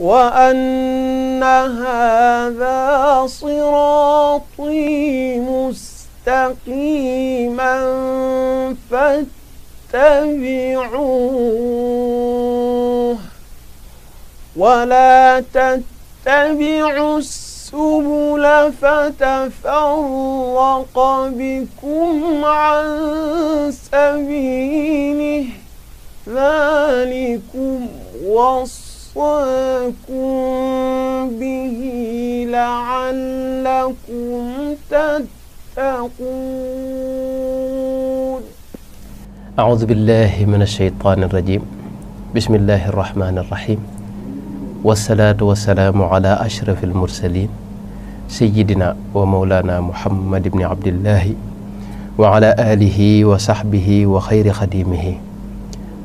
وأن هذا صراطي مستقيما فاتبعوه ولا تتبعوا السبل فتفرق بكم عن سبيله ذلكم وصف وصاكم به لعلكم تتقون أعوذ بالله من الشيطان الرجيم بسم الله الرحمن الرحيم والصلاة والسلام على أشرف المرسلين سيدنا ومولانا محمد بن عبد الله وعلى آله وصحبه وخير خديمه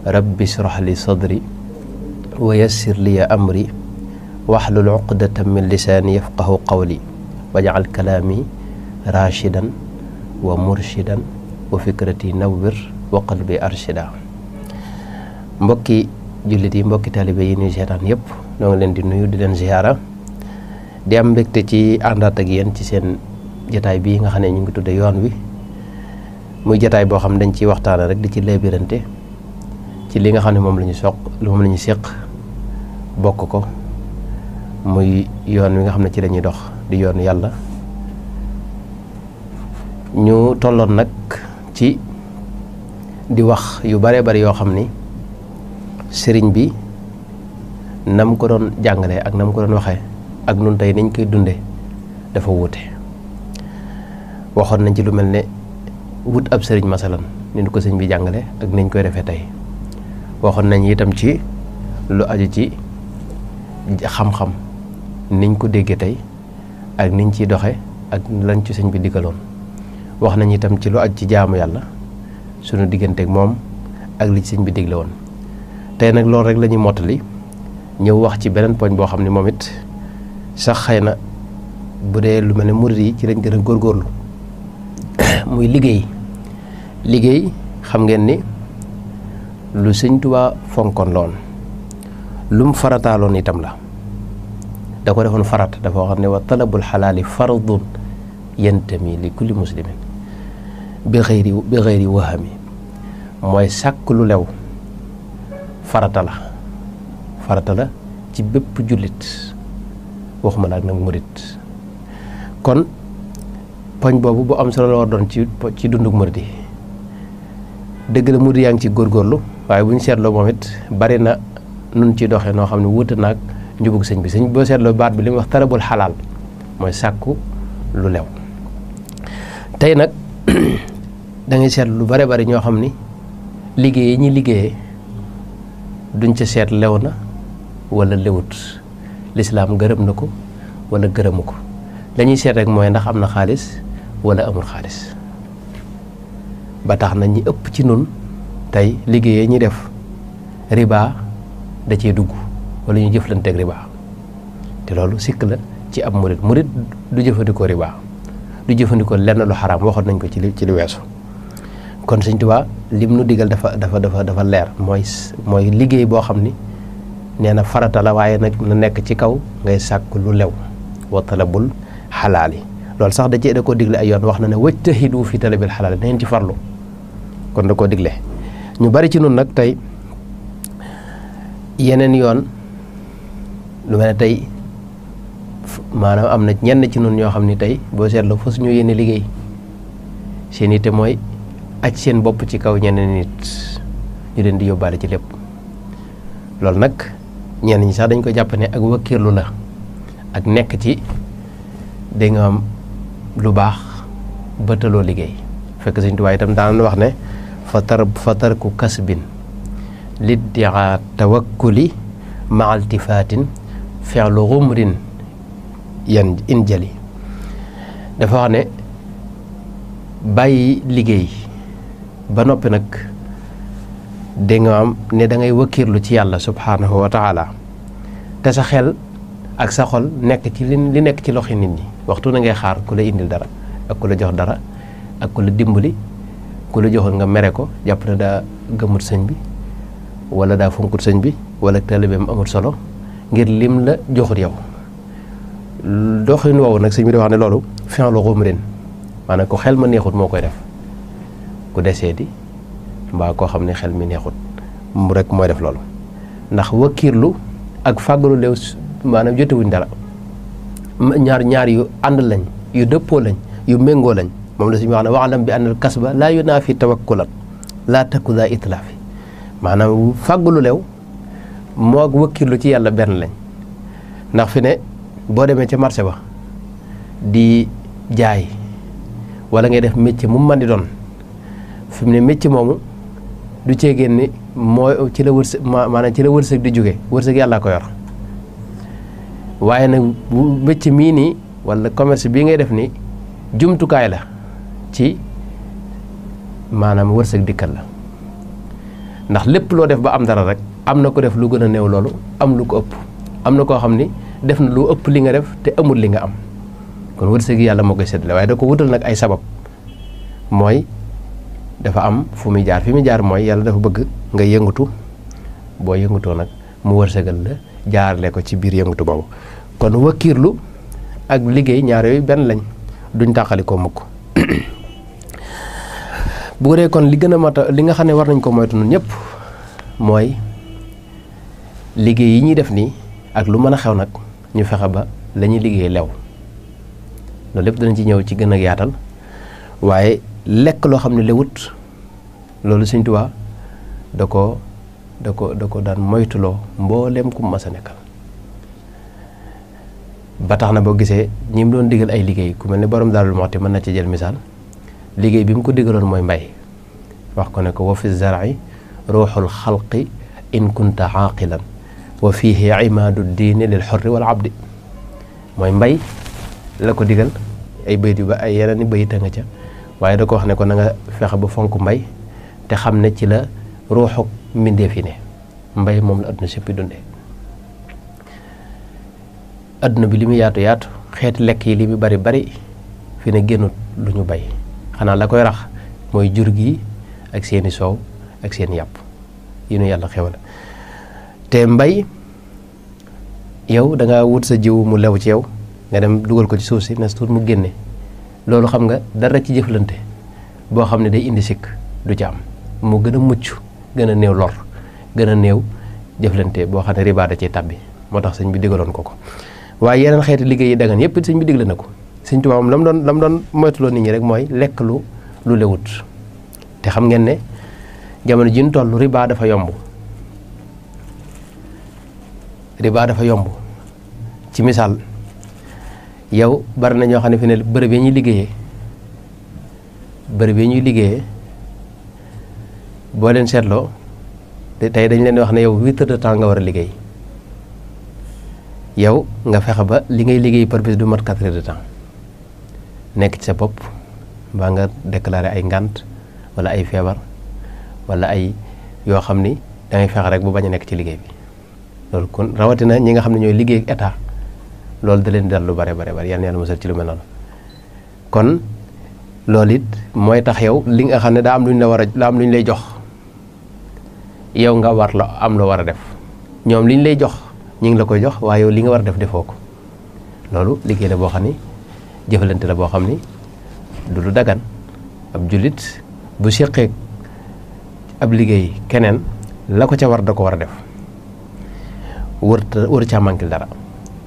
رب اشرح لي صدري ويسر لي أمري واحلل عقدة من لساني يفقه قولي واجعل كلامي راشدا ومرشدا وفكرتي نور وقلبي أرشدا مبكي جلدي مبكي تالبيين جهران يب نوغ لن دي نيو دي زيارة دي أم بكتي جي أندا تغيين سين جتاي بي نغاني نيو تودي يوان وي مو جتاي بو خم دنجي وقتانا رك دي جي لبرنتي ci li nga xam ne moom lañuy ñu soq moom la ñu seq bokk ko muy yoon wi nga xam ne ci lañuy dox di yoon yàlla ñu tolloon nag ci di wax yu bare bari yoo xam ni sëriñ bi nam ko doon jàngale ak na mu ko doon waxee ak nun tey niñ koy dunde dafa wuute waxoon nañ ci lu mel ne wut ab sëriñ masalan ni ñu ko sëriñ bi jàngale ak niñ koy defee tey waxoon nañ itam ci lu aju ci xam-xam niñ ko déggee tey ak niñ ciy doxe ak lañ ci sëñ bi digaloon wax nañu itam ci lu aju ci jaamu yàlla sunu digganteeg moom ak li ci sëñ bi digle woon tey nag loolu rek lañuy ñuy mottali ñëw wax ci beneen poñ boo xam ne moom it sax xëy na bu dee lu mel ne murid yi ci lañ gën a góorgóorlu muy liggéey liggéey xam ngeen ni lu tua touba fonkon lum lum farata lon itam la da ko farat dafa wax ne wa talabul halal fardun yantami li kulli muslimin bi xëyri bi xëyri wahami moy sak lu lew farata la farata la ci bepp julit waxuma nak kon poñ bobu bu am solo lo don ci ci dunduk murit deug la yang ci waaye bu ñu seetloo moom it bari na nun ci doxee noo xam ne wuute naag njubug sëñ bi sëñ boo seetloo baat bi li mu wax bul xalaal mooy sàkku lu lew tey nag da seet lu bare bari ñoo xam ne liggéey yi ñuy liggéeyee duñ ca seet lew na walla lewut lislaam gërëm na ko wala gërëmu ko lañuy seet rek mooy ndax am na xaalis wala amul xaalis ba tax na ñi ëpp ci nun tey liggéeyee ñi def riba da cee dugg wala ñu jëflanteeg riba te loolu sikk la ci ab murit murit du jëfandikoo riba du jëfandikoo lenn lu xaraam waxoon nañ ko ci li ci li weesu kon Sëñ Tuubaa lim nu digal dafa dafa dafa dafa leer mooy mooy liggéey boo xam ni nee na farata la waaye nag na nekk ci kaw ngay sàkk lu lew wa talabul xalaali loolu sax da cee da koo digle ay yoon wax na ne wajtahidu fi talabil xalaali na ngeen ci farlu kon da koo digle ñu bari ci noonu nag tey yeneen yoon lu mel ne tey maanaam am na ñenn ci nun ñoo xam ni tey boo seetloo fa suñu yéene liggéey seen yitte mooy aj seen bopp ci kaw ñeneen nit ñu leen di yóbbaale ci lépp loolu nag ñenn ñi sax dañ ko jàpp ne ak wakkiirlu la ak nekk ci danga am lu baax bëtaloo liggéey fekk Sëñ Tuubaa itam daan wax ne fatar fatarku kasbin liddi'a tawakkuli maal tifatin, fi'lu ghumrin yan injali dafa bayi ne bàyyi liggéey ba noppi nag da nga am ne da ngay wakiirlu ci yàlla subhanahu wa taala te sa xel ak sa xol nekk ci li nekk ci loxi nit ñi waxtu na ngay xaar ku la indil dara ak ku la jox dara ak ku la dimbali ku la joxoon nga mere ko jàpp na daa gëmut sëñ bi wala daa fonkut sëñ bi wala taalibeem amut solo ngir lim la joxut yow doxin woowu nag sëñ bi di wax ne loolu fin lu xumrin maanaam ko xel ma neexut moo koy def ku desee di mbaa koo xam ne xel mi neexut mu rek mooy def loolu ndax wakkiirlu ak fàggalu deew maanaam jotewuñ dara ñaar ñaar yu ànd lañ yu dëppoo lañ yu méngoo lañ moom la suñu wax ne waxlam bi anal kasba laa yunaafi tawakkulan laa takku daa itlaafi maanaam fàggulu lew moog wëkkirlu ci yàlla benn lañ ndax fi ne boo demee ca marché ba di jaay wala ngay def métier mu mën di doon fi mu ne métier moomu du cee génn mooy ci la wërsëg maanaam ci la wërsëg di jóge wërsëg yàllaa ko yor waaye nag bu mii nii wala commerce bii ngay def nii jumtukaay la ci maanaam wërsëg dikkal la ndax lépp loo def ba am dara rek am na ko def lu gën a néew loolu am lu ko ëpp am na koo xam ni def na lu ëpp li nga def te amul li nga am kon wërsëg yi yàlla moo koy séddale waaye da ko wutal nag ay sabab mooy dafa am fu muy jaar fi muy jaar mooy yàlla dafa bëgg nga yëngatu boo yëngatoo nag mu wërsëgal la jaarale ko ci biir yëngatu boobu kon wakkiirlu ak liggéey ñaar yooyu benn lañ duñ tàqali ko mukk bu ko dee kon li gën a mat li nga xam ne war nañ ko moytu ñun ñëpp mooy liggéey yi ñuy def nii ak lu mën a xew nag ñu fexe ba la ñuy liggéey lew loolu lépp danañ ci ñëw ci gën a yaatal waaye lekk loo xam ne lewut loolu Sëñ Tuubaa da ko da ko da ko daan moytuloo mbooleem ku mas a nekkal ba tax na boo gisee ñi mu doon digal ay liggéey ku mel ne borom Daaru Muxti mën na ci jël misaal ليجي بيمكن دجرن ما يبي وحكنا كوا في الزرع روح الخلق إن كنت عاقلا وفيه عماد الدين للحر والعبد ما يبي لكو دجل أي بيتي يبقى أي يعني بيت هنجا وعندك وحنا كنا في خبر فانكو ما يبي تخم نتلا روحك من دفينة ما يبي مملة نسيب دونه أدنى بلي مياتو ياتو خير لك يلي بباري باري فينا جنود لنيو باي xana la koy rax moy jur gi ak seeni soow ak seen yap yi ñu yalla xewal te mbay yow da nga wut sa jiw mu lew ci yow nga dem duggal ko ci suuf si nes mu génne lolu xam nga dara ci jëflante bo xam day indi sik du jam am mu gën a mucc lor gëna a jëflante boo riba da ci tabbi motax señ bi digalon koko waye waaye yeneen xeeti liggéey yi dagan yépp señ bi diglé nako ko sëñ Tuubaa moom la mu doon la mu doon moytuloo nit ñi rek mooy lekk lu lu lewut te xam ngeen ne jamono ji ñu toll riba dafa yomb riba dafa yomb ci misaal yow bari na ñoo xam ne fi ne bërëb yi ñuy liggéeyee bërëb yi ñuy liggéeye boo leen seetloo te tey dañ leen wax ne yow huit de temps nga war a liggéey yow nga fexe ba li ngay liggéey par bés du mat quatre de temps nekk ci sa bopp mbaa nga déclaré ay ngant wala ay feebar wala ay yoo xam ni dangay fexe rek bu bañ nekk ci liggéey bi loolu kon rawatina ñi nga xam ne ñooy liggéey ak loolu da leen dal lu bare bare bare yal na yàlla musal ci lu mel kon loolu it mooy tax yow li nga xam ne daa am lu ñu war a daa am lay jox yow nga war la am loo war a def ñoom li ñu lay jox ñu ngi la koy jox waaye yow li nga war a def defoo ko loolu liggéey la boo xam ni jëfalante la boo xam ni du lu dagan ab jullit bu seqee ab liggéey keneen la ko ca war da ko war a def wër wër caa manqué dara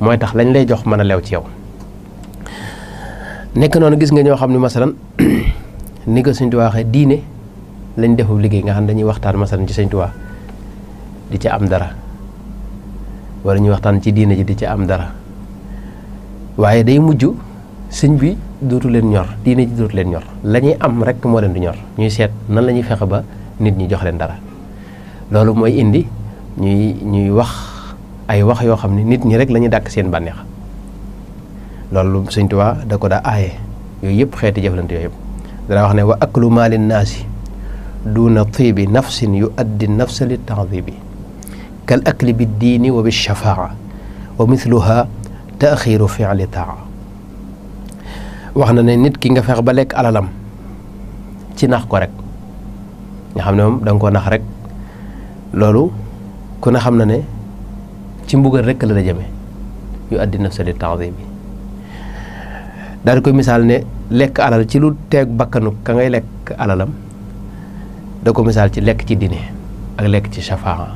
mooy tax lañ lay jox mën a lew ci yow nekk noonu gis nga ñoo xam ni masalan ni ko Sëñ Tuubaa waxee diine lañ defub liggéey nga xam ne dañuy waxtaan masalan ci Sëñ Tuubaa di ca am dara wala ñuy waxtaan ci diine ji di ca am dara waaye day mujj sëñ bi dootu leen ñor diine ji dootu leen ñor lañuy am rek moo leen di ñor ñuy seet nan la ñuy fexe ba nit ñi jox leen dara loolu mooy indi ñuy ñuy wax ay wax yoo xam ne nit ñi rek lañuy dàkk seen bànneex loolu sëñ Tuubaa da ko daa aaye yooyu yëpp xeeti jëflante yooyu yëpp dana wax ne wa aklu maalin naasi duuna tiibi nafsin yu addi nafsa li taadibi kal akli bi diini wa bi shafaa wa mithluha taaxiru fi'li taa wax na ne nit ki nga feex ba lekk alalam ci nax ko rek nga xam ne moom da ko nax rek loolu ku ne xam na ne ci mbugal rek la la jëme yu addi nafsa li bi da di koy misaal ne lekk alal ci lu teeg bakkanu ka ngay lekk alalam da ko misaal ci lekk ci dine ak lekk ci shafaa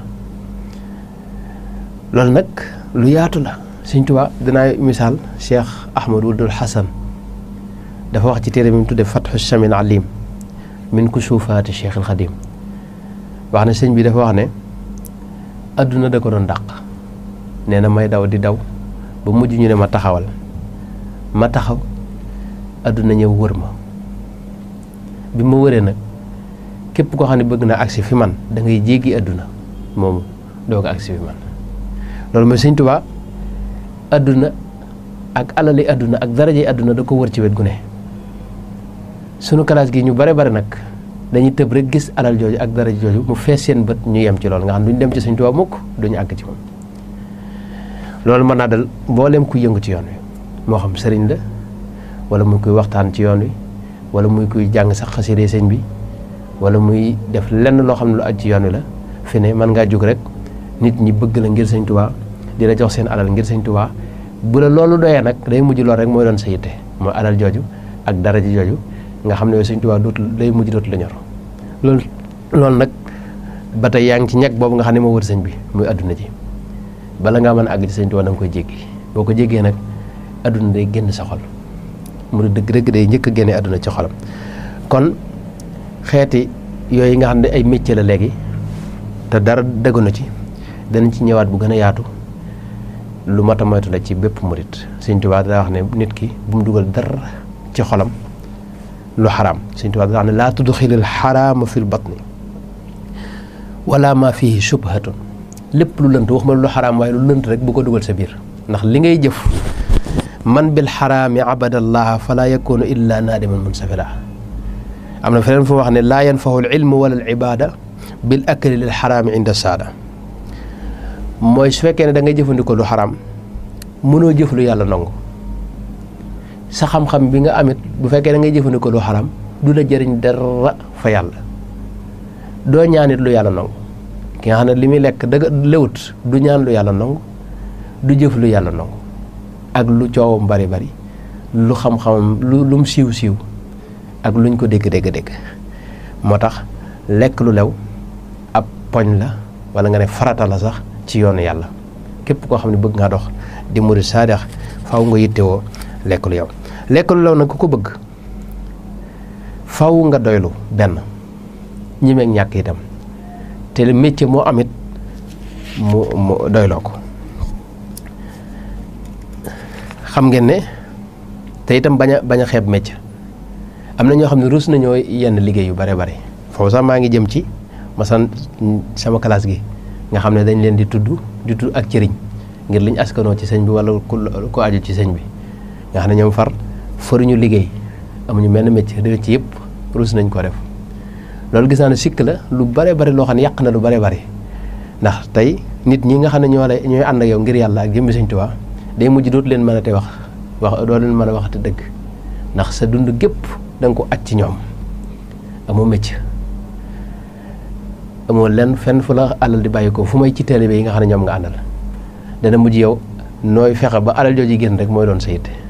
loolu nag lu yaatu la Sëñ Tuubaa dinaa misaal Cheikh Ahmad Wuldul Hasan dafa wax ci téere bi mu tudde fatxu samin alim min ku suufaati cheikh al xadim wax ne sëñ bi dafa wax ne adduna da ko doon dàq nee na may daw di daw ba mujj ñu ne ma taxawal ma taxaw àdduna ñëw wër ma bi ma wëree nag képp koo xam ne bëgg na agsi fi man dangay ngay jéggi adduna moomu doog agsi fi man loolu ma sëñ Tuubaa adduna ak alali àdduna ak daraje adduna da ko wër ci wet gu ne sunu class gi ñu bare bare nak dañuy teub rek gis alal joju ak dara joju mu fess seen bët ñu yam ci lool nga xam duñ dem ci señ tuba mukk duñu ag ci mom lool mën naa dal mboolem ku yëngu ci yoon wi mo xam señ la wala mu koy waxtaan ci yoon wi wala muy koy jàng sax xasiree señ bi wala muy def lenn loo xam lu aj ci yoon wi la fi ne man ngaa jóg rek nit ñi bëgg la ngir señ tuba di la jox seen alal ngir señ tuba bu la loolu doyee nak day mujj lool rek mooy doon sa yitte mooy alal jooju ak dara ji jooju nga xam ne yooyu Sëñ Tuubaa dootul day mujj dootul la ñor loolu loolu nag ba tey yaa ngi ci ñàkk boobu nga xam ne moo wër sëñ bi muy àdduna ji bala ngaa mën a àgg ci Sëñ Tuubaa da nga koy jéggi boo ko jéggee nag àdduna day génn sa xol mu dëgg dëgg day njëkk a génne àdduna ci xolam kon xeeti yooyu nga xam ne ay métier la léegi te dara dëggu na ci danañ ci ñëwaat bu gën a yaatu lu mat a moytu la ci bépp murit Sëñ Tuubaa daa wax ne nit ki bu mu dugal dara ci xolam الحرام سنتو أن لا تدخل الحرام في البطن ولا ما فيه شبهة لب لولنت وخم الحرام وهاي لولنت ترك بقول دول سبير نخلين أي جف من بالحرام عبد الله فلا يكون إلا نادما من سفرة أما فلان فهو أن لا ينفه العلم ولا العبادة بالأكل للحرام عند سادة موش فكان دعني جف نقول الحرام منو جف لو يالنونغو sa xam-xam bi nga amit bu fekkee da ngay jëfandikoo lu xaram du la jëriñ dara fa yàlla doo ñaanit lu yàlla nangu ki nga xam ne li muy lekk dëgg lewut du ñaan lu yàlla nangu du jëf lu yàlla nangu ak lu coowam bari bari lu xam xam lu lum siiw siiw ak luñ ko dégg dégg dégg moo tax lu lew ab poñ la wala nga ne farata la sax ci yoonu yàlla képp koo xam ne bëgg ngaa dox di murid faw nga yittewoo lekk lu yow lekk lu law nag ku ko bëgg faw nga doylu benn ñi meeg ñàkk itam te le moo amit mu mu doyloo ko xam ngeen ne te itam bañ bañ xeeb métier am na ñoo xam ne ruus nañoo yenn liggéey yu bare bare foofu sax maa ngi jëm ci masan sama kalaas gi nga xam ne dañ leen di tudd di tudd ak cëriñ ngir liñ askanoo ci sëñ bi wala ku aju ci sëñ bi nga xam ne ñoom far faruñu liggéey amuñu benn métier déwén ci yëpp ruus nañ ko def loolu gis naa ne sikk la lu bare bari loo xam ne yàq na lu bare bari ndax tey nit ñi nga xam ne ñoo lay ñooy ànd ak ngir yàlla ak jëmmi Sëñ Tuubaa day mujj dootu leen mën a te wax wax doo mën a waxte dëgg ndax sa dund gépp da ko aj ci ñoom amoo métier amoo lenn fenn fu la alal di ko fu may ci taalibe yi nga xam ne ñoom nga àndal dana mujj yow nooy fexe ba alal jooju génn rek mooy doon sa yitte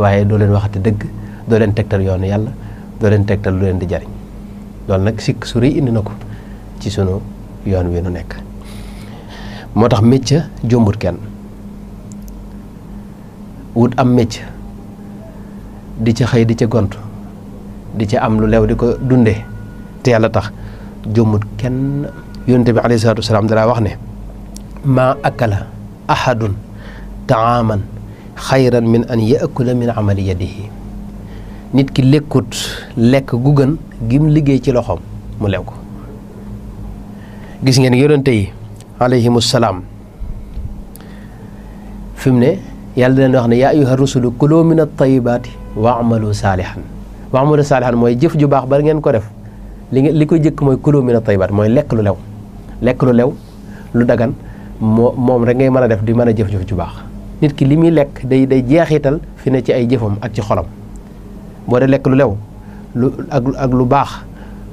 waaye doo leen waxati dëgg doo leen tegtal yoonu yàlla doo leen tegtal lu leen di jariñ loolu nag sikk su rëy indi na ko ci sunu yoon wi nu nekk moo tax mécc jombut kenn wut am mécc di ca xëy di ca gont di ca am lu lew di ko dunde te yàlla tax jombut kenn yonent bi alayhi salaatu dalaa wax ne maa akala ahadun taaman xayran min an yaakula min amali yadihi nit ki lekkut lekk gu gën gim liggéey ci loxoom mu lew ko gis ngeen yonente yi alayhimu salaam fi mu ne yàlla da wax ne yaa ayyuha rusulu kuloo min at-tayyibaati wa amalu saalihan wa amalu saalihan mooy jëf ju baax bari ngeen ko def li ngeen li ko jëkk mooy kuloo min at-tayyibaat mooy lekk lu lew lekk lu lew lu dagan moo moom rek ngay mën a def di mën a jëf-jëf ju baax nit ki li muy lekk day day jeexital fi ne ci ay jëfam ak ci xolam boo dee lekk lu lew lu ak lu baax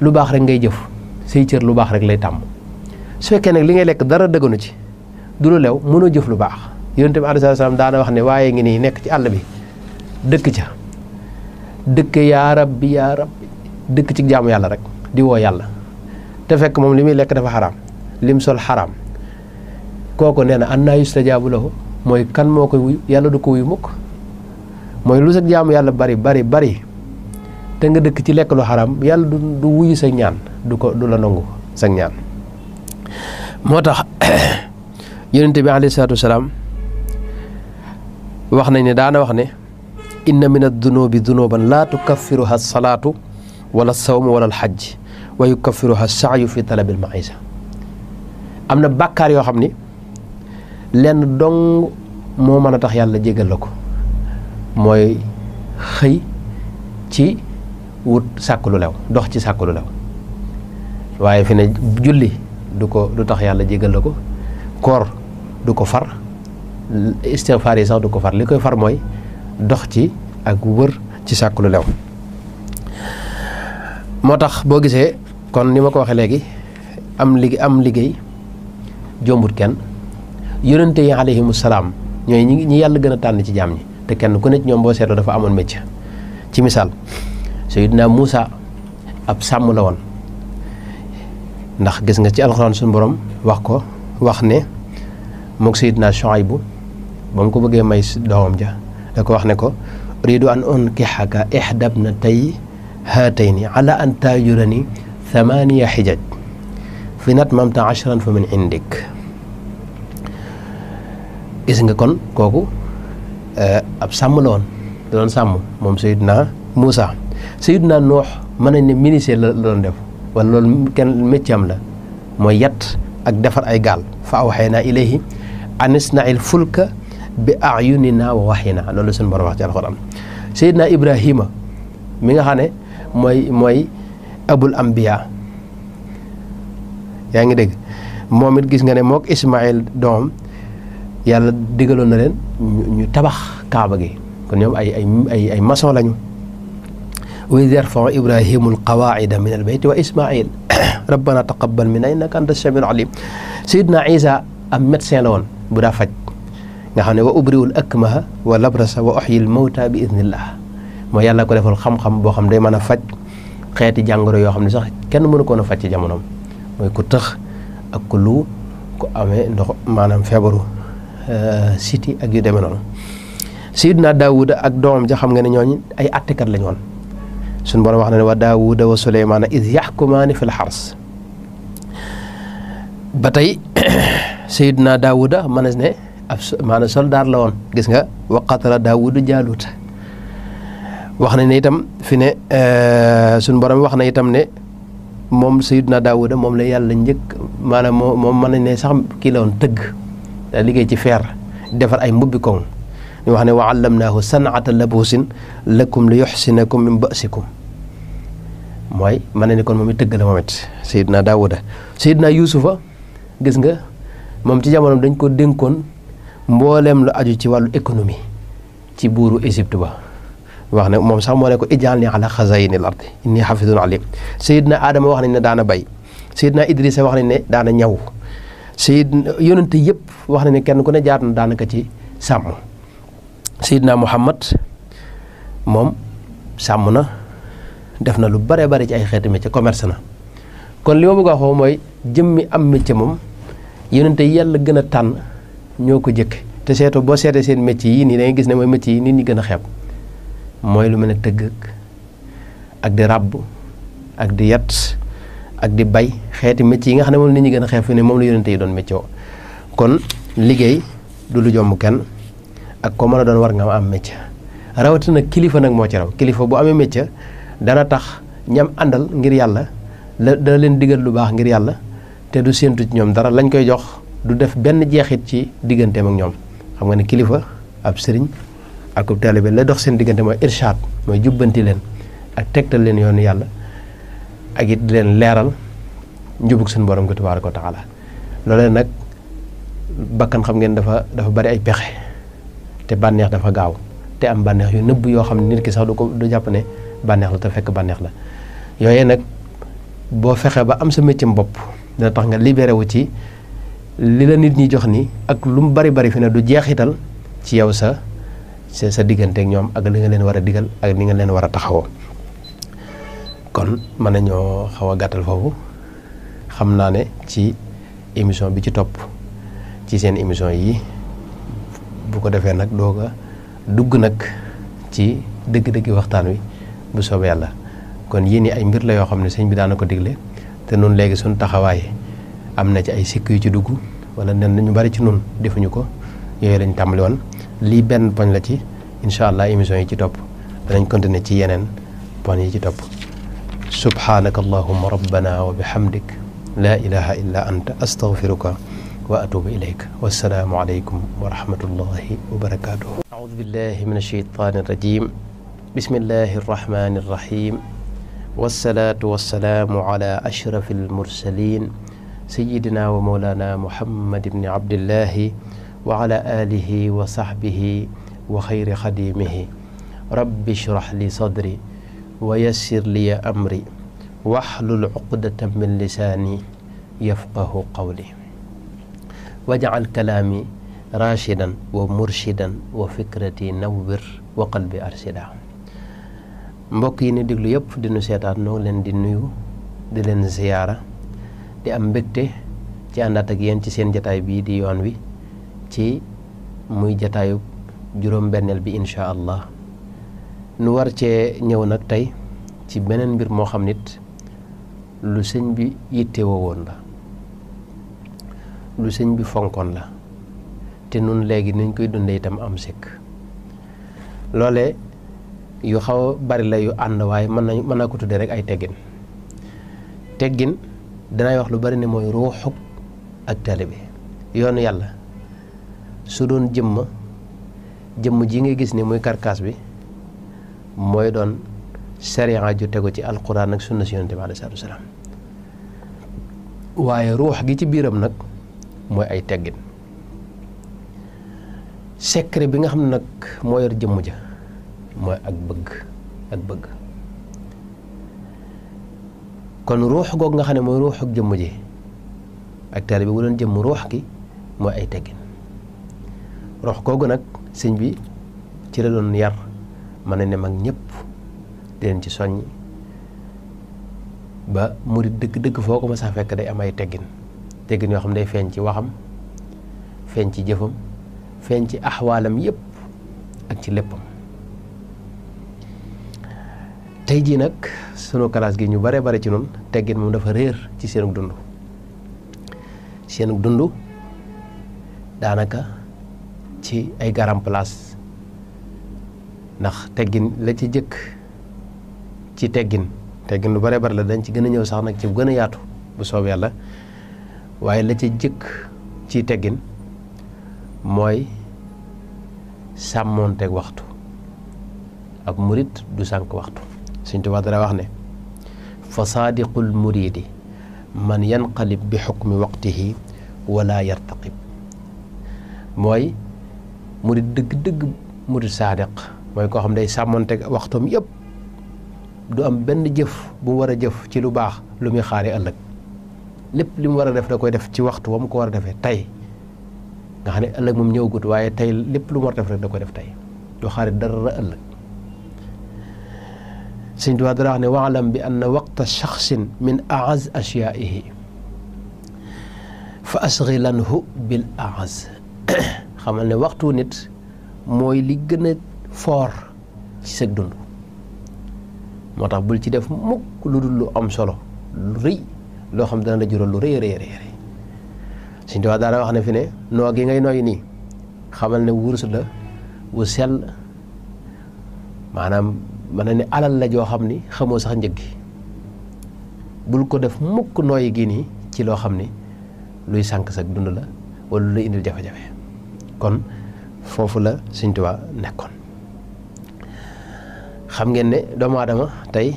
lu baax rek ngay jëf say cër lu baax rek lay tàmm su fekkee nag li ngay lekk dara dëgganu ci du lu lew mënoo jëf lu baax yonent bi alayhi salaam wax ne waaye ngi nii nekk ci àll bi dëkk ca dëkk yaa bi yaa rabbi dëkk ci jaamu yàlla rek di woo yàlla te fekk moom li muy lekk dafa xaraam lim sol xaraam kooku nee na an naa yustajaabu lahu mooy kan moo koy wuyu yàlla du ko wuyu mukk mooy lu sa jaamu yàlla bari bari bari te nga dëkk ci lekk lu xaram yàlla du du wuyu sa ñaan du ko du la nangu sa ñaan moo tax yonente bi alayhi salaatu wax nañ ne daana wax ne inna min addunubi dunuban laa tukaffiruha salaatu wala sawmu wala alxajj wa yukaffiruha saayu fi talabil maisa am na bàkkaar yoo xam ni lenn dong moo mën a tax yàlla jégal la ko mooy xëy ci wut sàkk lu lew dox ci sàkk lu lew waaye fi ne julli du ko du tax yàlla jégal la ko koor du ko far istighfaar yi sax du ko far li koy far mooy dox ci ak wër ci sàkk lu lew moo tax boo gisee kon ni ma ko waxee léegi am liggéey am liggéey jombut kenn yonente yi alayhi salaam ñoy ñi ñi yàlla gën ci jamm ñi te kenn ku ne ci ñoom boo dafa amoon métier ci misal musa ab Samulawan, la won ndax gis nga ci alxuraan sun borom wax ko wax ne mok sayidina shuaib ba ko bëggee may doom ja da ko wax ne ko ridu an ihdabna tay haatayni ala an tajurani thamaniya hijaj fi natmamta ashran fa min indik gis nga kon kooku euh, ab sàmm la woon da doon sàmm moom Seydina Moussa Seydina Noox mën nañ ne ministère la doon def wala loolu kenn métier am la mooy yat ak defar ay gaal fa awxaynaa ilayhi an isna'il fulka bi naa wa waxinaa loolu suñu borom wax ci alxuraan Seydina Ibrahima mi nga xam ne mooy mooy abul ambiya yaa ngi dégg moom it gis nga ne mook Ismaïl doom yàlla digaloon na leen ñu tabax kaaba gi kon ñoom ay ay ay ay maçon lañu wa id yarfau ibrahimu alqawaida min albeyti wa ismail rabbana taqabal minna innaka anta samiul alim sayidna isa am médecin la woon bu a faj nga xam ne wa ubriul akmaha wa labrasa wa oxyil mawta bi idnillah mooy yàlla ko defal xam-xam boo xam day mën a faj xeeti jàngoro yoo xam ne sax kenn mënu koon a faj ci jamonoom mooy ku tëx ak ku ku amee ndox maanaam feebaru siti euh, ak yu demee noonu Seydina Daawuda ak doomam ja xam nga ne ñooñu ay attekat lañ woon suñu borom wax na ne wa Daawuda wa Suleymaana iz yaxkumaani fil ba tey Seydina Daawuda mën ne ab maanaam soldaar la woon gis nga wa qatala Daawuda wax na ne itam fi ne euh, suñu borom wax na itam ne. moom Seydina Daawuda moom la yàlla njëkk maanaam moom mën ne sax kii la woon tëgg daa liggéey ci feer defar ay mbubbi koŋ ñu wax ne wa allamnaahu sanaata labuusin lakum li yuxsinakum min basikum mooy mën na ni kon moom it tëgg la moom it Seydina Daawuda Seydina Yuusufa gis nga moom ci jamono dañ ko dénkoon mbooleem lu aju ci wàllu économie ci buuru Égypte ba wax ne moom sax moo ne ko ijaalni ala xazaayini l ardi inni xafidun alim Seydina Adama wax nañ ne daana bay Seydina Idrissa wax nañ ne daana ñaw sayid yonente yëpp wax na ni kenn ku ne jaar na daanaka ci sàmm na muhammad moom sàmm na def na lu bare bari ci ay xeeti métier commerce na kon li ma bëgg a wax mooy jëmmi am métier moom yonente yi yàlla gën a tànn ñoo ko jëkk te seeto boo seetee seen métier yi nii da gis ne mooy métier yi nit ñi gën a xeeb mooy lu mel a tëgg ak di ràbb ak di yet ak di bay xeeti métier yi nga xam mom nit ñi gëna a ne mom la yoonte yi doon métier kon liggéey du lu jom kenn ak ko mëna doon war nga am métier rawatina kilifa nak mo ci raw kilifa bu amé métier dana tax ñam andal ngir yalla la leen digël lu baax ngir yalla té du sentu ci ñom dara lañ koy jox du def benn jeexit ci digënté ak ñom xam nga ne kilifa ab sëriñ ak ko talibé la dox seen digënté mo irshad mo jubbanti leen ak tektal leen yoonu yalla ak it di leen leeral njubug seen borom ko tabaaraka taala loolee nag bakkan xam ngeen dafa dafa bari ay pexe te bànneex dafa gaaw te am bànneex yu nëbb yoo xam ne nit ki sax du ko du jàpp ne bànneex la te fekk bànneex la yooyee nag boo fexe ba am sa métier bopp dina tax nga libéré wu ci li la nit ñi jox ni ak lu mu bari bari fi ne du jeexital ci yow sa sa sa ak ñoom ak li nga leen war digal ak li nga leen war a kon mën nañoo xaw a gàttal foofu xam naa ne ci émission bi ci topp ci seen émission yi bu ko defee nag doo ko dugg nag ci dëgg-dëgg waxtaan wi bu soobee yàlla kon yii nii ay mbir la yoo xam ne sëñ bi daana ko digle te nun léegi suñ taxawaay am na ci ay sikk yu ci dugg wala nen ñu bari ci nun defuñu ko yooyu lañ tàmbali lii benn poñ la ci incha allah émission yi ci topp danañ continuer ci yeneen poñ yi ci topp سبحانك اللهم ربنا وبحمدك لا إله إلا أنت أستغفرك وأتوب إليك والسلام عليكم ورحمة الله وبركاته أعوذ بالله من الشيطان الرجيم بسم الله الرحمن الرحيم والصلاة والسلام على أشرف المرسلين سيدنا ومولانا محمد بن عبد الله وعلى آله وصحبه وخير خديمه رب اشرح لي صدري wa yassir liya amri waxlul cuqdata min lisaani yafqahu qawli wajcal kalaami raashidan wa murshidan wa fikrati nawwir wa qalbi arshida mbokk yi ni diglu yëpp dinu seetaat noo leen di nuyu di leen ziyaara di am mbégte ci àndaat ak yéen ci seen jataay bii di yoon wi ci muy jataayu juróom benneel bi incha allah nu war cee ñëw nag tey ci beneen mbir moo xam nit lu sëñ bi yittewoo woon la lu sëñ bi fonkoon la te noonu léegi nañ koy dundee itam am sikk loole yu xaw a bari la yu ànd waaye mën nañ mën naa ko tuddee rek ay teggin teggin danay wax lu bari ne mooy ruuxuk ak taalibe yoonu yàlla su doon jëmm jëmm ji nga gis ni muy karkaas bi moy don sharia ju teggu ci alquran ak sunna si yonent sallallahu alaihi wasallam waye ruh gi ci biram nak moy ay teggine secret bi nga xamne nak moy yor jëm ja moy ak bëgg ak bëgg kon ruh gog nga xamne roh ruh ak jëm ji ak taalibe bi bu doon jëmm ruux gi moy ay teggine ruh gog nak señ bi ci la don yar mën na ne mag ñépp di ci soññ ba murit dëgg dëkk foo ko ma sax fekk day am ay teggin teggin yoo xam day feeñ ci waxam feeñ ci jëfam feeñ ci axwaalam yépp ak ci léppam tey jii nag sunu kalaas gi ñu bare bare ci noonu teggin moom dafa réer ci seenug dund seenug dund daanaka ci ay garam place ndax teggin la ci jëkk ci teggin teggin lu bare bari la dañ ci gën a ñëw sax nag ci gën a yaatu bu soob yàlla waaye la ci jëkk ci teggin mooy sàmmoonteeg waxtu ab murit du sànk waxtu Sëñ wax dara wax ne fa saadiqul muridi man yanqalib bi xukmi waqtihi wala yartaqib mooy murit dëgg-dëgg murit saadiq moy ko xam day samonté waxtum yëpp du am benn jëf bu mu war a jëf ci lu baax lu muy xaare ëllëg lépp li mu war a def da koy def ci waxtu wa mu ko war a defee tey nga xam ne ëllëg moom ñëwagut waaye tey lépp lu mu war a def rek da koy def tey du xaare dara ëllëg sëñ Tuubaa dara wax ne waalam bi anna waqta shaxsin min aaz ashyaaihi fa asgilanhu bil aaz xamal ne waxtu nit mooy li gën a foor ci sëg dund moo tax bul ci def mukk lu dul lu am solo lu rëy loo xam dana la jural lu rëy rëy rëy daana wax ne fi ne noo gi ngay nooy nii xamal ne wurus la wu sell maanaam mën na ne alal la joo xam ni xamoo sax njëg gi bul ko def mukk nooyi gi nii ci loo xam ni luy sànq sag dund la wala luy indil jafe-jafe kon foofu la Sëñ Tuubaa nekkoon xam ngeen ne doomu aadama tey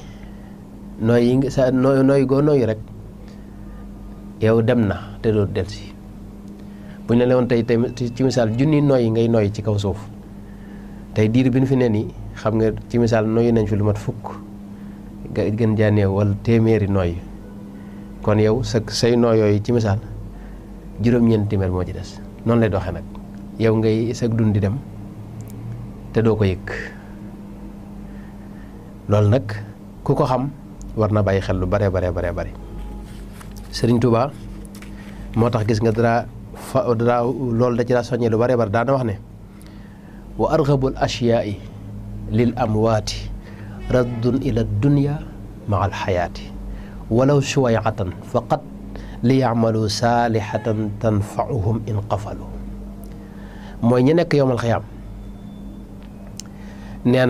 nooy sa nooy nooy goo nooy rek yow dem na te doo delsi bu ñu la lewoon tey tey ci misaal junni nooy ngay nooy ci kaw suuf tey diir bi fi ne nii xam nga ci misaal nooy nañ fi lu mat fukk gën jaaneew wala téeméeri nooy kon yow sa say nooy yooyu ci misaal juróom-ñeenti téeméer moo ci des noonu lay doxee nag yow ngay sag dund di dem te doo ko yëg lol nak kuko xam warna baye xel lu bare bare bare bare serigne touba motax gis nga dara fa dara lol da ci la soñe lu bare bare da na wax ne wa arghabu al ashiya'i lil amwat raddun ila ad dunya maa alxayaati walaw suwayatan faqat li yamalu saalihatan tanfauhum in qafalu mooy ñi nekk yowmal xiyaam nee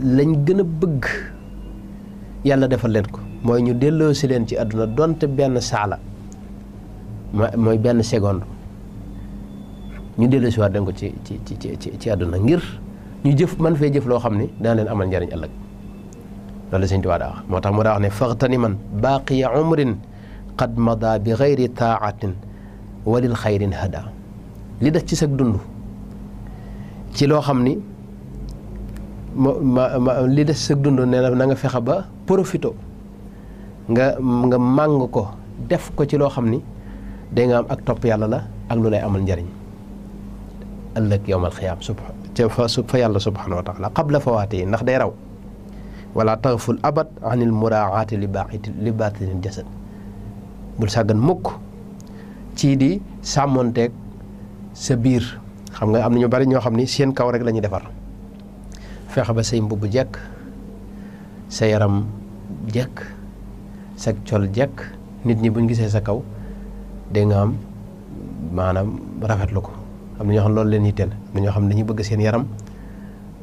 lañ gën a bëgg yàlla defal leen ko mooy ñu delloosi leen ci àdduna donte benn saala mooy benn segond ñu delloosi waat leen ko ci ci ci ci ngir ñu jëf man fee jëf loo xam ne dana leen amal njariñ àllag loolu sëñ Tuubaa moo tax mu daa wax ne faxtani man baaqiya umrin qad mada bi xayri taatin walil xayrin hada li def ci sag dund ci loo xam ni li dess sa dund neena na nga fexaba ba profito nga nga mang ko def ko ci lo xamni de nga am ak top yalla la ak lu lay amal njariñ fa fa subhanahu wa taala qabla fawati ndax day raw wala taghful abad anil muraaati li baaxiti li baatinil jasad bul sagan mukk ci di samonté sa bir xam nga am na ñu bari ño xamni seen kaw rek lañu defar fexe ba say mbubb jekk sa yaram jekk sa col jekk nit ñi buñ gisee sa kaw da nga am maanaam rafetlu ko am na ñoo xam loolu leen yitteel am na ñoo xam dañuy bëgg seen yaram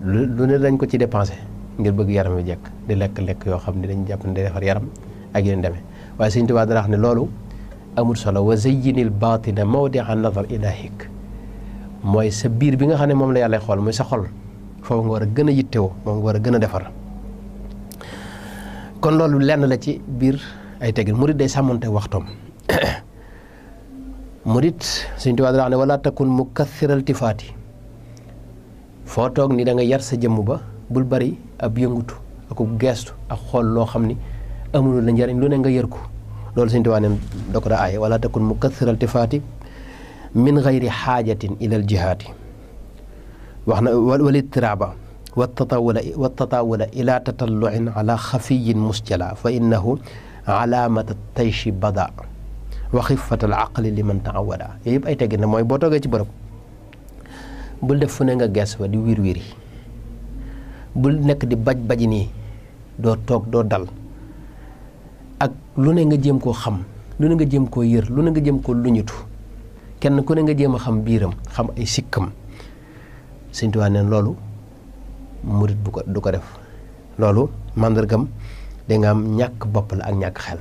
lu lu ne lañ ko ci dépensé ngir bëgg yaram wi jekk di lekk-lekk yoo xam ne dañ jàpp ne day defar yaram ak yéen demee waaye Sëñ Tuubaa dara wax ne loolu amul solo wa zayyinil baatina mawdi'a nazar ilaahik mooy sa biir bi nga xam ne moom la yàlla xool mooy sa xol foofu nga war a gën a yittewoo moom nga war a gën a defar kon loolu lenn la ci biir ay teggin murit day sàmmante waxtoom murit suñ tubaab daa ne wala takun mu kathiral tifaati foo toog ni da nga yar sa jëmm ba bul bari ab yëngutu ak geestu ak xool loo xam ni amul la njariñ lu nga yër ko loolu suñ tubaab ne ko daa wala takun mu kathiral tifaati min gayri xaajatin ilal jihaati wax na wali tiraaba wa tatawula wa tatawula ila tatalluin ala xafiyin musjala fa innahu alaamata tayshi bada wa xifatal aqli liman taawada yooyu yëpp ay teggin na mooy boo toogee ci bërëb bul def fu ne nga gees fa di wiir wiiri bul nekk di baj baji nii doo toog doo dal ak lu ne nga jéem koo xam lu ne nga jëm koo yër lu ne nga jéem koo luñutu kenn ku ne nga jéem a xam biiram xam ay sikkam seigne touba neen loolu murit bu ko du ko def loolu mandargam da nga am ñàkk bopp la ak ñàkk xel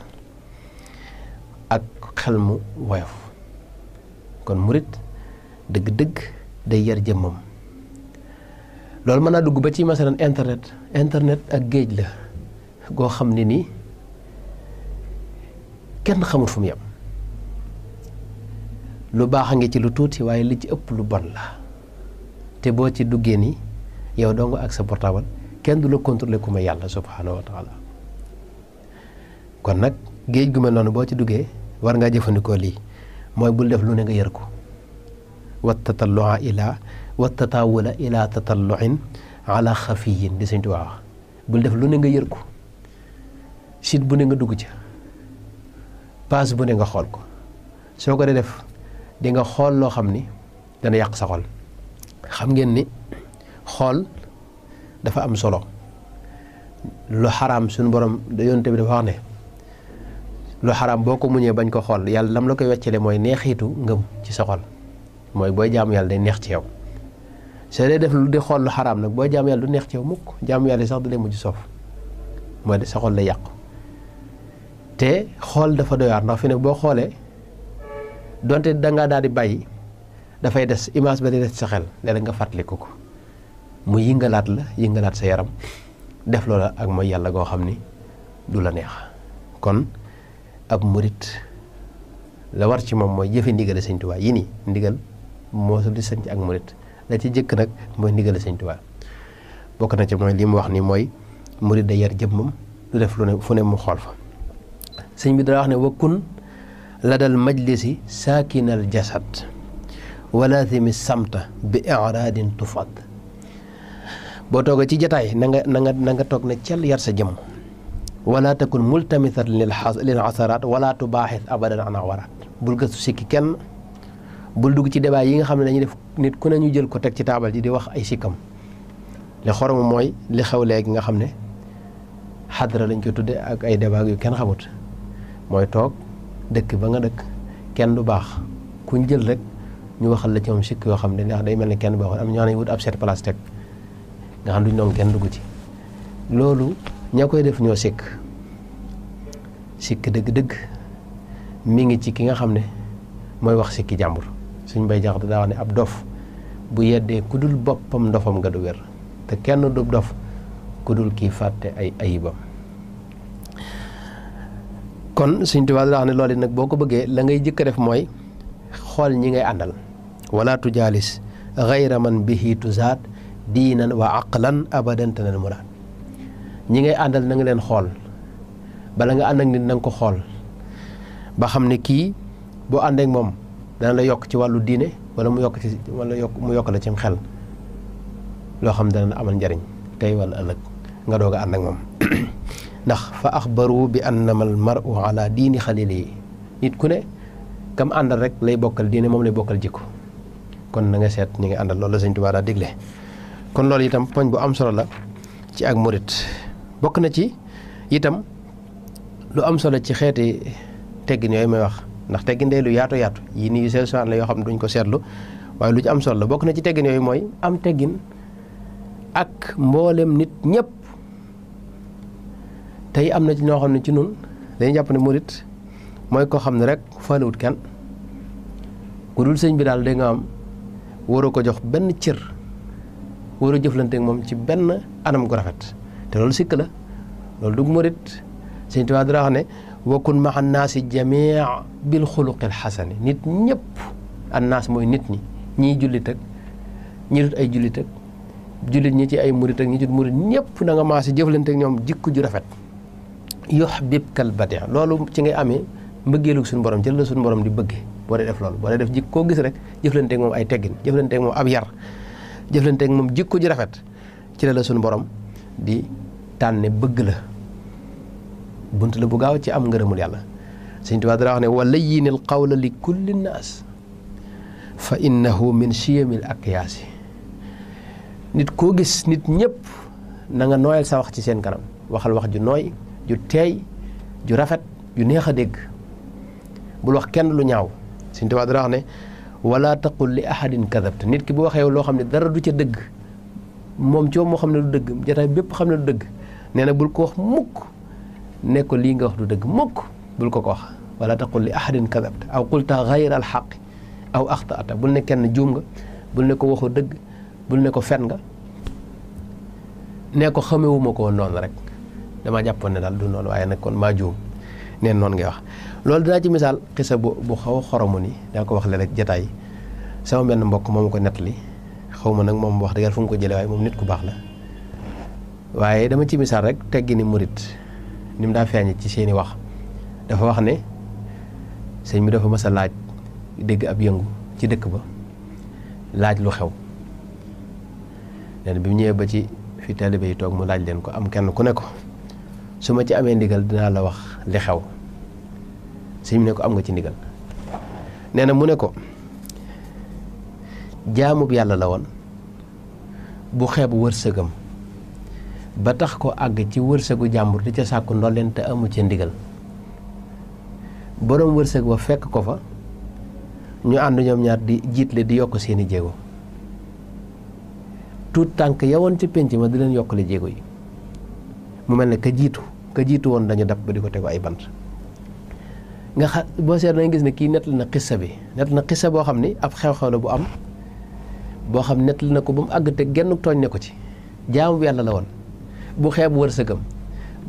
ak xel mu woyof kon murit dëgg-dëgg day yar jëmmam loolu mën naa dugg ba ci masalan internet internet ak géej la goo xam ni nii kenn xamul fu mu yem lu baax a ngi ci lu tuuti waaye li ci ëpp lu bon la te bo ci duggé ni yow nga ak sa portable kèn du la contrôler kuma yalla subhanahu wa taala kon nak geej gu mel noonu ci duggé war nga jëfëndiko li moy bul def lu ne nga yër ko wat tatallua ila wat tatawula ila tatalluin ala xafiyin di Sëñ Tuubaa wax bul def lu ne nga yër ko sit bu ne nga dugg ci pass bu ne nga xol ko soko def di nga xol lo xamni dana sa xol xam ngeen ni xool dafa am solo lu xaraam suñu borom yoon yonte bi dafa wax ne lu xaraam boo ko muñee bañ ko xool yàlla lam la koy weccale mooy neexitu ngëm ci sa mooy booy jaamu yàlla day neex ci yow soo dee def lu di xool lu nag booy jaamu yàlla neex ci yow mukk jaamu yàlla sax da lay mujj soof mooy de sa xol yàqu te xool dafa doy waar ndax fi ne boo xoolee donte dangaa daal di bàyyi dafay des image ba di des sa xel léeg nga fàttaliku ko mu yëngalaat la yëngalaat sa yaram def loola ak mooy yàlla goo xam ni du la neex kon ab murit la war ci moom mooy jëfe ndigale sëñ Tuubaa yi nii ndigal moo su di sëñ ak murit la ci jëkk nag mooy ndigale sëñ Tuubaa bokk na ci mooy li mu wax nii mooy murit da yar jëmmam du def lu ne fu ne mu xool fa sëñ bi dana wax ne wakkun la dal majlisi saakinal jasad walaasimi samta bi iraadin tufad boo toogee ci jataay na nga na na nga toog ne cel yar sa jëmm wala takun multamisat lil asaraat wala tubaaxis abadan an awaraat bul gëstu sikki kenn bul dugg ci débat yi nga xam ne dañuy def nit ku ne ñu jël ko teg ci taabal ji di wax ay sikkam li xorom mooy li xew léegi nga xam ne xadra lañ ko tudde ak ay débat yu kenn xamut mooy toog dëkk ba nga dëkk kenn du baax kuñ jël rek ñu waxal la ci moom sikk yoo xam ne ndax day mel ne kenn boo xam am ñoo xam ne wut ab set place teg ci loolu ña koy def ñoo sikk sikk dëgg-dëgg mi ngi ci ki nga xam ne mooy wax sikki jàmbur suñ bay jaxte daa wax ne ab dof bu yeddee ku dul boppam ndofam nga du wér te kenn du dof ku dul kii fàtte ay ay ayibam kon suñ tubaab daa wax ne loolu nag boo ko bëggee la ngay jëkk a def mooy xool ñi ngay àndal wala tujaalis gayra bi bihi tuzaat diinan wa aqlan abadan tanal muraad ñi ngay àndal na nga leen xool bala nga ànd ak nit na nga ko xool ba xam ne kii boo àndeek moom dana la yokk ci wàllu diine wala mu yokk ci wala yokk mu yokk la cim xel loo xam dana amal njariñ tey wala ëllëg nga doog àndak ànd ak moom ndax fa axbaru bi annama al maru ala diini xalili nit ku ne kam àndal rek lay bokkal diine moom lay bokkal jikko kon na nga seet ñu ngi àndal loolu la sëñ Tuubaa daa digle kon loolu itam poñ bu am solo la ci ak murit bokk na ci itam lu am solo ci xeeti teggin yooyu may wax ndax teggin day lu yaatu yaatu yii nii yu sew sewaan la yoo xam ne duñ ko seetlu waaye lu ci am solo la bokk na ci teggin yooyu mooy am teggin ak mboolem nit ñépp tey am na ci ñoo xam ne ci nun dañuy jàpp ne murit mooy koo xam ne rek faalewut kenn ku dul sëñ bi daal da am Woro ko jox ben cër waroo jëflante ak mom ci ben anam gu rafet te lolou sik la lolou du mourid seigne touba dara xane wakun ma an-nas jami' bil al hasan nit an-nas moy nit ñi ñii jullit ak ñi dut ay jullit ak jullit ñi ci ay murit ak ñi dut mourid ñepp na nga ci jëflante ak ñom jikku ju rafet al badi lolou ci ngay amé mbeugelu suñu borom jël la suñu borom di bëgge boleh def loolu boo def jik gis rek jëflante ak moom ay teggin jëflante ak ab yar jëflante ak jikko ji rafet ci la la borom di tanne bëgg la buntu la bu gaaw ci am ngërëmul yalla seigne touba dara wax ne wa qawla li kulli fa innahu min shiyamil aqyas nit ko gis nit ñepp na nga nooyal sa wax ci seen kanam waxal wax ju noy ju tey ju rafet ju neexa deg bul wax kenn lu ñaaw Sëñ Tuubaa dana wax ne wala taqul li ahadin kadabta nit ki bu waxee loo xam ne dara du ca dëgg moom coow moo xam ne du dëgg jataay bépp xam ne du na bul ko wax mukk lii nga wax du dëgg mukk bul ko ko wax wala taqul li ahadin kadabta aw qulta gayra al xaqi aw axtaata bul ne kenn juum nga bul ne ko waxu dëgg bul ne ko fen nga ne ko xamewuma ko woon noonu rek dama jàppoon ne daal du noonu waaye nag kon maa juum neen noonu ngay wax loolu dinaa ci misaal xisa bu bu xaw a xoromu ni daa ko wax la rek jataay sama benn mbokk moom ko nettali xaw ma nag moom wax dëgg fu mu ko jëlee waaye moom nit ku baax la waaye dama ci misaal rek teggi ni murit ni mu daa feeñe ci seeni wax dafa wax ne sëñ bi dafa mës a laaj dégg ab yëngu ci dëkk ba laaj lu xew nee na bi mu ñëwee ba ci fi taalibe yi toog mu laaj leen ko am kenn ku ne ko su ma ci amee ndigal dinaa la wax li xew sëñ bi ne ko am nga ci ndigal nee na mu ne ko jaamub yàlla la woon bu xeeb wërsëgam ba tax ko àgg ci wërsëgu jàmbur di ca sàkku ndolleen te amu ci ndigal boroom wërsëg wa fekk ko fa ñu ànd ñoom ñaar di jiitle di yokk seeni jéego tuut tànk yawoon ci pénc ma di leen yokkale jéego yi mu mel ne ka jiitu ka jiitu woon dañu dab ba di ko tegu ay bant nga bo seer na da gis ne ki nett na qissa bi nett na qissa bo xamni ni ab xew-xew la bu am bo xam nett na ko bu mu àgg te genn togn ne ko ci jaamu bi yàlla la won bu xeb wërsëgam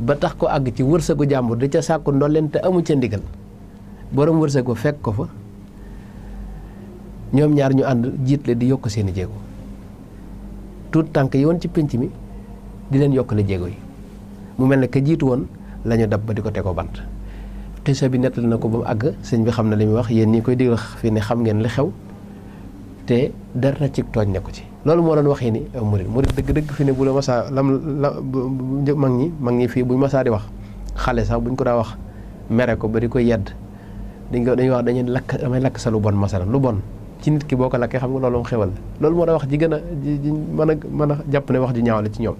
ba tax ko àgg ci wërsëgu jàmbur di ca sakku ndolen te amu ci ndigal borom wërsëg fek ko fa ñom ñaar ñu jitt le di yok seen jéego tout tank yi ci pinci mi di len yok yokkale jéego yi mu melni ka jitt won lañu dab ba di teggo tegoo bant xisa bi nettali na ko ba àgg sëñ bi xam na li wax yéen ñi koy déglu fii ne xam ngeen li xew te dara ci tooñ nekku ci loolu moo doon waxee ni murid euh, murid dëgg-dëgg fi bu la masaa lam la mag ñi mag ñi fii buñ masaa di wax xale sax buñ ko daa wax mere ko ba di ko yedd dañ ko dañuy wax dañuy lakk damay lakk sa lu bon masalan lu bon ci nit ki boo ko lakkee xam nga loolu moom xewal la loolu moo daa wax ji gën a ji mën a mën a jàpp ne wax ju ñaaw la ci ñoom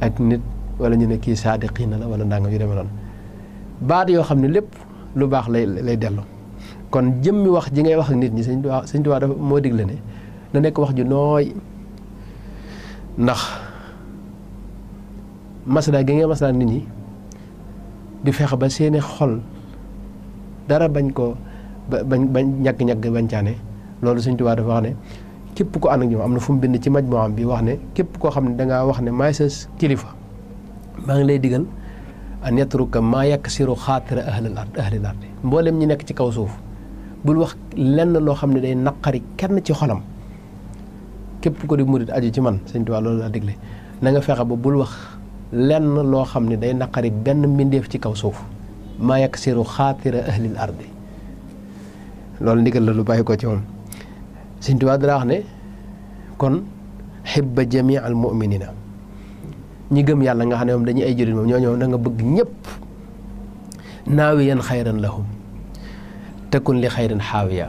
ak nit wala ñu ne kii na la wala ndanga yu demee noonu baat yoo xam ne lépp lu baax lay lay delloo kon jëmmi wax ji ngay wax ak nit ñi sëñ Tuubaa sëñ Tuubaa dafa moo digle ne na nekk wax ju nooy ndax maslaa gi nga maslaa nit ñi di fexe ba seeni xol dara bañ ko bañ bañ ñàkk-ñàkk bañcaane loolu sëñ Tuubaa dafa wax ne képp ko ànd ak ñoom am na fu mu bind ci maj moo am bi wax ne képp koo xam ne dangaa wax ne maay sa kilifa maa ngi lay digal an yatruka maa yaksiru xaatira ahlil ard ahlil ardi mboolem ñi nekk ci kaw suuf bul wax lenn loo xam ne day naqari kenn ci xolam képp ko di murit aju ci man sëñ Tuubaa loolu laa fexe ba bul wax lenn loo xam ne day naqari benn mbindeef ci kaw suuf maa yaksiru xaatira ahlil ardi la lu bàyyi ko ci moom dara wax ne kon xibba jamii al muminina ñi gëm yàlla nga xam ne moom dañuy ay jullit moom ñoo ñoom da nga bëgg ñëpp naawiyan xayran lahum takun li xayrin xaawiya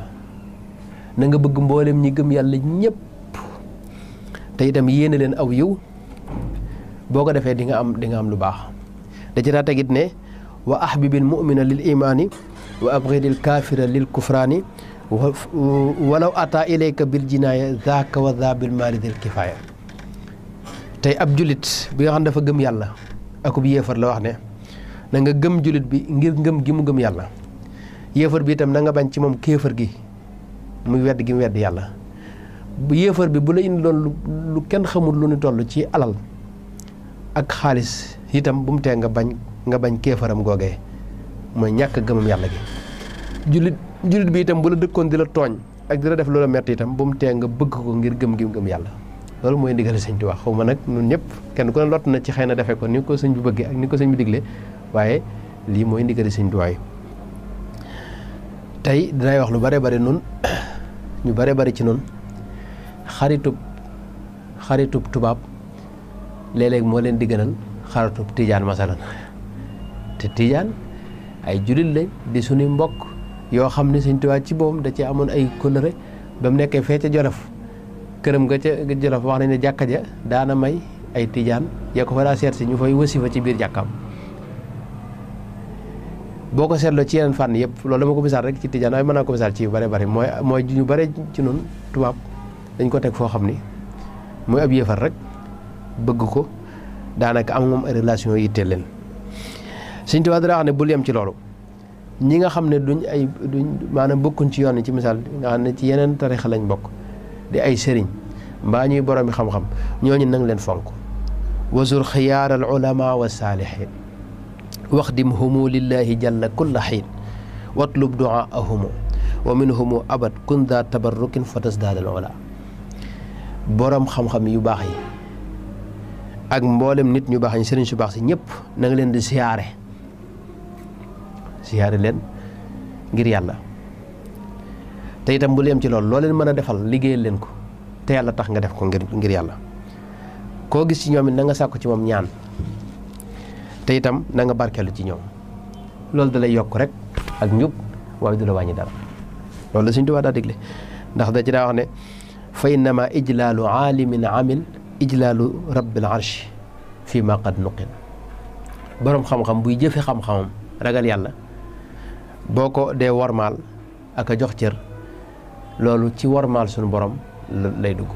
na nga bëgg mboolem ñi gëm yàlla ñëpp te itam yéene leen aw yiw boo ko defee di nga am di nga lu baax da ci daa tegit ne wa ahbibil mumina lil imaani wa abridil kaafira lil kufraani walaw ata ilayka bil jinaaya zaaka wa za bil kifaaya tey ab julit bi nga xam dafa gëm yàlla akub yéefar la wax ne na nga gëm julit bi ngir ngëm gi mu gëm yàlla yéefar bi itam na nga bañ ci moom kéefar gi muy wedd gi mu wedd yàlla bu yéefar bi bu la indi loon lu kenn xamul lu ñu toll ci alal ak xaalis itam bu mu tee nga bañ nga bañ kéefaram googee mooy ñàkk gëmam yàlla gi julit julit bi itam bu la dëkkoon di la tooñ ak di la def loola metti itam bu mu tee nga bëgg ko ngir gëm gi mu gëm yàlla loolu mooy ndigal sëñ Tuubaa xaw ma nag ñun ñëpp kenn ku ne lott na ci xëy na defee ko ni ko sëñ bi bëggee ak ni ko sëñ bi diglee waaye lii mooy ndigal sëñ Tuubaa tey dinay wax lu bare bare nun ñu bare bare ci nun xaritub xaritub tubaab léeg moo leen di gënal xaritub tijaan masalan te tijaan ay jullit lañ di suñu mbokk yoo xam ne sëñ Tuubaa ci boom da ci amoon ay kóllëre ba mu nekkee fee ca Jolof këram ga ca Jolof wax nañ ne jàkka ja daana may ay tijaan ya ko fa daa seet si ñu fay wasifa ci biir jàkkaam boo ko seetloo ci yeneen fànn yëpp loolu dama ko misaal rek ci tijaan waaye mën ko misaal ci yu bare bari mooy mooy ñu bare ci noonu tubaab dañ ko teg foo xam ni muy ab yéefar rek bëgg ko daanaka am moom ay relation yitteel leen Sëñ Tuubaa dara wax ne bul yem ci loolu ñi nga xam ne duñ ay duñ maanaam bokkuñ ci yoon ci misaal nga xam ne ci yeneen tarixa lañ bokk di ay sëriñ mbaa ñuy boroomi xam-xam ñooñu nang leen fonk wazur xiyaar al ulama wa saalihin waxdim humu lillahi jalla kulla xiin watlub duaahumu wa minhumu abad kun daa tabarrukin fa tasdaad al ula boroom xam-xam yu baax yi ak mboolem nit ñu baax ñi sëriñ su baax si ñëpp na leen di siyaare siyaare leen ngir yàlla tey itam bu leem ci lool loo leen mën a defal liggéeyal leen ko te yàlla tax nga def ko ngir ngir yàlla koo gis ci ñoom it nanga nga ci moom ñaan te itam na nga barkeelu ci ñoom loolu da lay yokk rek ak njub waaye du la wàññi dara loolu la suñ tubaa daa digle ndax da ci daa wax ne fa innama ijlaalu aalimin amil ijlaalu rabbil arshi fii ma qad nuqil boroom xam-xam buy jëfe xam-xamam ragal yàlla boo ko dee wormaal aka jox cër loolu ci warmal sun borom lay dugg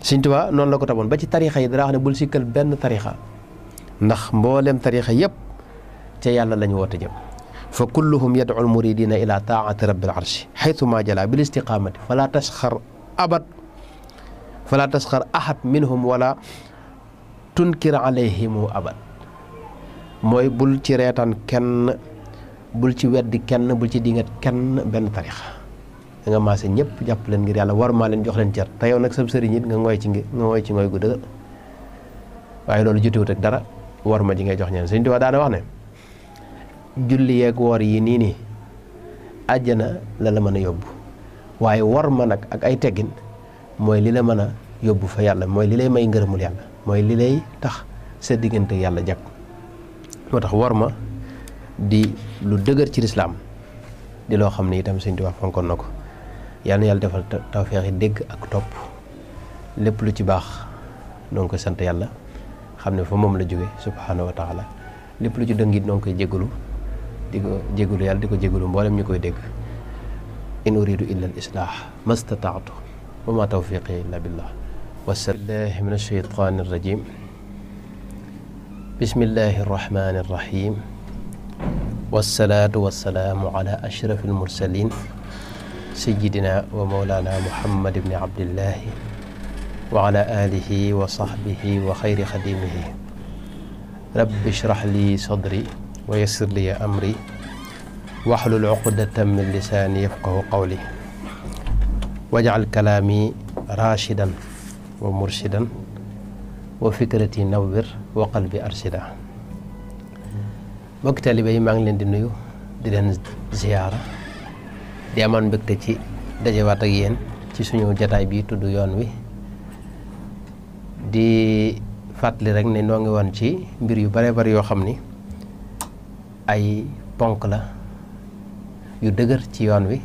seigne touba non la ko tabon ba ci tariikha yi dara xane bul sikkal ben tariikha ndax mbollem tariikha yépp ci yàlla lañ wote jëm fa kulluhum yad'u al-muridina ila ta'ati rabbil arsh haythu ma jala bil istiqamati fala tashkhar abad fala tashkhar ahad minhum wala tunkir alayhim abad moy bul ci retan ken bul ci weddi ken bul ci dingat ken ben tariikha da nga maase ñëpp japp leen ngir yalla war ma leen jox leen cër te yow nag sab sëriñ it nga ngoy ci nga ngoy ci ngoy gu dëgër waye loolu jotewut ak dara war ma ji ngay jox ñeen sëñ Tuubaa daana wax ne julli yeek wor yi ni ni aljana la la mëna yobbu waye war ma nak ak ay teggin moy li la mëna yobbu fa yalla moy li lay may ngeerumul yalla moy li lay tax sa digënté yalla jakk motax war ma di lu dëgër ci l'islam di lo xamni itam sëñ Tuubaa fonkon nako yal na yàlla defal tawféexi dégg ak topp lépp lu ci baax noo ngi koy sant yàlla xam ne fa moom la jóge subhaanahu wa taala lépp lu ci dëngit noo ngi koy jégalu di ko jégalu yàlla di ko jégalu mboolem ñu koy dégg in uridu illa al islaah mastataatu wa ma tawfiqi illa billah wasalah min alsheytaan irrajim bismillahi arrahmani irrahim wasalaatu wasalaamu ala ashraf almursalin سيدنا ومولانا محمد بن عبد الله وعلى آله وصحبه وخير خديمه رب اشرح لي صدري ويسر لي أمري واحلل عقدة من لساني يفقه قولي واجعل كلامي راشدا ومرشدا وفكرتي نور وقلبي أرشدا وقت اللي بي maa ngi leen di di amaan mbégte ci dajewaat ak yeen ci suñu jataay bi tudd yoon wi di fàttali rek ne noo ngi woon ci mbir yu bare bari yoo xam ni ay ponk la yu dëgër ci yoon wi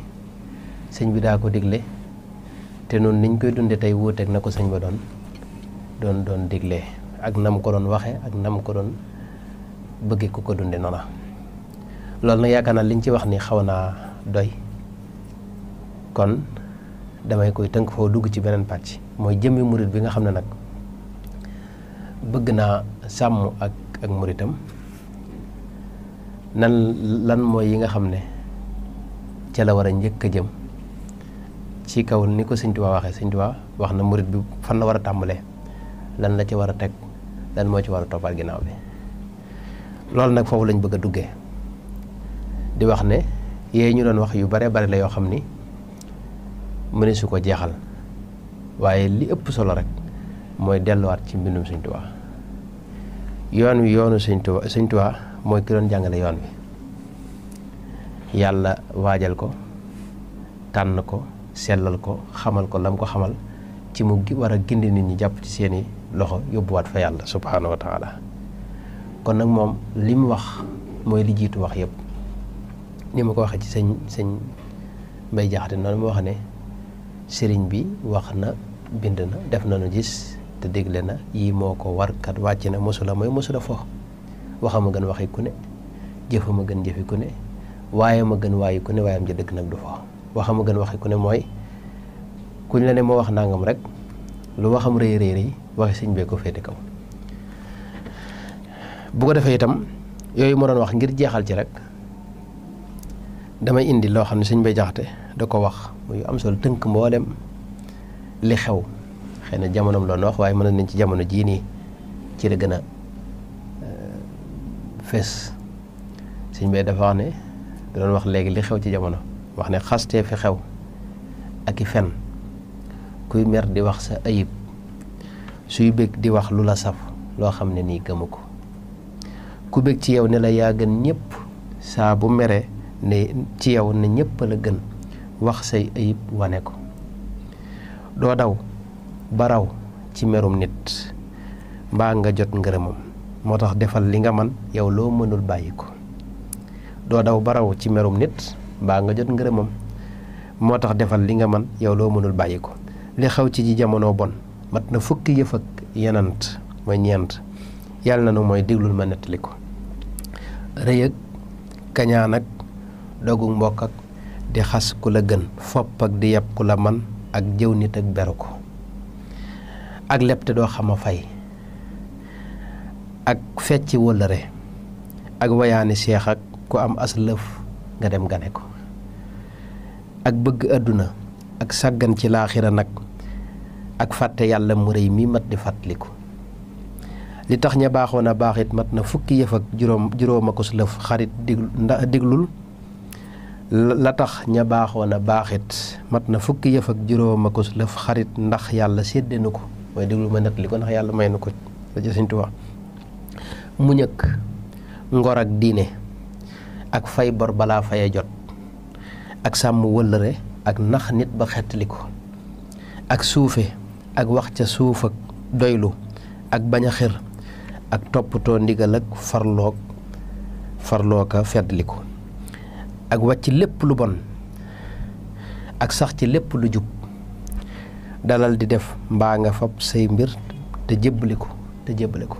sëñ bi daa ko digle te noonu niñ koy dunde tey wuuteeg na ko sëñ ba doon doon doon digle ak na mu ko doon waxe ak nam ko doon bëgge ku ko dunde noona loolu nag yaakaar naa liñ ci wax ni xaw naa doy kon damay koy tënk foo dugg ci beneen pàcc mooy jëmmi murit bi nga xam ne nag bëgg naa sàmm ak ak muritam nan lan mooy yi nga xam ne ca la war a njëkk a jëm ci kaw ni ko sëñ Tuubaa waxee sëñ Tuubaa wax na murit bi fan la war a tàmbalee lan la ci war a teg lan moo ci war a toppaat ginnaaw bi loolu nag foofu lañ bëgg a duggee di wax ne yee ñu doon wax yu bare bari la yoo xam ni ne su ko jeexal waaye li ëpp solo rek mooy delluwaat ci mbindum sëñ Tuubaa yoon wi yoonu sëñ Tuubaa sëñ Tuubaa mooy ki doon jàngale yoon wi yàlla waajal ko tànn ko sellal ko xamal ko lam ko xamal ci mu war a gindi nit ñi jàpp ci seeni loxo yóbbuwaat fa yàlla subhaanahu wa taala kon nag moom li mu wax mooy li jiitu wax yépp ni ma ko waxee ci sëñ sëñ Mbay Jaxate noonu ma wax ne sëriñ bi wax na bind na def na nu gis te dégle na yii moo ko warkat wàcc na mosula mooy mosula fo waxama gën waxi ku ne jëfama gën jëfi ku ne waaye ma gën waayi ku ne waayam ja dëgg nag du fo waxama gën waxi ku ne mooy kuñ la ne moo wax nàngam rek lu waxam rëy rëy rëy waxi sëñ bee ko féete kaw bu ko defee itam yooyu ma doon wax ngir jeexal ci rek damay indi loo xam ne sëñ bay jaxate da ko wax muy am solo tënk mboolem li xew xëy na jamonoom loon wax waaye mën nañ ci jamono jii nii ci la gën a euh, fees sëñ bi dafa wax ne da doon wax léegi li xew ci jamono wax ne xastee fi xew ak i fen kuy mer di wax sa ayib suy bëgg di wax lu la saf loo xam ne nii gëmu ko ku bëgg ci yow ne la yaa gën ñëpp saa bu mere ne ci yow ne ñëpp la gën wax say ayib wane ko doo daw baraw ci merum nit mbaa nga jot ngërëmam moo tax defal li nga man yow loo mënul bàyyi ko doo daw baraw ci merum nit mbaa nga jot ngërëmam moo tax defal li nga man yow loo mënul bàyyi ko li xew ci ji jamono bon mat na fukki yëf ak yenant mooy ñeent yàlla na nu mooy déglul ma nettali ko rëy ak kañaan ak dogu mbokk ak di xas ku la gën fopp ak di yab ku la man ak jëw nit ak beru ko ak lepte doo xam fay ak fecci wëllëre ak wayaani seex ak ku am as lëf nga dem gane ko ak bëgg àdduna ak sàggan ci laaxira nag ak fàtte yàlla mu rëy mi mat di fàttaliku li tax ña baaxoo na baaxit mat na fukki yëf ak juróom juróom akus lëf xarit diglul la tax ña mat na fukki yef ak juro mako leuf xarit ndax yalla seddenuko way deglu ma nettali ko ndax yalla maynuko la ca tuwa Tuubaa mu ñëkk ngor ak diine ak fay bor bala faye jot ak sam wëllëre ak nax nit ba xettali ak suufe ak wax ca suuf ak doylu ak baña xir ak toppatoo ndigal ak farlok farloka fedliko ak wacc lépp lu bon ak sax ci lépp lu jub dalal di def mbaa nga fab say mbir te jébbali ko te jébbali ko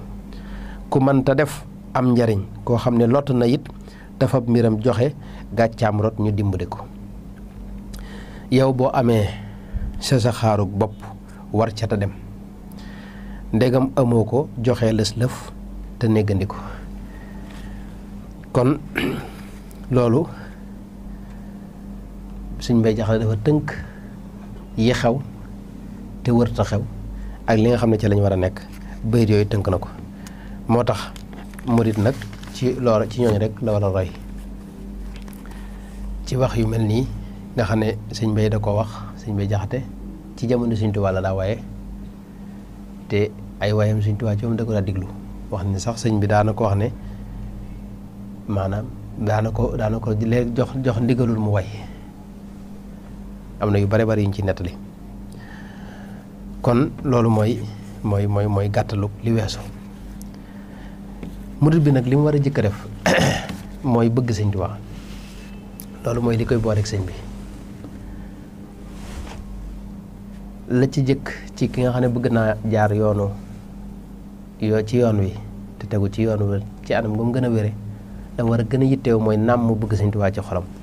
ku mënta def am njariñ koo xam ne lott na it dafa mbiram joxe gàccaam rot ñu dimbali ko yow boo amee sa sa bopp war ca ta dem ndegam amoo ko joxe lës lëf te néggandi ko kon loolu suñ mbay jaxale dafa tënk yi xew te wërta xew ak li nga xam ne ci lañ war a nekk bayit yooyu tënk na ko moo tax murit nag ci loolu ci ñooñu rek la war a roy ci wax yu mel nii nga xam ne sëñ bay da koo wax sëñ mbay jaxate ci jamono sëñ Tuubaa la daa waaye te ay waayam sëñ Tuubaa ci moom da ko daa diglu wax ni sax sëñ bi daana ko wax ne maanaam daana ko daana ko jox jox ndigalul mu way am na yu bare bari yuñ ci nettali kon loolu mooy mooy mooy mooy gàttalu li weesu murid bi nag li mu war a jëkk a def mooy bëgg sëñ Tuubaa loolu mooy li koy booleeg sëñ bi la ci jëkk ci ki nga xam ne bëgg naa jaar yoonu yoo ci yoon wi te tegu ci yoon wi ci anam gu mu gën a wére da war a gën a yittewoo mooy nàmm mu bëgg sëñ Tuubaa ci xolam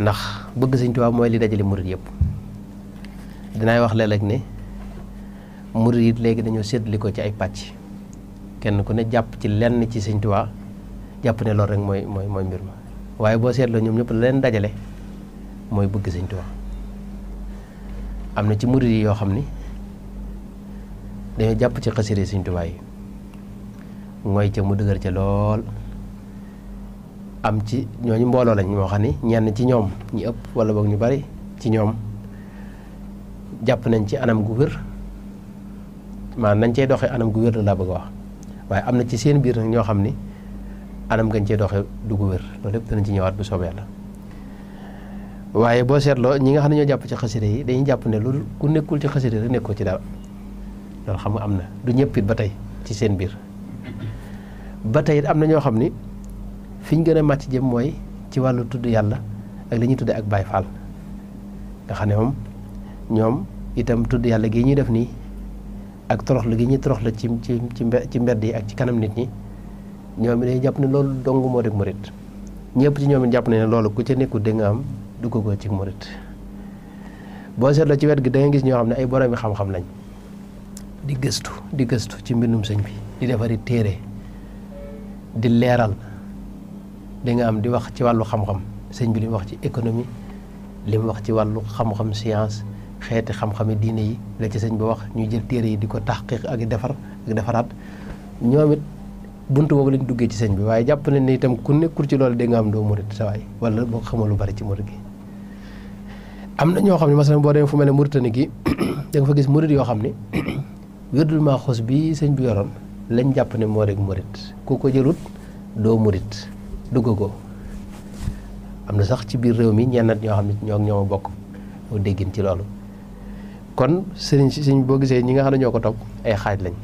ndax bëgg señ tuba moy li dajale mourid yépp dina wax lé lék né mourid légui dañu dañoo séddali ko ci ay patch kenn ku né japp ci lenn ci señ tuba japp né loolu rek moy moy moy mbir ma waaye boo seetloo ñom ñëpp lén dajalé moy bëgg señ tuba am na ci mourid yi yoo xam ni dañoo ci xasiri señ tuba yi moy ci mu dëgër ci lool am ci ñooñu mbooloo lañ moo xam ni ñenn ci ñoom ñi ëpp wala boog ñu bari ci ñoom jàpp nañ ci anam gu wér maanaam nañ cey doxee anam gu wér la laa bëgg wax waaye am na ci seen biir nag ñoo xam ni anam gañ cey doxee du gu wér loolu lépp ci ñëwaat bu soobee yàlla waaye boo seetloo ñi nga xam ne ñoo jàpp ci xasida yi dañuy jàpp ne loolu ku nekkul ci xasida rek nekkoo ci dara loolu xam nga am na du ñëpp ba tey ci seen biir ba tey am na ñoo xam ni fi ñu gën a màcc jëm mooy ci wàllu tudd yàlla ak li ñuy tuddee ak Baay Faal nga xam ne moom ñoom itam tudd yàlla gi ñuy def nii ak toroxlu gi ñuy toroxlu ci ci ci mbedd yi ak ci kanam nit ñi ñoom it dañuy jàpp ne loolu dong moo def murit ñëpp ci ñoom jàpp nañ ne loolu ku ca nekkul da am am duggagoo ci murit boo seetloo ci wet gi da gis ñoo xam ne ay boroomi xam-xam lañ di gëstu di gëstu ci mbindum sëñ bi di defari téere di leeral. li nga am di wax ci walu xam-xam sëñ bi lim wax ci économie lim wax ci walu xam-xam science xeeti xam xam diiné yi la ci sëñ bi wax ñu jël téré yi di ko ak defar ak défarat ñoomit buntu bobu lañ duggé ci sëñ bi waye japp nañ ni itam ku nekkur ci loolu da nga am do murit sa way wala bo xamal lu bari ci mourid gi am na xamni xam ne masalan boo demee fu melni ne Mauritanie gi da nga fa gis mourid yo xamni ne ma xos bi sëñ bi yoron lañ japp ne moo rek murit ku ko jëlut do murit dugg ko am na sax ci biir réew mi ñenn ñoo xam ne ñoo ñoo bokk moo déggin ci loolu kon sëriñ si sëriñ boo gisee ñi nga xam ne ñoo ko topp ay xaaj lañ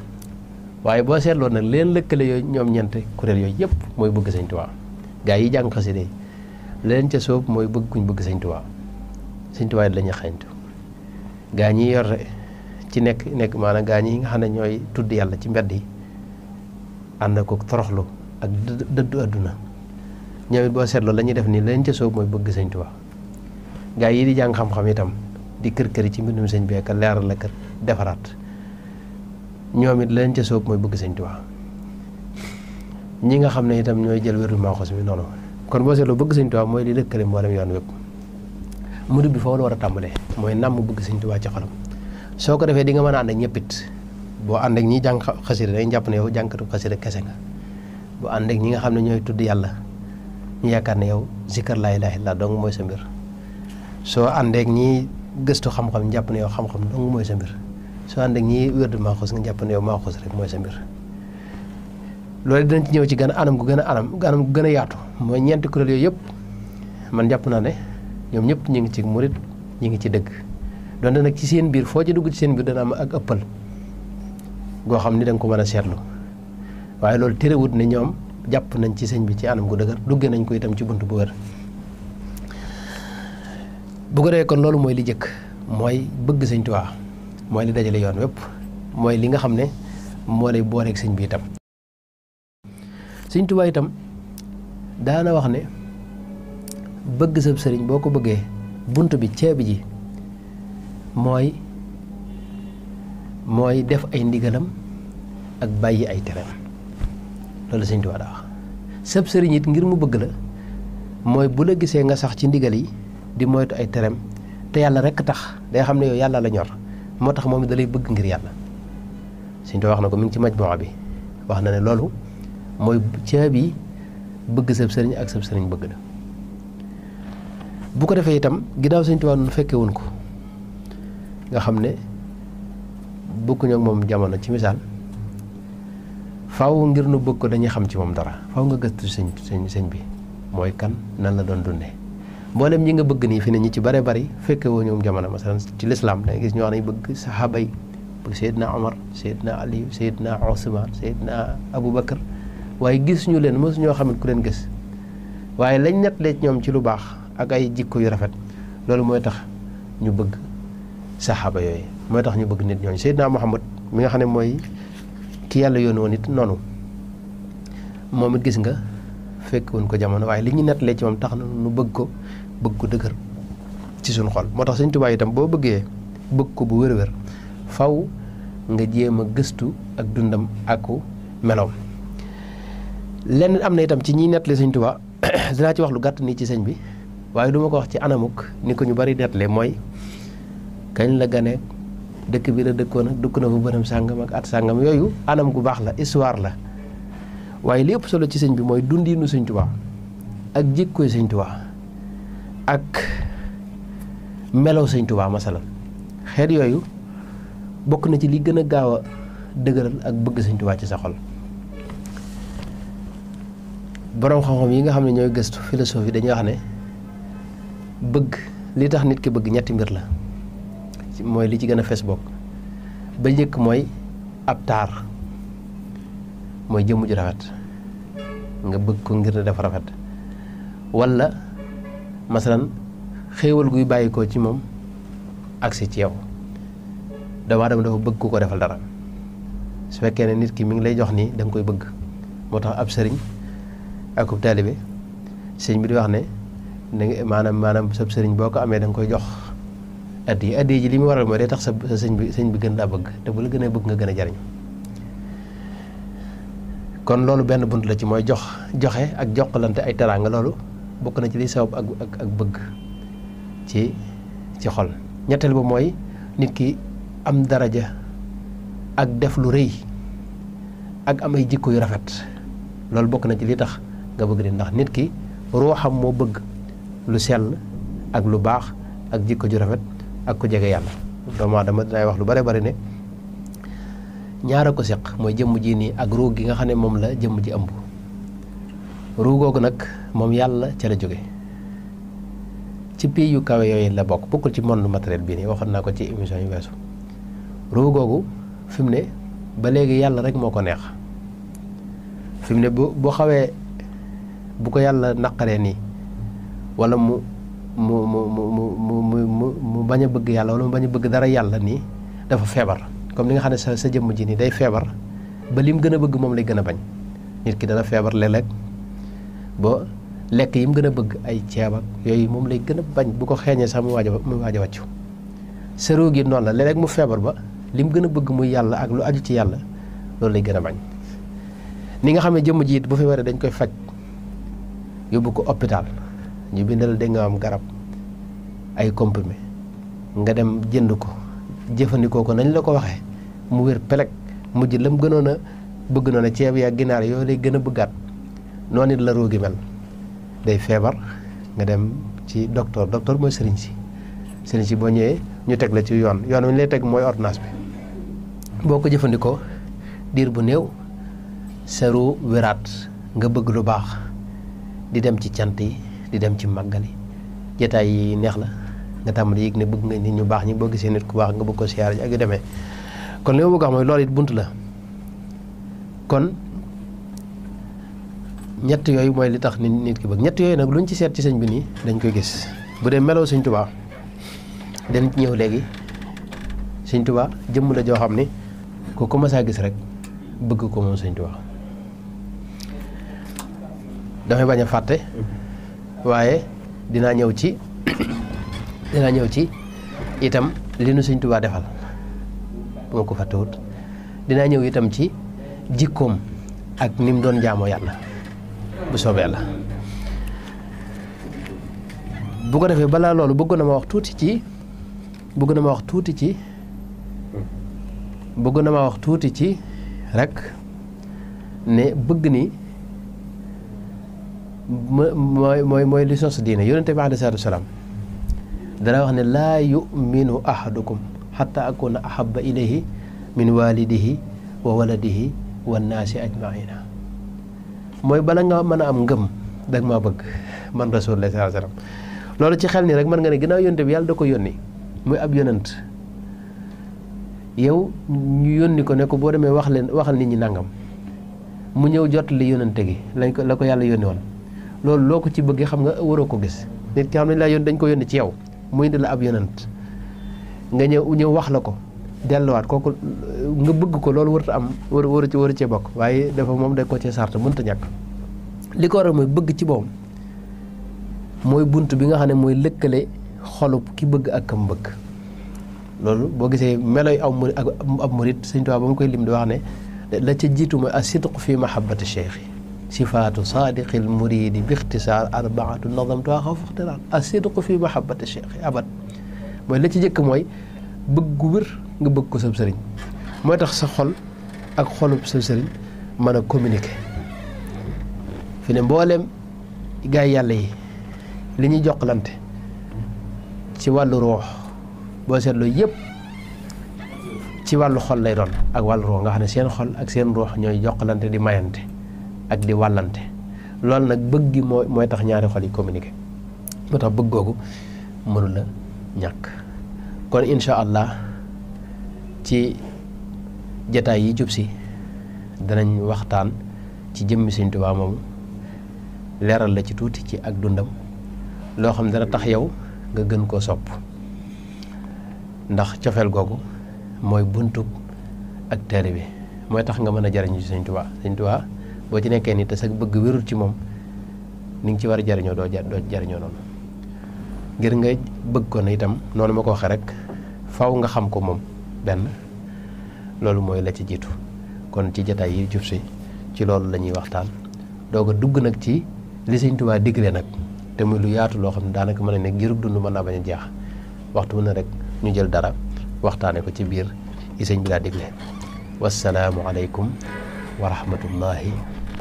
waaye boo seetloo nag leen lëkkale yooyu ñoom ñeent kuréel yooyu yëpp mooy bëgg Sëriñ Tuubaa gaa yi jàng xasida yi leen ca soob mooy bëgg kuñ bëgg Sëriñ Tuubaa Sëriñ Tuubaa lañuy xañtu gaa ñi yor ci nekk nekk maanaam gaa ñi nga xam ne ñooy tudd yàlla ci mbedd yi ànd ko toroxlu ak dëddu àdduna ñoom it boo seetloo la ñuy def nii leen ca soob mooy bëgg sëñ Tuubaa gaa yii di jàng xam-xam tam di kër kër ci mbindum sëñ bi ak leeral la kër defaraat ñoom it leen ca soob mooy bëgg sëñ Tuubaa ñi nga xam ne itam ñooy jël wéru maaxos mi noonu kon boo seetloo bëgg mooy Tuubaa mooy li lëkkale mboolem yoon wépp murid bi foofu la war a tàmbalee mooy namm bëgg sëñ Tuubaa ci xolam soo ko defee di nga mën a ànd ak ñëpp it boo ànd ak ñi jàng xasida dañ jàpp ne yow jànkatu xasida kese nga boo ñi nga xam ne ñooy tudd yàlla ñu yaakaar ne yow zikkar laa laay illallaah dong mooy sa mbir soo àndeek ñi gëstu xam-xam ñu jàpp ne yow xam-xam mooy sa mbir soo ñi wérdu maaxus jàpp ne yow maaxus rek mooy sa mbir loolu dinañ ci ñëw ci gën anam gu gën a anam anam gu gën a yaatu mooy ñeenti kuréel yooyu yëpp man jàpp naa ne ñoom ñëpp ñu ngi ci murit ñu ngi ci dëgg donte nag ci seen biir foo ci dugg ci seen biir dana ak ëppal goo xam ni da ko mën a seetlu waaye loolu terewut ne ñoom jàpp nañ ci sëñ bi ci anam gu dëgër dugge nañ ko itam ci bunt bu wër bu ko defee kon loolu mooy li jëkk mooy bëgg sëñ Tuubaa mooy li dajale yoon wépp mooy li nga xam ne moo lay booleeg sëñ bi itam sëñ Tuubaa itam daana wax ne bëgg sab sëriñ boo ko bëggee bunt bi ceeb ji mooy mooy def ay ndigalam ak bàyyi ay teram loolu sëñ Tuubaa daa wax sab sëriñ it ngir mu bëgg la mooy bu la gisee nga sax ci ndigal yi di moytu ay terem te yàlla rek tax day xam ne yow yàlla la ñor moo tax moom da bëgg ngir yàlla sëñ Tuubaa wax na ko mu ngi ci majmuwa bi wax na ne loolu mooy ceeb yi bëgg sab sëriñ ak sab sëriñ bëgg la bu ko defee itam ginnaaw sëñ Tuubaa nun fekke wuñ ko nga xam ne bokkuñu ak moom jamono ci misaal faaw ngir nu bëgg ko dañuy xam ci moom dara faaw nga gëstu señ señ señ bi mooy kan nan la doon dundee mboolem ñi nga bëgg nii fi ñi ci bare bari fekke woo ñoom jamono masalan ci lislaam da gis ñu wax nañ bëgg sahaba yi bëgg Seydina Omar ali Aliou Seydina Ousmane Seydina Aboubacar waaye gis ñu leen mosu ñoo xam ku leen gis waaye lañ leet ñoom ci lu baax ak ay jikko yu rafet loolu mooy tax ñu bëgg sahaba yooyu mooy tax ñu bëgg nit ñooñu Seydina Muhammad mi nga xam ne ki yàlla yoon woon it noonu moom it gis nga fekk woon ko jamono waaye li ñu nettalee ci moom tax na nu bëgg ko bëgg ko dëgër ci suñu xol moo tax Sëñ Tuubaa itam boo bëggee bëgg ko bu wér-wér faw nga jéem a gëstu ak dundam aku melow lenn am na itam ci ñiy nettali Sëñ Tuubaa dinaa ci wax lu gàtt nii ci sëñ bi waaye duma ko wax ci anamuk ni ko ñu bari nettalee mooy kañ la gane dëkk bi la dëkkoon ak dëkk na fa bërëm sàngam ak at sàngam yooyu anam gu baax la histoire la waaye li ëpp solo ci sëñ bi mooy dundinu sëñ Tuubaa ak jikkoy sëñ Tuubaa ak melow sëñ Tuubaa masalan xeet yooyu bokk na ci li gën a gaaw a dëgëral ak bëgg sëñ Tuubaa ci sa xol boroom xam-xam yi nga xam ne ñooy gëstu philosophie dañu wax ne bëgg li tax nit ki bëgg ñetti mbir la mooy li ci gën a fes bokk ba njëkk mooy ab taar mooy jëmm ju rafet nga bëgg ko ngir ne dafa rafet wala masalan xéewal guy bàyyi ko ci moom agsi ci yow damaa dama dafa bëgg ku ko defal dara su fekkee ne nit ki mi ngi lay jox nii danga koy bëgg moo tax ab sëriñ akub taalibe sëriñ bi di wax ne maanaam maanaam sab sëriñ boo ko amee danga koy jox addiya addiya ji limi waral moy day tax sa sëñ bi sëñ bi gën laa bëgg te bu la gëna bëgg nga gëna jarign kon lolu benn buntu la ci moy jox joxe eh, ak joxlante ay teranga lolu bokk na ci li sawb ak ak ak bëgg ci ci xol ñettal bu moy nit ki am daraja ak def lu reuy ak am ay jikko yu rafet lolu bokk na ci li tax nga bëgg di ndax nit ki ruham mo bëgg lu sel ak lu bax ak jikko ju rafet ak ku jege yàlla doomu aadama dinaay wax lu bare bari ne ñaara ko seq mooy jëmm ji nii ak ruug gi nga xam ne moom la jëmm ji ëmb ruug googu nag moom yàlla ca la jóge ci pays yu kawee yooyu la bokk bokkul ci monde matériel bii ne waxoon naa ko ci émission yu weesu ruug googu fi mu ne ba léegi yàlla rek moo ko neex fi mu ne bu bu xawee bu ko yàlla naqaree nii wala mu mu mu mu mu mu mu mu bañ a bëgg yàlla wala mu bañ a bëgg dara yàlla nii dafa feebar comme li nga xam ne sa sa jëmm ji nii day feebar ba lim gën a bëgg moom lay gën a bañ nit ki dana feebar léeg-léeg ba lekk yi mu gën a bëgg ay ceeb yooyu moom lay gën a bañ bu ko xeeñee sax mu waaj a mu waaj a noonu la léeg mu feebar ba lim gën a bëgg muy yàlla ak lu aju ci yàlla loolu lay gën a bañ ni nga xam ne jëmm jiit it fi feebaree dañ koy faj yóbbu ko hôpital ñu bindal de nga am garab ay comprimé nga dem jënd ko jëfëndiko ko nañ la ko waxé mu wër pelek jël lam gënoon bëgg na ceeb ya ginaar yo lay gëna a bëggaat la roogi mel day fébar nga dem ci docteur docteur moy sëriñ si sëriñ si bo ñëwé ñu teg la ci yoon yoon ñu lay teg moy ordonnance bi boko jëfëndiko dir bu neew seru wéraat nga bëgg lu baax di dem ci di dem ci màggal yi jataay yi neex la nga tàmbali yëg ne bëgg nga nit ñu baax ñi boo gisee nit ku baax nga bëgg ko siyaar ji ak yu demee kon li ma bëgg a xam mooy loolu it bunt la kon ñett yooyu mooy li tax nit nit ki bëgg ñett yooyu nag luñ ci seet ci sëñ bi nii dañ koy gis bu dee meloo sëñ tubaa dañ ñëw léegi sëñ tubaa jëmm la joo xam ne ku ko masaa gis rek bëgg ko moom sëñ tubaa damay bañ a fàtte mm-hmm. waaye dinaa ñëw ci dinaa ñëw ci itam li nu Sëñ Tuubaa defal bu ma ko fàttewut dinaa ñëw itam ci jikkoom ak ni mu doon jaamoo yàlla bu soobee la bu ko defee balaa loolu bëgg na ma wax tuuti ci bëgg na ma wax tuuti ci bëgg na wax tuuti ci rek ne bëgg ni mooy mooy mooy li sos diine yonente bi aleyhi salaatu wa salaam dana wax ne laa yuminu ahadukum xatta akuna ahaba ilayhi min walidihi wa waladihi wa naasi ajmaina mooy bala nga mën a am ngëm dag ma bëgg man rasulullah sallallahu alayhi loolu ci xel ni rek mën nga ne ginnaaw yonte bi yàlla da ko yónni muy ab yonant yow ñu yónni ko ne ko boo demee wax leen waxal nit ñi nangam mu ñëw jot li yonante gi lañ ko la ko yàlla yónni woon loolu loo ko ci bëgg xam nga waroo ko gis nit ki xam ne laa yoon dañ ko yónni ci yow muy indi la ab yonant nga ñëw ñëw wax la ko delluwaat kooku nga bëgg ko loolu warut am war waru ci waru cee bokk waaye dafa moom dañ ko cee sart mënta ñàkk li ko war a mooy bëgg ci boom mooy bunt bi nga xam ne mooy lëkkale xolub ki bëgg ak kam bëgg loolu boo gisee meloy aw murit ak ab murit Sëñ Tuubaa ba mu koy lim di wax ne la ca jiitu mooy as-sidqu ma mahabbati cheikh yi صفات صادق المريد باختصار أربعة نظمتها خف اختراع الصدق في محبة الشيخ أبد mooy la ci jëkk mooy bëgg wér nga bëgg ko sab sëriñ mooy tax sa xol ak xolub sab sëriñ mën a communiquer fi ne mbooleem gaay yàlla yi li ñuy jokkalante ci wàllu roox boo seetloo yëpp ci wàllu xol lay doon ak wàllu roox nga xam ne seen xol ak seen roox ñooy jokkalante di mayante ak di wàllante loolu nag bëgg mooy tax ñaari xol yi communiqué moo tax bëgg googu mënula ñàkk kon incha allah ci jataay yi jub si danañ waxtaan ci jëmmi Sëñ Tuubaa moomu leeral la ci tuuti ci ak dundam loo xam dana tax yow nga gën koo sopp ndax cofeel googu mooy buntu ak tere bi mooy tax nga mën a jariñu ci Sëñ Tuubaa boo ci nekkee nii te sa bëgg wérul ci moom ni nga ci war a jariñoo doo doo jariñoo noonu ngir nga bëgg ko na itam noonu ma ko waxee rek faw nga xam ko moom benn loolu mooy la ci jiitu kon ci jataay yi jub si ci loolu la ñuy waxtaan doog a dugg nag ci li Sëñ Tuubaa digle nag te muy lu yaatu loo xam ne daanaka mën na ne ngirub dund ma naa bañ a jeex waxtu na rek ñu jël dara waxtaane ko ci biir yi sëñ bi daa digle wasalaamu aleykum wa rahmatullahi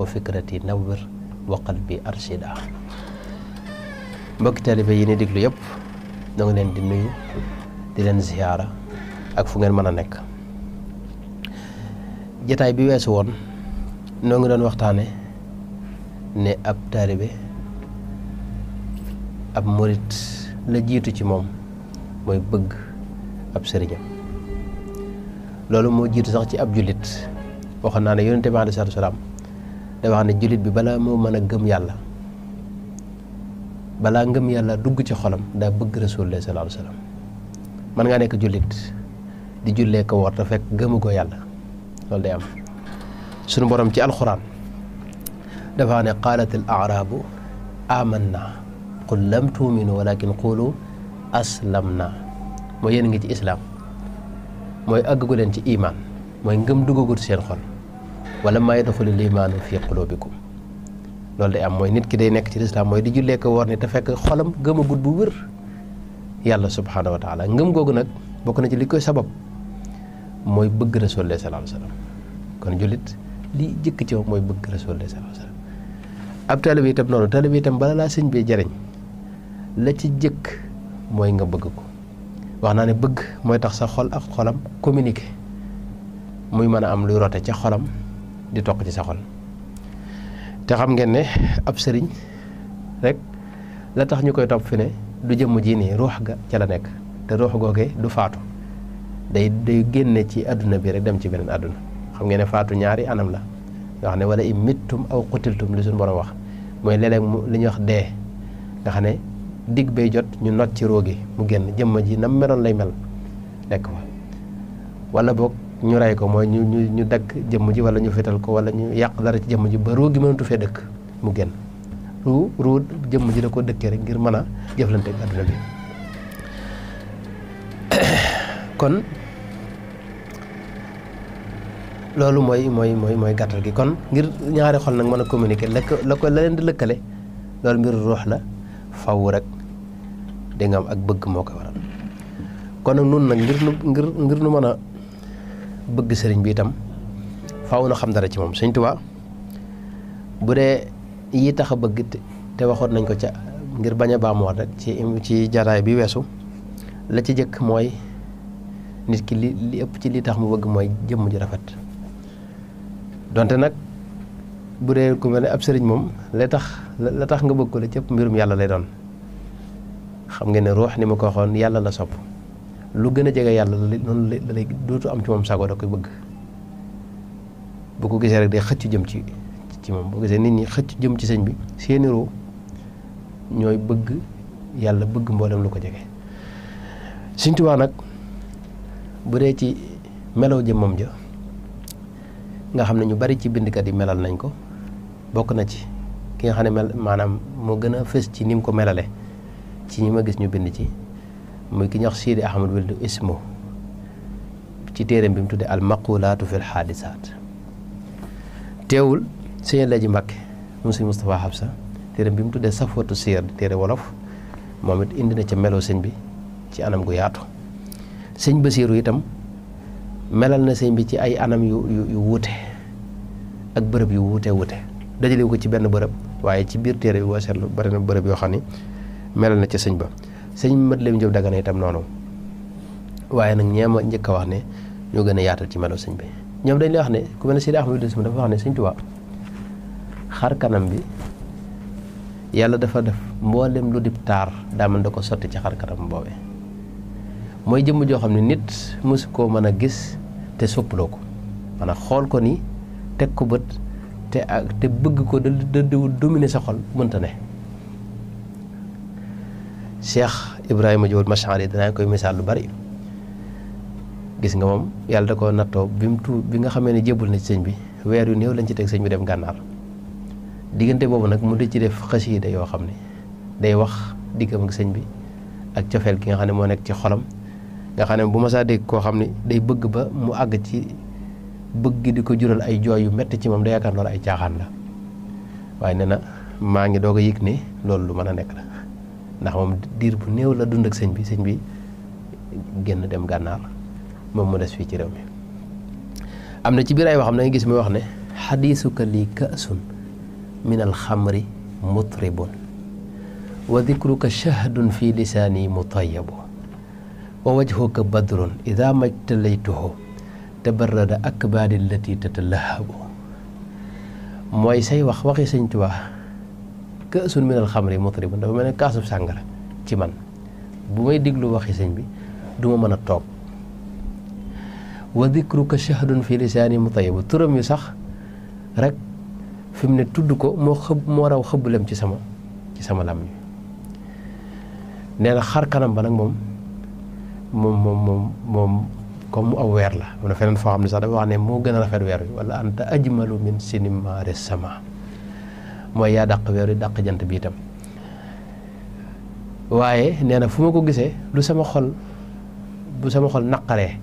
wa fikrati nawwir wa qalbi arshida mbokki taalibe yi ni diglu yëpp ñoo ngi leen di nuyu di leen ziyaara ak fu ngeen mën a nekk jataay bi weesu woon noo ngi doon waxtaane ne ab taalibe ab murit la jiitu ci moom mooy bëgg ab sëriñam loolu moo jiitu sax ci ab jullit waxoon naa ne yonente bi alayhi salaatu salaam day wax ne jullit bi bala moo mën a gëm yàlla balaa ngëm yàlla dugg ci xolam daa bëgg rasulullah sallallahu alayhi wasallam mën ngaa nekk jullit di jullee ko woor te fekk gëmu ko yàlla loolu day am sunu borom ci alquran dafa ne qaalat al aarabu amanna qul lam tuminu walakin qulu aslamna mooy yéen ngi ci islam mooy àggagu leen ci iman mooy ngëm duggagut seen xol wala maa yadxulu limaanu fi qulubikum loolu day am mooy nit ki day nekk ci lislaam mooy di jullee ko woor ni te fekk xolam gëmagut bu wér yàlla subhaanahu wa taala ngëm googu nag bokk na ci li koy sabab mooy bëgg rasul alayhi salaam salaam kon jullit li jëkk ci mooy bëgg rasul alayhi salaam salaam ab taalibe itam noonu taalibe itam bala laa sëñ bi jariñ la ci jëkk mooy nga bëgg ko wax naa ne bëgg mooy tax sa xol ak xolam communiqué muy mën a am luy rote ca xolam di toq ci sa xol te xam ngeen ne ab sëriñ rek la tax ñu koy topp fi ne du jëmm ji nii ruux ga ca la nekk te ruux googee du faatu day day génne ci àdduna bi rek dem ci beneen àdduna xam ngeen ne faatu ñaari anam la nga xam ne wala i mittum aw xutiltum li suñu a wax mooy léeg mu li ñuy wax dee nga xam ne digg bay jot ñu not ci roogi mu génn jëmm ji nam meloon lay mel nekk fa wala boog ñu rey ko mooy ñu ñu ñu dakk jëmm ji wala ñu fetal ko wala ñu yàq dara ci jëmm ji ba ruu gi mënatu fee dëkk mu génn ruu jëmm ji da ko dëkkee rek ngir mën a jëflante ak adduna bi loolu mooy mooy mooy mooy gàttal gi kon ngir ñaari xol nag mën a communiquer lëkk la ko la leen di lëkkale loolu mbir ruux na faw rek di nga am ak bëgg moo ko waral kon nag nun nag ngir nu ngir nu mën bëgg sëriñ bi itam faaw na xam dara ci moom sëñ Tuubaa bu dee yi tax a bëgg te waxoon nañ ko ca ngir bañ a baamuwaat rek ci ci jataay bi weesu la ci jëkk mooy nit ki li ëpp ci li tax mu bëgg mooy jëmm ju rafet donte nag bu dee ku mel ab sëriñ moom la tax la tax nga bëgg ko la cëpp mbirum yàlla lay doon xam nga ne ruux ni ma ko waxoon yàlla la sopp lu gën a jege yàlla noonu la lay dootu am ci moom sago da koy bëgg bu ko gisee rek day xëcc jëm ci ci moom boo gisee nit ñi xëcc jëm ci sëñ bi seeni roo ñooy bëgg yàlla bëgg mboolem lu ko jege Sëñ Tuubaa nag bu dee ci melaw jëmmam ja nga xam ne ñu bari ci bindkat yi melal nañ ko bokk na ci ki nga xam ne mel maanaam moo gën a fës ci nim ko melale ci ñi ma gis ñu bind ci moy ki ñax Sidi Ahmad Wildu Ismu ci téereem bi mu tuddee al maqulaatu fil xaadisaat teewul sëñ Laji Mbàkke moom sëñ mustapha Habsa téereem bi mu tuddee safwatu sir téré wolof momit indi na ci melo sëñ bi ci anam gu yaatu sëñ Basiiru itam melal na sëñ bi ci ay anam yu yu wuté ak bërepp yu wuté wuté dajale ko ci benn bërepp waaye ci biir téere bi boo seetlu bari na bërëb yoo xam ni melal na ca sëñ ba sëñ Mat Lamin Jóob Dagana itam noonu waaye nag ñeema njëkk a wax ne ñoo gën a yaatal ci melo sëñ bi ñoom dañ lay wax ne ku mel ne Sidi Ahmadu Dusma dafa wax ne sëñ Tuubaa xar kanam bi yàlla dafa def mboolem lu dib taar daa mën da ko sotti ci xar kanam boobee mooy jëmm joo xam ne nit mosu koo mën a gis te soppaloo ko maanaam xool ko ni teg ko bët te ak te bëgg ko da da dominer sa xol mënta ne Cheikh Ibrahima Diop Machari danaa koy misaal lu bari gis nga moom yàlla da koo nattoo bi mu tu bi nga xamee ne jébbul na ci sëñ bi weer yu néew lañ ci teg sëñ bi dem gànnaar diggante boobu nag mu di ci def xasiida yoo xam ne day wax diggam ak sëñ bi ak cofeel ki nga xam ne moo nekk ci xolam nga xam ne bu ma saa dégg koo xam ne day bëgg ba mu àgg ci bëgg di ko jural ay jooy yu metti ci moom day yaakaar loolu ay caaxaan la waaye nee na maa ngi doog a yëg ne loolu lu mën a nekk ndax moom diir bu néew la dund ak sëñ bi sëñ bi génn dem gànnaar moom mu des fii ci réew mi am na ci biir ay waxam da nga gis muy wax ne xadiisuka li kaasun min alxamri mutribun wa dikruka shahdun fi lisaani mutayabu wa wajhuka badrun ida majtalaytuhu tabarrada akbaadi allati tatalahabu mooy say wax waxi sëñ Tuubaa ke minal xamri mutribun dafa mel ne kaasub sàngara ci man bu may diglu waxi sëñ bi duma meuna tok wa dhikruka shahdun fi lisani mutayyib turam yi sax rek fimne tuddu ko mo xeb mo raw xebulem ci sama ci sama lam ni neena xar kanam ba nak mom mom mom mom comme aw wer la sax dafa wax ne mo rafet wer wala anta ajmalu min sinima resama mooy yaa daq weeru dàq jant bi itam waaye nee na fu ma ko gisee lu sama xol bu sama xol naqaree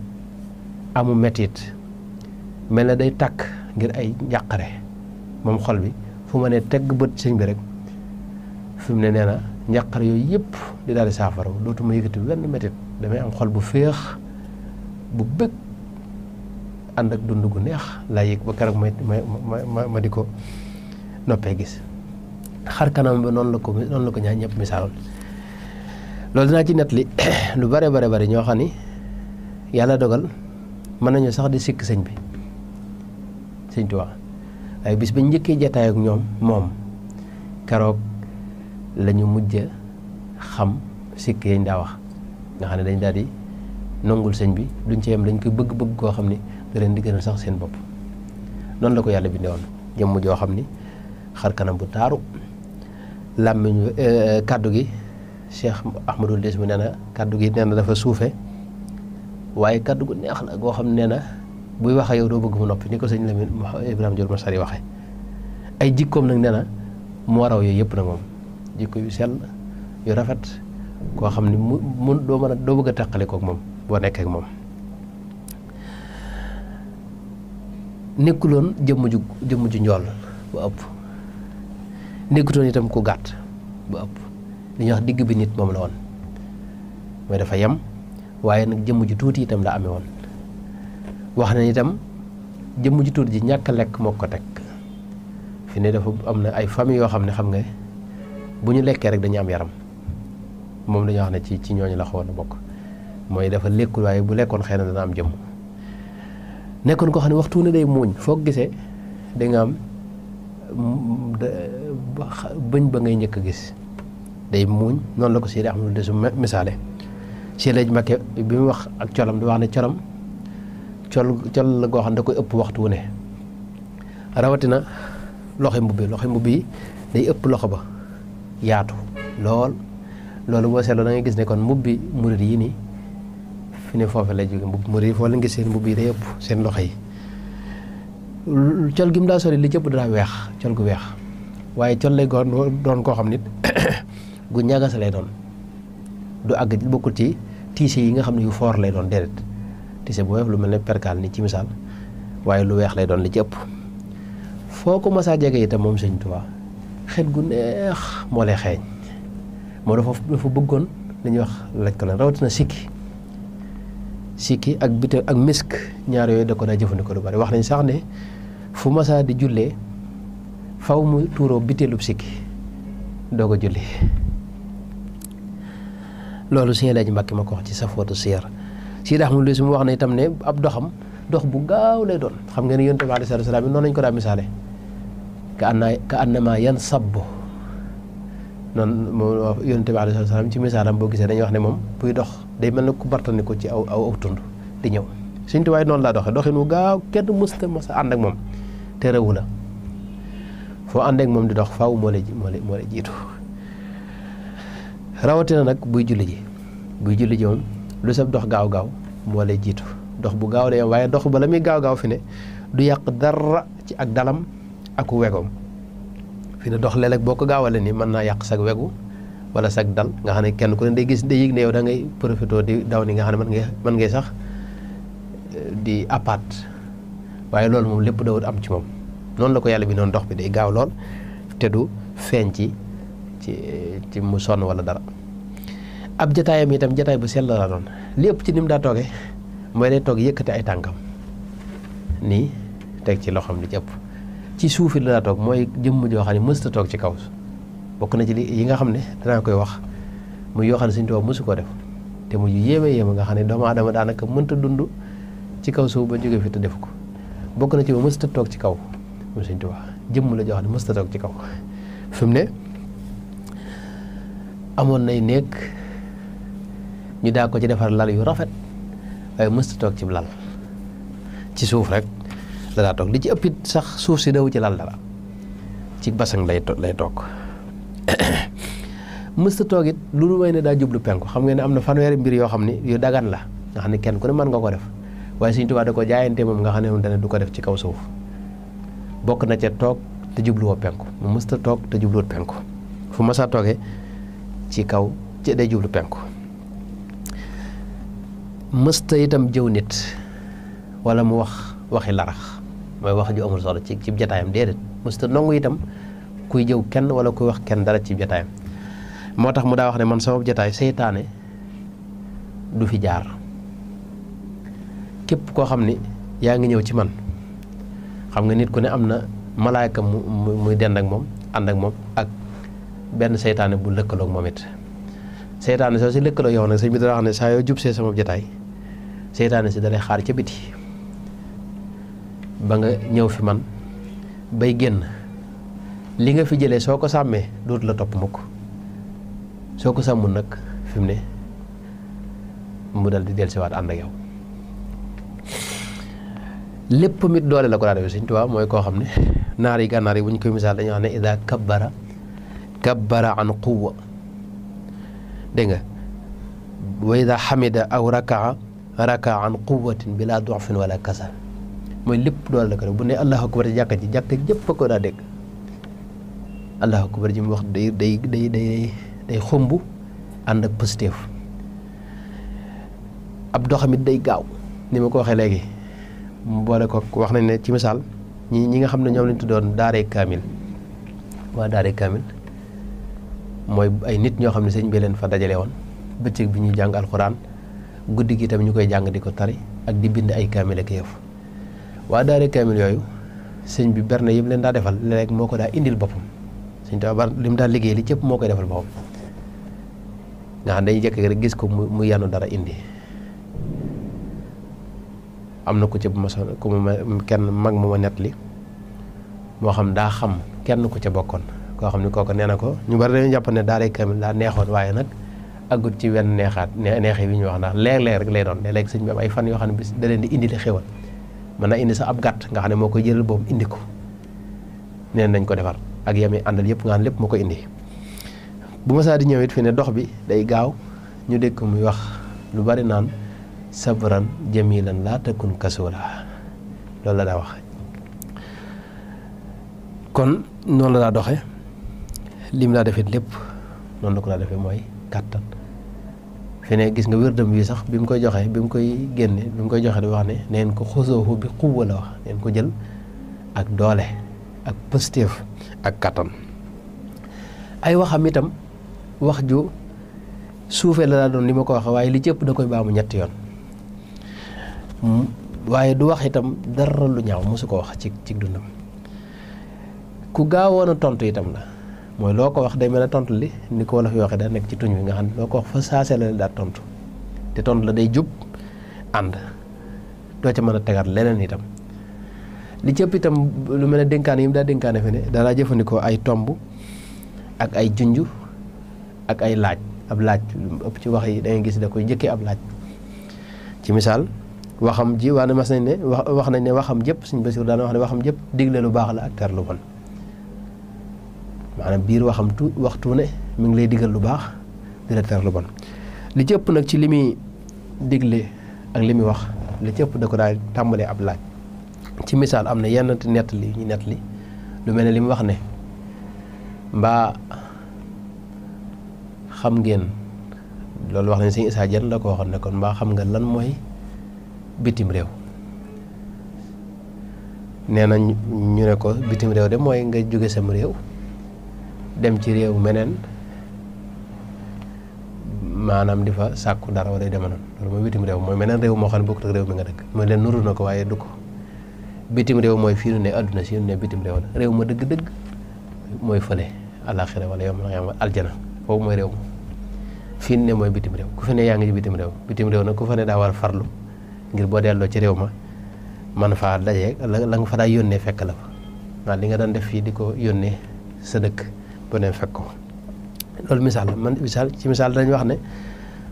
amu metit mel na day takk ngir ay njàqare moom xol bi fu ma nee tegg bët sëñ bi rek fi ne nee na njàqare yooyu yëpp di daal saafara saafara ma yëkkati wenn metit damay am xol bu féex bu bëgg ànd ak dund gu neex laa yëg ba keroog ma ma ma ma di ko Nopegis. gis xar kanam ba non la ko non la ko ñaa ñëpp misaal loolu dinaa ci nettali lu bare bare bare ñoo xam ni dogal mën nañu sax di sikk sëñ bi sëñ Tuubaa ay bis ba njëkkee jataay ak ñoom mom keroog lañu mujj xam sikk yañ wax nga dañ nongul sëñ bi duñ ci yem dañ koy bëgg-bëgg koo ni da leen di gënal sax seen la ko xar kanam bu lam euh kaddu gi Cheikh ahmadou Dis mi nee na gi neena dafa soufé waye kaddu gu neex la go xam nee na buy waxa yow do bëgg mu nopi ni ko sëñ Lamine ibrahim jour Masari waxe ay jikkom nak neena mo raw yoy yep na mom jikko yu sel yu rafet ko xam ni mu mu meuna do bëgg takalé ko ak mom bo nek ak mom nekulon jëm ju jëm ju njool bu upp nekkutoon itam ku gàtt bu ëpp li ñuy wax digg bi nit moom la woon mooy dafa yem waaye nag jëmm ju tuuti itam la amee woon wax na itam jëmm ju tuuti ji ñàkk lekk mook ko teg fi ne dafa am na ay famille yoo xam ne xam nga bu ñu lekkee rek dañu am yaram moom dañoo wax ne ci ci ñooñu la xawoon a bokk mooy dafa lekkul waaye bu lekkoon xëy na dana am jëm nekkoon koo xam ne waxtu ne day muuñ foog gisee da am bëñ ba ngay njëkk a gis day muuñ noonu la ko Seydi Ahmadu Desu misaale si laaj Mbakke bi mu wax ak colam di wax ne colam col col la goo xam da koy ëpp waxtu wu ne rawatina loxo mbubbi loxo mbubbi day ëpp loxo ba yaatu lool loolu boo seetloo da ngay gis ne kon mbubbi murit yi nii fi ne foofu la jóge mbubbi murit yi foo leen gis seen mbubbi yi day ëpp seen loxo yi col gi mu daa sori li jëpp daa weex col gu weex waaye col lay doon koo xam nit gu ñagas lay doon du àgg bokkul ci tiise yi nga xam ne yu foor lay doon déedéet tiise boo weex lu mel ne perkaal ni ci misaal waaye lu weex lay doon li ci foo ko masaa jege itam moom sëñ Tuubaa xet gu neex moo lay xeeñ moo dafa bëggoon li wax laj ko leen rawatina sikki sikki ak bitel ak misk ñaar yooyu da ko daa jëfandikoo lu bari wax nañ sax ne fu masaa di jullee faw mu tuuroo biteelub sikki doo ko julli loolu si laaj mbàkki ma ko wax ci safotu siyar si dax mu lu si mu wax ne itam ne ab doxam dox bu gaaw lay doon xam nga ne yonent bi alayhi salaam ko daa misaale ka ka annama yan sabbo noonu moom yonent bi alayhi salaam ci misaalam boo gisee dañuy wax ne moom buy dox day mel ne ku bartani ko ci aw aw di ñëw Sëñ noonu laa doxee doxin wu gaaw kenn mësta masa ànd ak moom terewu la foo àndeek moom di dox faw moo la moo la moo la jiitu rawatina nag buy julli ji buy julli moom lu sab dox gaaw gaaw moo lay jiitu dox bu gaaw la waaye dox ba la muy gaaw gaaw fi ne du yàq dara ci ak dalam ak wegoom fi ne dox léeg-léeg boo ko gaawale ni mën naa yàq sag wegu wala sag dal nga xam ne kenn ku ne day gis day yëg ne yow da ngay di daw ni nga xam ne mën ngay mën ngay sax eh, di apaat waaye loolu moom lépp dawut am ci moom noonu la ko yàlla bi noonu ndox bi day gaaw lool te du feeñ ci ci ci mu sonn wala dara ab jataayam itam jataay bu sell la doon ci ni mu daa mooy day toog yëkkati ay tànkam nii teg ci loxoom li ci ci suufi la toog mooy jëmm joo xam ne mësta toog ci kaw bokk na ci li yi nga xam ne danaa koy wax mu yoo xam ne suñu toog mësu ko def te mu yéeme yéeme nga xam ne doomu aadama daanaka mënta dund ci kaw suuf ba jógee fi te defu ko bokk na ci ba mësta toog ci kaw moom sëñ Tuubaa jëmm la joo xam ne mësta toog ci kaw fi ne amoon nay néeg ñu daa ko ci defar lal yu rafet waaye mësta toog ci lal ci suuf rek la daa toog li ci ëppit sax suuf si daw ci lal dara ci basang lay lay toog mësta toog it lu lu may ne daa jublu penku xam nga ne am na fanweeri mbir yoo xam ne yu dagan la nga xam ne kenn ku ne mën nga ko def waaye Sëñ Tuubaa da ko jaayante moom nga xam ne moom dana du ko def ci kaw suuf bokk na ca toog te jubluwoo penku mu mësta toog te jubluwut penku fu ma saa ci kaw ci day jublu penku mësta itam jëw nit wala mu wax waxi larax mooy wax ju amul solo ci ci jataayam déedéet mësta nongu itam kuy jëw kenn wala kuy wax kenn dara ci jataayam moo tax mu daa wax ne man sama jataay seytaane du fi jaar képp koo xam ni yaa ngi ñëw ci man xam nga nit ku ne am na malaayka mu muy dend ak moom ànd ak moom ak benn seytaane bu lëkkaloog moom it seytaane soo si lëkkaloo yow nag sëñ bi dana wax ne saa yoo jub see sama jotaay seytaane si dalay xaar ca biti ba nga ñëw fi man bay génn li nga fi jëlee soo ko sàmmee dootu la topp mukk soo ko sàmmul nag fi ne mu dal di dellusiwaat ànd ak yow lépp mit doole la ko daa defee Sëñ Tuubaa mooy koo xam ne naar yi gànnaar yi bu ñu koy misaal dañuy wax ne ida kabbara kabbara an quwa dégg nga wa ida xamida aw rakaa rakaa an quwatin bila doxfin wala kasal mooy lépp doole la ko def bu ne allahu akbar ci jàkka ji jàkka jëpp ko daa dégg allahu akbar ji mu wax day day day day day xomb ànd ak positif ab doxamit day gaaw ni ma ko waxee léegi mu boole ko wax nañ ne ci misaal ñi ñi nga xam ne ñoom lañ tuddoon daaree kaamil waa daaree kaamil mooy ay nit ñoo xam ne sëñ bi leen fa dajale woon bëccëg bi ñuy jàng alxuraan guddi gi tamit ñu koy jàng di ko tari ak di bind ay kaamil ak yëf waa daaree kaamil yooyu sëñ bi berne yëpp leen daa defal rek moo ko daa indil boppam sëñ Tuubaa bar li mu daa liggéey li cëpp moo koy defal boppam nga xam dañuy jëkk rek gis ko mu yanu dara indi am na ku ca bu ma sonn ku ma kenn mag mu ma nettali moo xam daa xam kenn ku ca bokkoon koo xam ne kooku nee na ko ñu bari dañu jàpp ne daaray kaamil daa neexoon waaye nag aggut wenn neexaat neexi bi ñu wax ndax léeg-léeg rek lay doon léeg-léeg sëñ fan yoo xam ne bis da leen di indi mën na indi sa ab gàtt nga xam ne moo koy jëlal boobu indi ko neen nañ ko defar ak yami àndal yëpp nga xam lépp moo ko indi bu ma saa di ñëw it fi ne dox bi day gaaw ñu dégg muy wax lu bari naan sabran jamilan laa takun kasula loolu la daa wax kon noonu la daa doxe lim laa defee lépp noonu la ko daa defee mooy kàttan feneen gis nga wérdam bi sax bi mu koy joxe bi mu koy génne bi mu koy joxe di wax ne neen ko xusoofu bi xuwa la wax neen ko jël ak doole ak positif ak kàttan ay waxam itam wax ju suufee la daa doon li ma ko waxee waaye li ci da koy baax mu ñetti yoon Hmm. waaye du wax itam dara lu ñaaw musu ko wax ci ci dundam ku gaawoon tontu itam la moy loko wax day mel tontu li ni ko wala yi waxee daa ci tuñu nga xam loko wax fa sase la da tontu te tontu la day jup and do ci mën a leneen itam li ci itam lu mel denkan yi mu daa da fi ne ay tombu, ak ay junju, ak ay laaj ab laaj ci wax yi da ngay gis da koy jëkke ab laaj ci misal waxam ji wax na mas nañ ne wax nañ ne waxam jëpp suñ Basiru daana wax ne waxam jëpp digle lu baax la ak ter lu bon maanaam biir waxam tu waxtu ne mu ngi lay digal lu baax di la ter lu bon li ci nag ci li muy digle ak li muy wax li ci ëpp da ko daa tàmbalee ab laaj ci misaal am na yenn nett li ñu nett li lu mel ne li mu wax ne mbaa xam ngeen loolu wax nañ sëñ Isaa Jeen la ko waxoon ne kon mbaa xam nga lan mooy bitim rew nee ñu ne ko bitim rew de moy nga joge sam rew dem ci rew menen manam di fa dara wala deme noonu loolu bitim rew moy menen rew mo xam bokk bokkut ak mi nga dekk moy len nuru nako waye bitim rew moy fi ne aduna si ne bitim rew la réew ma deug dëgg mooy fële àllaaxira wala yow ma xam aljana foofu moy rew fi ne moy bitim rew ku fi ne yaangi bitim rew bitim rew nak ku fa ne da war farlu ngir boo delloo ci réew ma man faa daje la nga fa daa yónnee fekk la fa waaw li nga doon def fii di ko yónnee sa dëkk bu ne fekk ko loolu misaal man misaal ci misaal dañu wax ne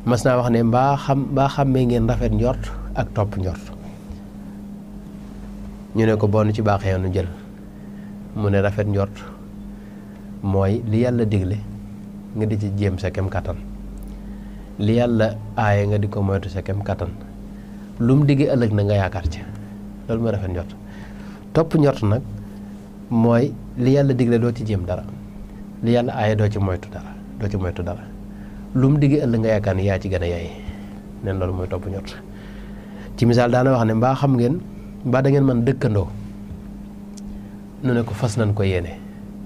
mas wax ne mbaa xam mbaa xàmmee ngeen rafet njort ak topp njort ñu ne ko boo ci baaxee nu jël mu ne rafet njort mooy li yàlla digle nga di ci jéem sa kem kattan li yàlla aaye nga di ko moytu sa kem kattan lu mu diggee ëllëg na nga yaakaar ci loolu mooy rafet njort topp njort nag mooy li yàlla digle doo ci jéem dara li yàlla aaye doo ci moytu dara doo ci moytu dara lu mu diggee ëllëg nga yaakaar ni yaa ci gën a yaay neen loolu mooy topp njort ci misaal daana wax ne mbaa xam ngeen mbaa da ngeen man dëkkandoo nu ne ko fas nañ ko yéene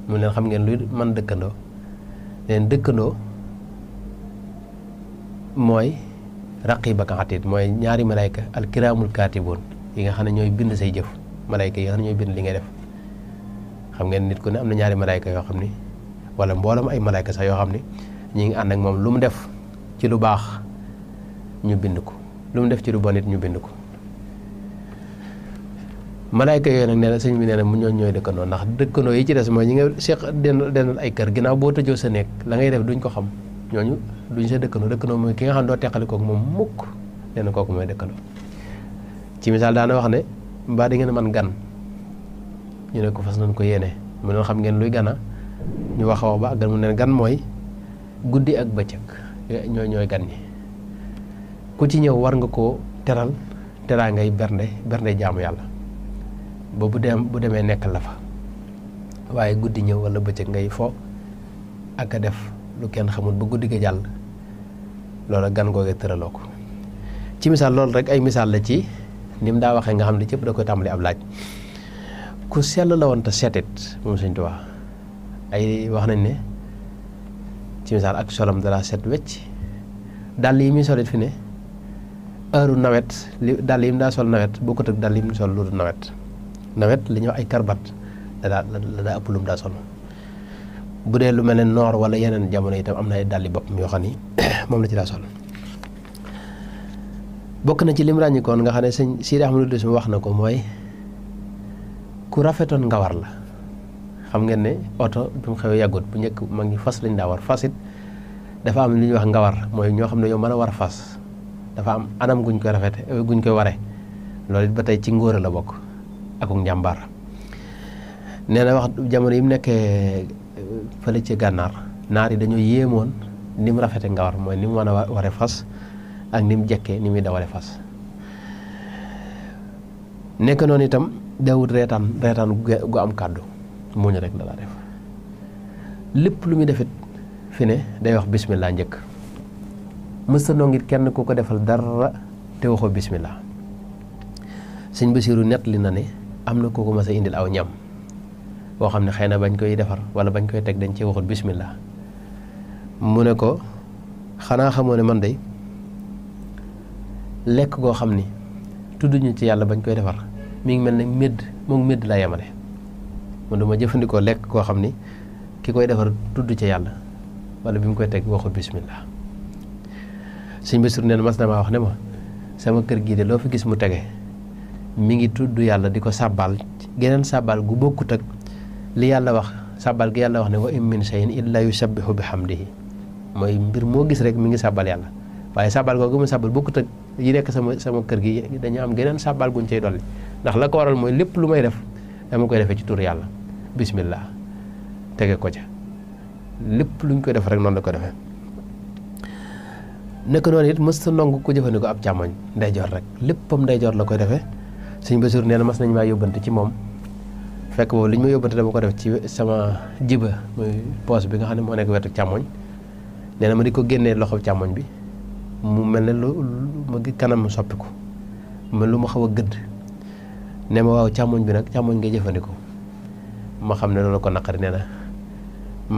mu leen xam ngeen luy man dëkkandoo leen dëkkandoo mooy raqiibaka atiid mooy ñaari malayka alkiraamul kaatiboon yi nga xam ne ñooy bind say jëf malayka yi nga xam ne ñooy bind li ngay def xam ngeen nit ku ne am na ñaari malayka yoo xam ni wala mboolem ay malayka sax yoo xam ne ñu ngi ànd moom lu mu def ci lu baax ñu bind ko lu def ci lu bon it ñu bind ko malayka yooyu nag nee na bi nee na mu ñoo ñooy dëkkandoo ndax dëkkandoo yi ci des mooy ñi nga seq den ay kër ginnaaw boo tëjoo sa néeg la ngay def duñ ko xam ñooñu duñ sa dëkkandoo dëkkandoo mooy ki nga xam ne doo teqali moom mukk nee na kooku mooy dëkkandoo ci misaal daane wax ne mbaa da ngeen man gan ñu ne ko fas nañ ko yéene mu ne xam ngeen luy gana ñu wax wax ba ak gan mu ne gan mooy guddi ak bëccëg eh, ñooy ñooy gan ñi ku ci ñëw war nga koo teral teraa ngay bernde bernde jaamu yàlla ba bu bu demee nekk la fa waaye guddi ñëw walla bëccëg ngay fo ak a def lu kenn xamul ba guddi ga jàll loola gan googee tëraloo ko ci misaal loolu rek ay misaal la ci ni mu daa waxee nga xam ne cëpp da koy tàmbali ab laaj ku sell la woon te setit moom Sëñ wax ay wax nañ ne ci misaal ak solam dalaa seet wecc dàll yi muy solit fi ne heure nawet li dàll yi mu daa sol nawet bokkut ak dàll yi mu sol lu dul nawet nawet li ñuy wax ay karbat la daa la daa ëpp lu daa sol bu dee lu mel ne noor wala yeneen jamono itam am na ay dàlli boppam yoo xam ni moom la ci daa sol bokk na ci lim ràññikoon nga xam ne sëñ Sidi Ahmadou Diouf wax na ko mooy ku rafetoon nga war la xam ngeen ne oto bi mu xew yàggut bu njëkk mag ngi fas lañ daa war fas it dafa am lu ñuy wax nga war mooy ñoo xam ne yow mën a war fas dafa am anam guñ koy rafet eh, guñ koy ware loolu it ba tey ci ngóor la bokk ak njàmbaar nee na wax jamono yi mu nekkee fele ci nari nar yi dañu yémon nim rafété rafete nga war mooy ni mu mën fas ak nim mu jekkee ni muy fas nek non itam dawut rétan rétan gu am kàddu moñ rek la la def lepp lu mi defit fi ne day wax bismillah njëkk mësta no ngit kenn ku ko defal dara té waxo bismillah seigne Basiru nett li na ne am indil aw ñam bo xamne xeyna bañ koy defar wala bañ koy tek dañ ci waxul bismillah mu ne ko xana xamone lek man day tudu go xamni ni ñu ci yalla bañ koy defar mi ngi melni med mo ngi med la yamale mo duma jëfëndiko lek go xamni ki koy defar tuddu ci yalla wala bimu koy tek waxul bismillah suñ bisur neen mas dama wax ne ma sama kër gi de lo fi gis mu tege mi ngi tuddu yalla di sabbal geneen sabbal gu bokut ak li yalla wax sàbbal gi yalla wax ne wa in min shay'in illa yusabbihu bihamdihi moy mbir mo gis rek mi ngi sabal yalla waye sàbbal gogu mu bu ko ak yi nek sama sama kër gi dañu am geneen sabal guñ cey dolli ndax la ko waral moy lepp lu may def dama koy defee ci tour yalla bismillah tege ko ja lepp luñ koy def rek non la ko defee nek non it mës ta nongu ku jëfandikoo ab ndey jor rek ndey jor la koy defee suñ Basiru neena mas nañ ma yobante ci mom fekk boobu li ñu ma yóbbante dama ko def ci sama jiba muy poos bi nga xam ne moo nekk wetu càmmoñ nee na ma di ko génnee loxo càmmoñ bi mu mel ne lu ma gi soppiku ma lu ma xaw a gëdd ne ma waaw bi nag càmmoñ ngay jëfandikoo ma xam ne loolu ko naqari nee na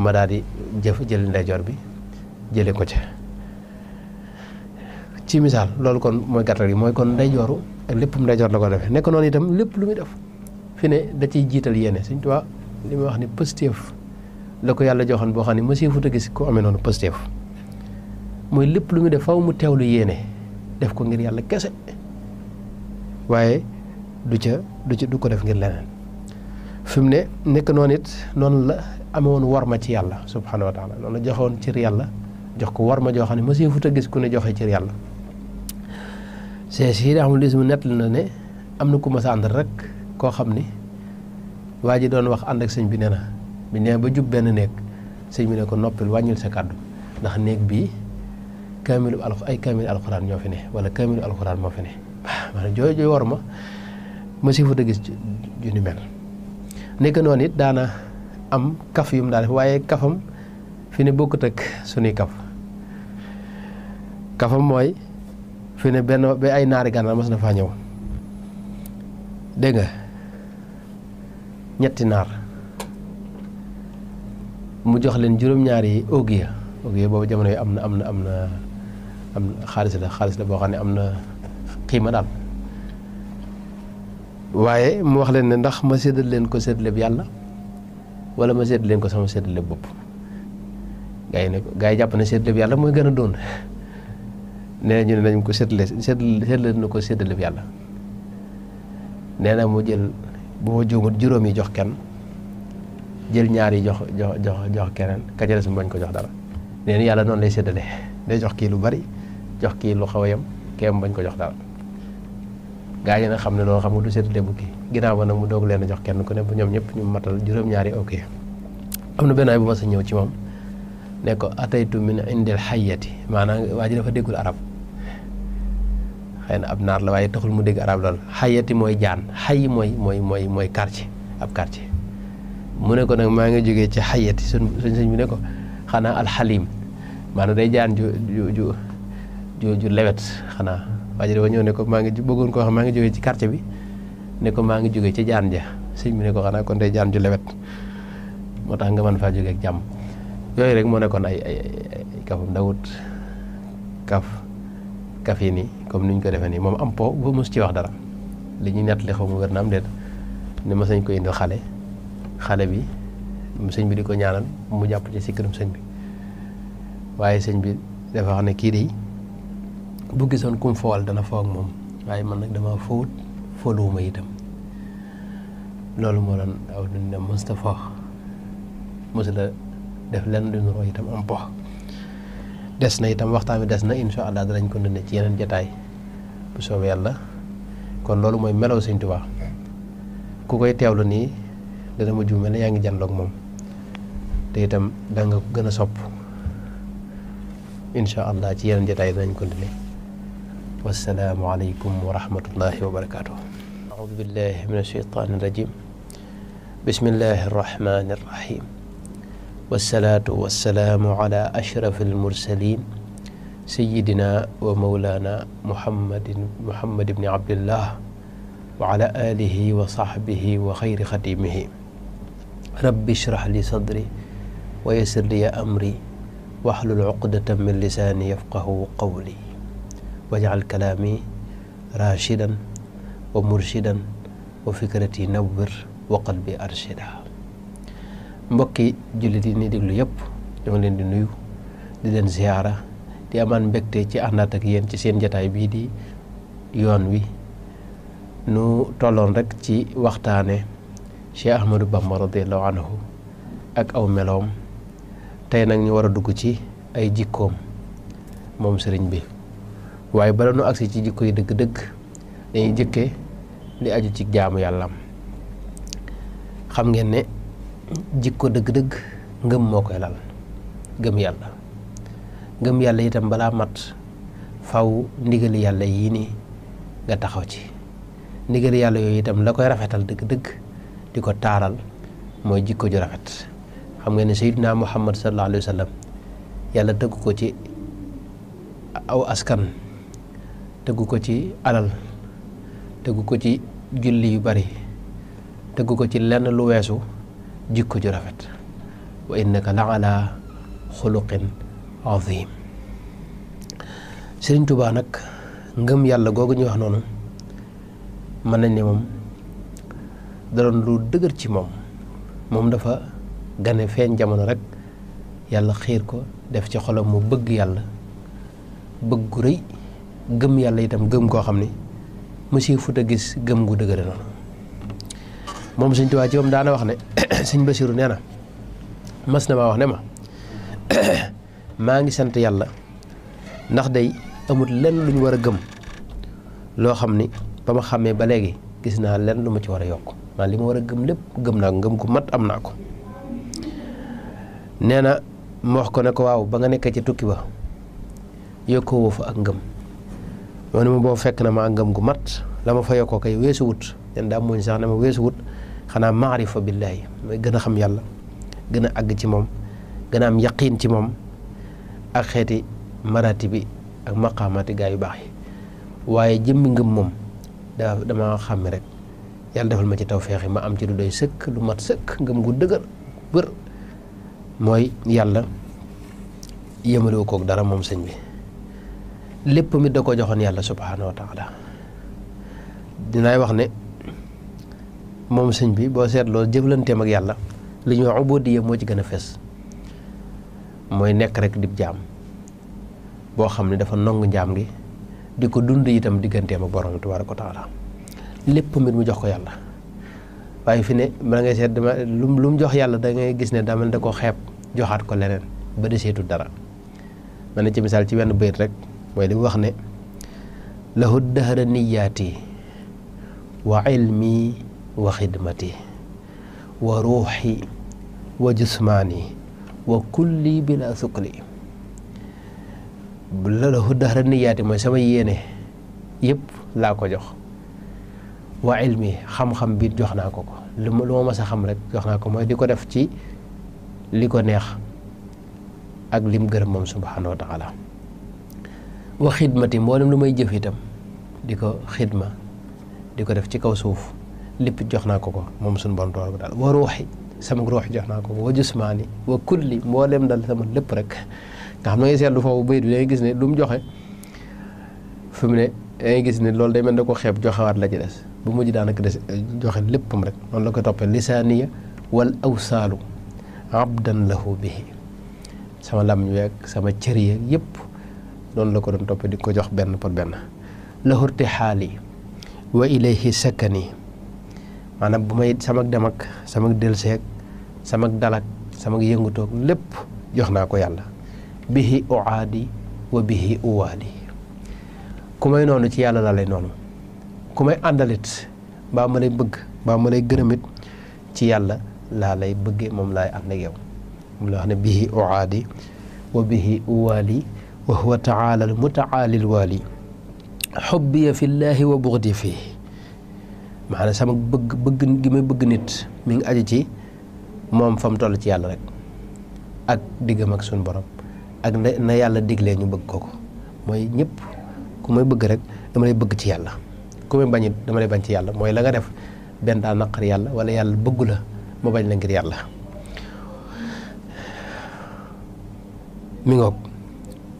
ma daal di jëf jël ndeyjoor bi jële ko ca ci misaal loolu kon mooy gàttal gi mooy kon ndeyjooru lépp ndeyjoor la ko defee nekk noonu itam lépp lu muy def. fi ne da ciy jiital yéene Sëñ Tuubaa li ma wax ni positif la ko yàlla joxoon boo xam ne monsieur a gis ko amee noonu lépp lu def faw mu teewlu yéene def ko ngir yàlla kese waaye du ca du ca du ko def ngir leneen fi mu ne nekk noonu it noonu la amewoon warma ci yàlla subhaanahu wa taala noonu la joxewoon cër yàlla jox ko joo xam ne monsieur Fouta gis ku ne joxe cër yàlla. Cheikh nett na ne am na ku ma sa àndal rek. ko xamni ni doon wax and ak señ bi neena bi nee ba jub ben señ bi ne ko noppil wàññil sa kaddu ndax bi al ay kaamilu ño fi ne wala kaamilu alquran mo fi ne man ah, joy joy worma ma sifu de gis ju ni mel it daana am kaf yum mu waye kafam fi ne bokut ak suni kaf kafam moy fi ne ben be ay naari ganal mas na faa nga ñetti naar mu jox leen juróom-ñaari augiya augiya boobu jamono yi am na am na am na am na xaalis la xaalis la boo xam ne am na xiima daal waaye mu wax leen ne ndax ma sedd leen ko séddaleb yàlla wala ma séddal leen ko sama séddaleb bopp gaa yi ne gaa yi jàpp ne séddaleb yàlla mooy gën a doon nee ñu ne nañ ko séddale séddale na ko séddaleb yàlla nee na mu jël bu ma juumut juróom yi jox kenn jël ñaari jox jox jox jox keneen ka ca des ko jox dara nee na yàlla noonu lay séddale day jox kii lu bari jox kii lu xaw a yem kee mu bañ ko jox dara gaa yi nag xam ne loolu xam nga du séddale bu kii ginnaaw ba nag mu doog leen a jox kenn ku ne bu ñoom ñëpp ñu matal juróom-ñaar yi am na benn ay bu ma sa ñëw ci moom ne ko ataytu min indil xayyati maanaa waa ji dafa déggul arab xëy ab naar la waaye taxul mu dégg arab lool xayati mooy jaan xay mooy mooy mooy mooy quartier ab quartier mu ne ko nag maa ngi jógee ci xayati suñ suñ sëñ bi ne ko xanaa alxalim maanaam day jaan ju ju ju xanaa waaye dafa ñëw ne ko maa ngi bëggoon koo xam maa ngi jógee ci quartier bi ne ko maa ngi jógee ci jaan ja sëñ bi ne ko xanaa kon day jaan ju lewet moo tax nga mën faa jógee jàmm yooyu rek moo nekkoon ay ay ay kafam kaf café ni comme ni ñu ko defee nii moom am po bu mos ci wax dara li ñuy nettali xaw ma wér na am déet ne ma sañ ko indil xale xale bi sëñ bi di ko ñaanal mu jàpp ci sikkirum sëñ bi waaye sëñ bi dafa xam ne kii de bu gisoon kum foowal dana foo ak moom waaye man nag dama fowut fóoluwuma itam loolu moo doon aw dund ne mos la def lenn lu ñu itam am po des na itam waxtaan wi des na incha allah danañ ko ci yeneen jataay bu soobee yàlla kon loolu mooy melow Sëñ Tuubaa ku koy teewlu nii dana mujj mel yaa ngi jànloog moom te itam da nga gën a sopp incha allah ci yeneen jataay danañ ko dund wasalaamu aleykum wa wa barakaatu. audu billahi min ashaytaani rajim bismillahi rahmaani rahim والصلاة والسلام على أشرف المرسلين سيدنا ومولانا محمد محمد بن عبد الله وعلى آله وصحبه وخير خديمه رب اشرح لي صدري ويسر لي أمري واحلل عقدة من لساني يفقه قولي واجعل كلامي راشدا ومرشدا وفكرتي نور وقلبي أرشدا mbokki julit yi ni di yep ñoo ngi di nuyu di leen ziyaara di amane mbekté ci andat ak yeen ci seen jotaay bi di yoon wi nu tolon rek ci waxtane Cheikh Ahmadou Bamba radhiyallahu anhu ak aw melom tay nak ñu wara dugg ci ay jikkom mom serigne bi waye bala nu aksi ci jikko yi deug deug dañuy jëkke li aju ci jaamu yalla xam ngeen ne jikko dëgg-dëgg ngëm moo koy lal gëm yàlla ngëm yàlla itam balaa mat faw ndigali yàlla yii nii nga taxaw ci ndigali yàlla yooyu itam la koy rafetal dëgg-dëgg di ko taaral mooy jikko ju rafet xam nga ne sayyidina muhammad sallallahu alayhi wa yàlla tëggu ko ci aw askan tëggu ko ci alal tëggu ko ci julli yu bari tëggu ko ci lenn lu weesu jikko ju rafet wa innaka la ala xuluqin azim Sëriñ Tuubaa nag ngëm yàlla googu ñu wax noonu mën nañ ni moom da doon lu dëgër ci moom moom dafa gane feeñ jamono rek yàlla xiir ko def ci xolam mu bëgg yàlla bëgg gu rëy gëm yàlla itam gëm koo xam ni mu si futa gis gëm gu dëgëre noonu mom seigne touba ci mom daana wax ne seigne bassirou neena masna mas ma wax ne ma ma ngi sante yalla ndax day amut len lu wara war a gëm loo xam ni ba ma ba léegi gis na len luma ci wara yok wara lepp gëm gëm ko mat amna ko neena mo ma wax ko ne ko waw ba nga nekkee ci tukki ba wo fa ak ngëm wonuma bo ma fekk na ma ngëm gu mat lama ma fa yokkoo kay weesu wut nen daa sax na ma xanaa maarifa billaahi mooy gën a xam yàlla gën a àgg ci moom gën a am yaqiin ci moom ak xeeti maraati bi ak maqaamaati gaa yu baax yi waaye jëmmi ngëm moom daa dama xàmme rek yàlla defal ma ci tawféex yi ma am ci lu doy sëkk lu mat sëkk ngëm gu dëgër bër mooy yàlla yëmalewu kook dara moom sëñ bi lépp mi da ko joxoon yàlla subhaanahu wa taala dinaay wax ne moom sëñ bi boo seetloo jëflanteem ak yàlla li ñu wax boo ubudiya moo ci gën a fees mooy nekk rek dib jaam boo xam ne dafa nongu njaam gi di ko dund itam digganteem ak borom tabaaraka wa taala lépp mu jox ko yàlla waaye fi ne bala nga seet dama lu lu mu jox yàlla da ngay gis ne dama da ko xeeb joxaat ko leneen ba deseetu dara ma ne ci misaal ci wenn bayit rek mooy li wax ne lahu dahra niyaati wa ilmi wa xidmati wa ruuxi wa jismaani wa kulli bila sukli lalahu dahra niyaati mooy sama yéene yépp laa ko jox wa ilmi xam-xam bi jox naa ko ko lu ma mës a xam rek jox naa ko mooy di ko def ci li ko neex ak lim gërëm moom subhaanahu wa taala wa xidmati mboolem lu may jëf itam di ko xidma di ko def ci kaw suuf لب جهنا كوكو ممسن بان دوار وروحي سمك روح جهنا كوكو وجسماني وكل مولم دال سمك لبرك كامنا يسيا لفا وبيد ويا يجيس نيت لوم جهي فمنا يجيس نيت لول دايما دوكو خيب جهه وار لجلس بموجي دانا كدس جهن لب مرك نون لكو طبع لسانية والأوصال عبدا له به سما لام يوك سما چري يب نون لكو دون طبع دي كو جهن بان بان له ارتحالي وإليه سكني maanaam bu may samag dem ak samag delseeg samag dalak samag yëngutoog lépp jox naa ko yàlla bihi uaadi wa bihi uwaadi ku may noonu ci yàlla laa lay noonu ku may àndalit mbaa ma lay bëgg mbaa ma lay gërëmit ci yàlla laa lay bëggee moom laay ànd ak yow moom la wax ne bihi uaadi wa bihi uwaali wa huwa taala al mutaali al waali xubbiya fi llahi wa bugdi fii maanaam sama bëgg bëgg gi may bëgg nit mi ngi aji ci moom fam mu toll ci yàlla rek ak diggam ak suñu borom ak na yàlla diglee ñu bëgg kooku mooy ñëpp ku may bëgg rek dama lay bëgg ci yàlla ku may bañ dama lay bañ ci yàlla mooy la nga def benn daa naqar yàlla wala yàlla bëggu la ma bañ la ngir yàlla mi ngoog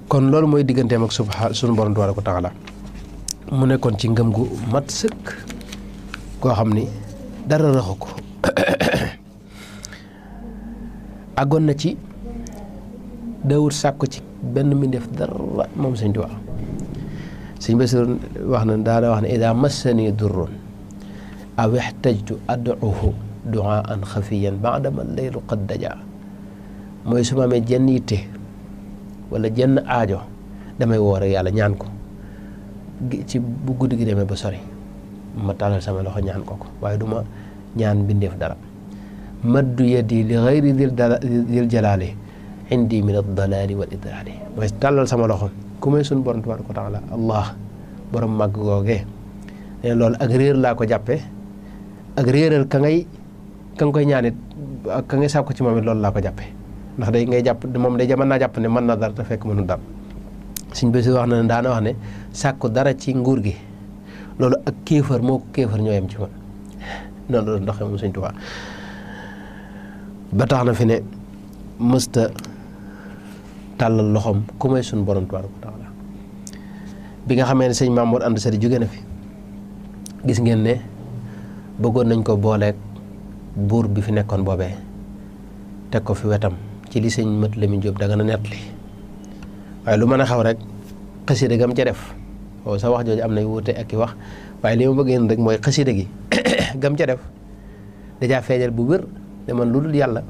kon loolu mooy digganteem ak subha suñu borom tabaaraka ko taxala mu nekkoon ci ngëm gu mat sëkk koo xam ni dara raxu ko àggoon na ci daawut sàkku ci benn mbindéef dara moom Sëñ Tuubaa Sëñ Basiir wax na daana wax ne idaa massanii durrun aw ixtajtu ad'uhu du'aan xafiyan ba'dama leylu qad dajaa mooy su ma amee jenn yitte wala jenn aajo damay woor yàlla ñaan ko ci bu guddi gi demee ba sori ma talal sama loxo ñaan koko waye duma ñaan bindef dara maddu yadi li ghayri dil jalali indi min ad-dalali wal idlali mooy talal sama loxo ku may sun borom tabarak wa taala allah borom mag goge ne lol ak reer la ko jàppe ak reeral ka ngay ka nga koy ñaanit ka ngay sakku ci momit lol la ko jàppe ndax day ngay japp mom day mën ne man na dar ta fekk mënu dara suñ bési wax na daana wax ne sakku dara ci nguur gi loolu ak kéefar moo ko kéefar ñoo yem ci man noonu la doon doxee moom Sëñ Tuubaa ba tax na fi ne mësta tàllal loxoom ku may suñ borom tabaaraka bi nga xamee ne sëñ Mamour ànd sari jóge na fi gis ngeen ne bëggoon nañ ko booleek buur bi fi nekkoon boobee teg ko fi wetam ci li sëñ Mat Lamin Jóob da nga na nett li waaye lu mën a xaw rek xasida gam ca def waaw sa wax jooju am nay wuute ak i wax waaye li ma bëggeen rek mooy xasida gi gam ca def dajaa feeñal bu wér ne lu dul yàlla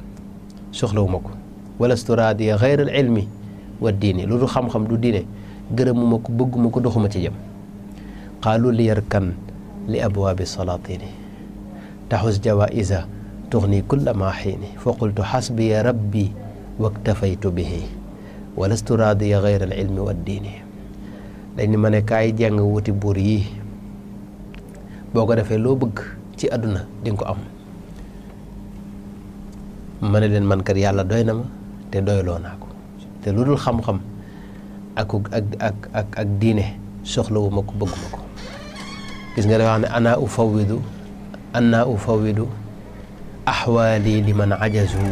soxlawuma ko walastu raadiya xayral ilmi wa diini lu dul xam-xam du diine gërëmuma ko ma ko doxuma ci jëm qaalu li yarkan li abwaabi salaatini taxus jawaisa tuxni kulla ma xiini fa qultu ya rabbi waktafaytu bihi walastu raadiya xayral ilmi wa diini dañ ma mane kaay jàng wuti buur yii boo ko defee loo bëgg ci àdduna di ko am ma ne leen man kat yàlla doy na ma te doyloo naa ko te lu dul xam-xam ak ak ak ak ak diine soxlawu ma ko bëgguma ko gis nga dafa wax ne ana u fawidu ana u fawidu axwaali liman ajazu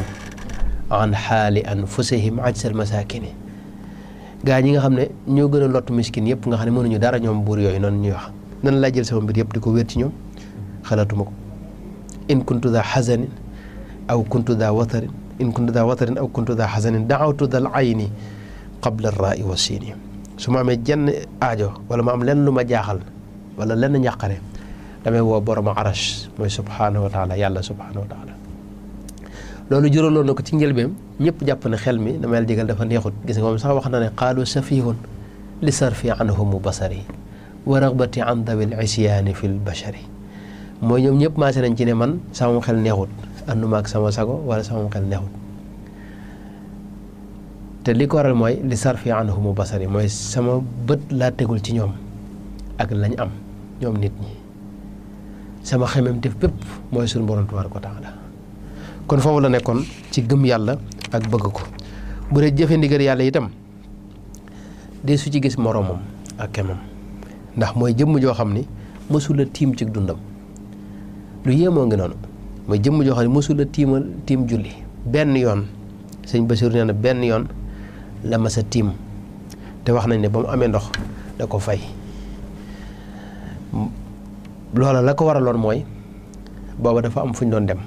an xaali anfusihim ajsal masakini gaa ñi nga xam ne ñoo gën a lott miskin yëpp nga xam ne mënuñu dara ñoom buur yooyu noonu ñuy wax nan laa jël sama mbir yëpp di ko wér ci ñoom xalaatuma ko in kuntu daa xasanin aw kuntu daa watarin in kuntu daa watarin aw kuntu daa xasanin daawtu dal ayni qabla rai wa siini su ma amee jenn aajo wala ma am lenn lu ma jaaxal wala lenn ñàqare damay woo boroma arash mooy subhaanahu wa taala yàlla subhaanahu wa taala loolu juróoloon na ko ci njëlbeem ñëpp jàpp ne xel mi dama yàlla dafa neexut gis nga moom sax wax na ne qaalu safihun li sarfi anhumu basari wa ragbati an dawi al isyaani fi al bashari mooy ñoom ñëpp maase nañ ci ne man sama xel neexut andu ak sama sago wala sama xel neexut te li ko waral mooy li sarfi anhumu basari mooy sama bët laa tegul ci ñoom ak lañ am ñoom nit ñi sama xemem def bépp mooy suñu borom tabaaraka wa taala kon foofu la nekkoon ci gëm yàlla ak bëgg ko bu dee jëfe ndigal yàlla itam de su ci gis moroomam ak kemam ndax mooy jëmm joo xam ni mësula tiim ci dundam lu yéemoo ngi noonu jëmm joo xam ne mësula tiimal tiim julli benn yoon sëñ Basiru nee na benn yoon la ma tiim te wax nañ ne ba mu amee ndox da ko fay loola la ko waraloon mooy booba dafa am fuñ ñu doon dem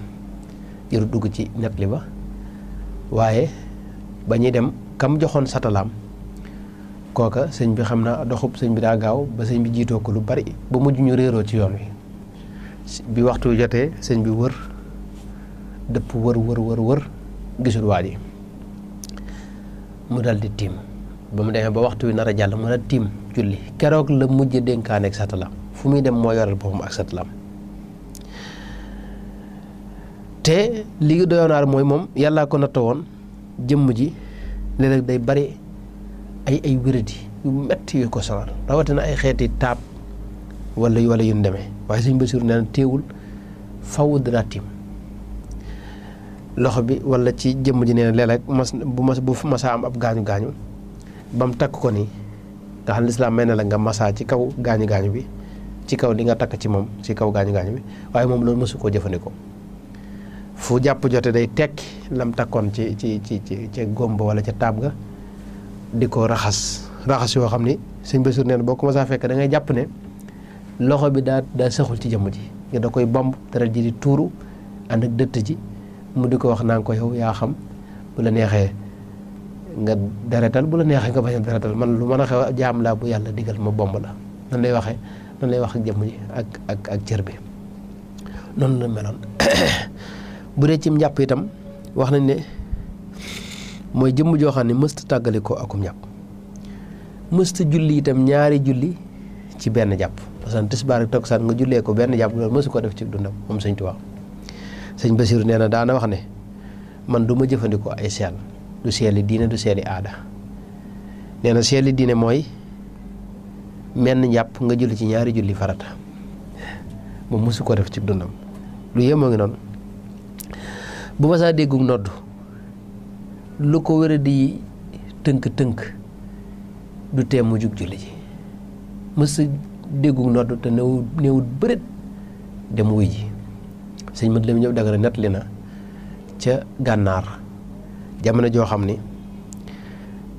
jëru dugg ci net ba waaye ba ñuy dem kam joxoon satalaam kooka sëñ bi xam naa doxub sëñ bi daa gaaw ba sëñ bi jiitoo ko lu bari ba mujj ñu réeroo ci yoon wi bi waxtu jotee sëñ bi wër dëpp wër wër wër wër gisul waa ji mu dal di tiim ba mu demee ba waxtu wi nar a jàll mën a tiim julli keroog la mujje dénkaane ak satalaam fu muy dem moo yoral boppam ak satalaam te li doyoon mooy moom yàllaa ko nattoo woon jëmm ji léeg day bari ay ay wéradi yu metti yu ko sonal rawatina ay xeeti taab wala wala yu demee waaye sëñ Basiru nee na teewul faw danaa loxo bi wala ci jëmm ji nee na mas bu mas masaa am ab gaañu gaañu ba mu takk ko nii nga xam lislaam may na la nga masaa ci kaw gaañu gaañu bi ci kaw di nga takk ci moom ci kaw gaañu gaañu bi waaye moom loolu mësu koo jëfandikoo. fu japp jotté day tek lam takkon ci ci ci ci ci gombo wala ci tab ga diko raxas raxas yo xamni seigne sëñ neen bokuma sa boo fekk da ngay japp ne loxo bi da da saxul ci jëm ji nga da koy bomb dara ji di touru and ak deut ji mu diko wax nang ko yow ya xam bu la nexé nga deretal bu la nexé nga bañ deretal man lu mën xew jaam la bu yalla digal ma bomb la nan lay waxee nan lay wax ak jëm ji ak ak ak cër bi la melone bu dee cim njàpp itam wax nañ ne mooy jëmm joo xam ne mësta tàggale ko akum njàpp mësta julli itam ñaari julli ci benn jàpp parce que tisbaar ak nga jullee ko benn jàpp loolu mësu def ci dundam moom sëñ Tuubaa sëñ Basiru nee na daana wax ne man duma jëfandikoo ay seel du seeli diine du seeli aada nee na seeli diine mooy menn njàpp nga julli ci ñaari julli farata moom mësu ko def ci dundam lu yéemoo ngi noonu bu ma saa nodd lu ko wéra di tënk-tënk du tee mu jug julli ji mës a déggu nodd te néew néewut bërit dem wuy ji sëñ mët la mu ñëw dagara nettali na ca gànnaar jamono joo xam ni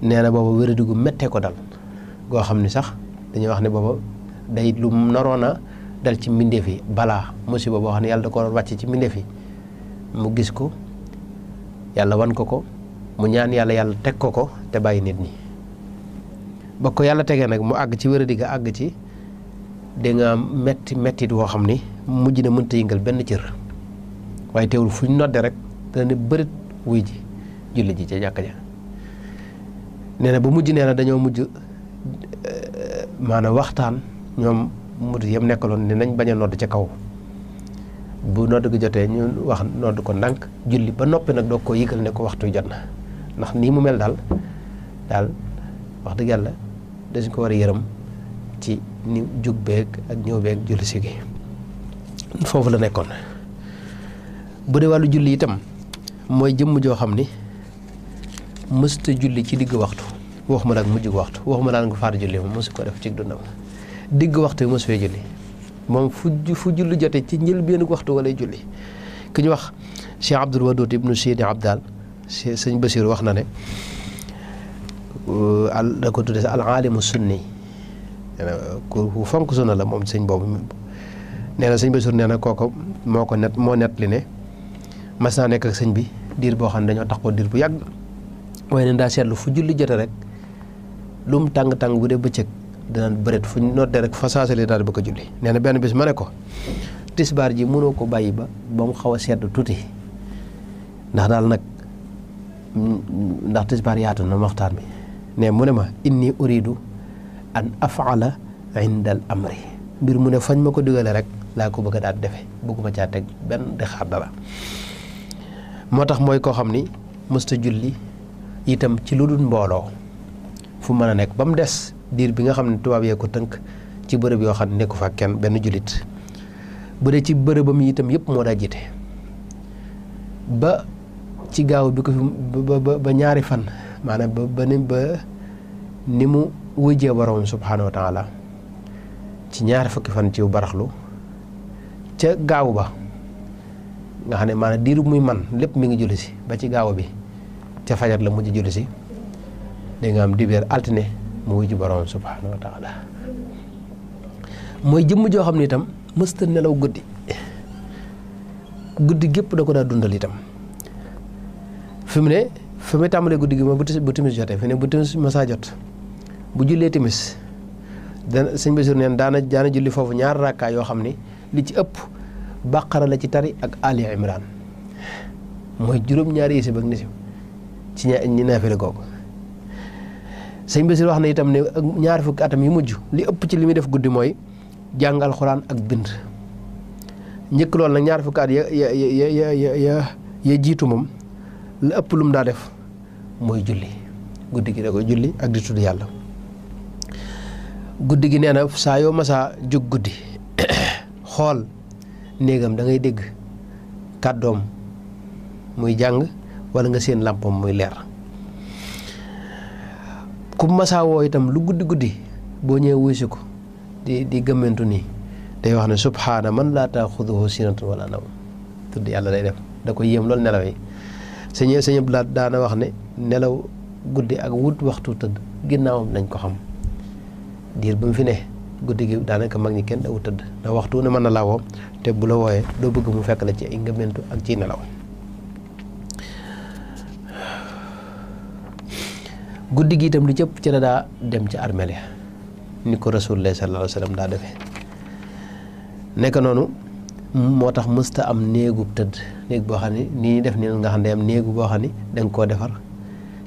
nee na booba wéradi gu méttee ko dal goo xam ni sax dañuy wax ne booba day lu naroon a dal ci mbindeef yi balaa musiba boo xam ne yàlla da ko wàcc ci mbindeef yi mu gis ko yalla wan ko ko mu ñaan yalla yalla tek ko ko te bay nit ñi ba ko yàlla tegee mu ag ci wéradi ga ag ci de nga metti metti woo xamni mujj na ta yëngal ben cër waye teewul fu ñu nodde rek dana bërit wuy ji julli ji ci jakk ja neena bu mujj neena dañoo mujj eh, maanaam waxtaan ñoom yam nekkaloon ne nañ baña nodd ci kaw bu nodd gi jotee ñu wax nodd ko ndànk julli ba noppi nag doog koo yëgal ne ko waxtu jot na ndax nii mu mel daal daal wax dëgg yàlla dañ ko war a yërëm ci ni jug beeg ak ñëw beeg julli si gi foofu la nekkoon bu dee wàllu julli itam mooy jëmm joo xam ni mësta julli ci digg waxtu waxuma la ak mujj waxtu waxuma la nga faar julli moom mësu ko def ci dundam digg waxtu yi mësu fee julli moom fujju fujju lu jotté ci njëlbéenu waxtu wala julli ki ñu wax Cheikh Abdul Wadud ibnu Sidi Abdal seigne Basiir wax na ne euh, al da ko tudé al alim sunni ku fonk sunna la mom seigne bobu nee na sëñ Basiir nee na kooku moo net mo net li ne mas naa nekk ak seigne bi dir bo xam dañu dañoo dir bu yag way né daa sétlu fujju lu jotté rek lum tang tang bu dé beccëk dengan berat, fu ñu noddee rek fa saasa li daal bëgg julli ben bis ma ko tisbar ji mëno ko bayyi ba bam xawa xaw a sedd tuuti ndax daal nak ndax tisbar yaatu na waxtaan bi ne ma inni uridu an afala inda al amri bir mune fani fañ mako ko laku rek la ko bëgg daal defe bëgguma caa tek ben di xaar dara motax moy ko xamni musta julli itam ci luddul mbolo fu mëna nek bam dess diir bi nga xam ne tubaab yee ko tënk ci bërëb yoo xam ne nekku fa kenn benn jullit bu dee ci bërëbam yi itam yëpp moo daa jiite ba ci gaaw bi ko fi ñaari fan maanaam ba ba mu wujjee boroom subhaanahu wa taala ci ñaari fukki fan ci baraxlu ca gaaw ba nga xam ne maanaam diiru muy man lépp mi ngi julli si ba ci gaaw bi ca fajar la mujj julli si da nga am dibéer altine moy ju borom subhanahu wa taala moy jëm jo xamni tam itam mësta nelaw guddi guddi gep da ko da dundal itam fimu ne fimu tamale tàmbalee guddi gi mo bu timis jotee fene bu timis masaa jot bu julé timis dan sëñ Basiru neen daana julli fofu ñaar rakka yo xamni li ci ëpp baqara la ci tari ak Ali Imran mooy juróom Nyari yisi bag nisim ci ñi naafila gogo sëñ Basir wax na itam ne uh, ñaar fukki atam yi mujj li ëpp ci li muy def guddi mooy jàng alxuraan ak bind njëkk lool nag ñaar fukki at ya ya ya ya ya, ya, ya, ya jiitu moom li ëpp lu mu daa def mooy julli guddi gi da koy julli ak di tudd yàlla guddi gi nee na saa yoo masa jug guddi xool néegam da ngay dégg kàddoom muy jàng wala nga seen làmpam muy leer ku masaa woo itam lu guddi guddi boo ñëwee wuusi ko di di gëmmantu nii day wax ne subhaana man laa taaxuduhu sinatun wala naw tudd yàlla day def da ko yéem loolu nelaw yi sëñ sëñ Abdulaay daana wax ne nelaw guddi ak wut waxtu tëdd ginnaawam lañ ko xam diir ba mu fi ne guddi gi daanaka mag ñi kenn dawu tëdd ndax waxtu ne mën na laa woo te bu la wooyee doo bëgg mu fekk la ci ay ngëmmentu ak ciy nelaw guddi gi tam lu jep ci la dem ci armelia ya. ni ko rasulullah sallallahu alaihi wasallam da defee nek nonu motax musta am neegu teud neeg bo xani ni def ni nga xande am neegu bo xani dang ko defar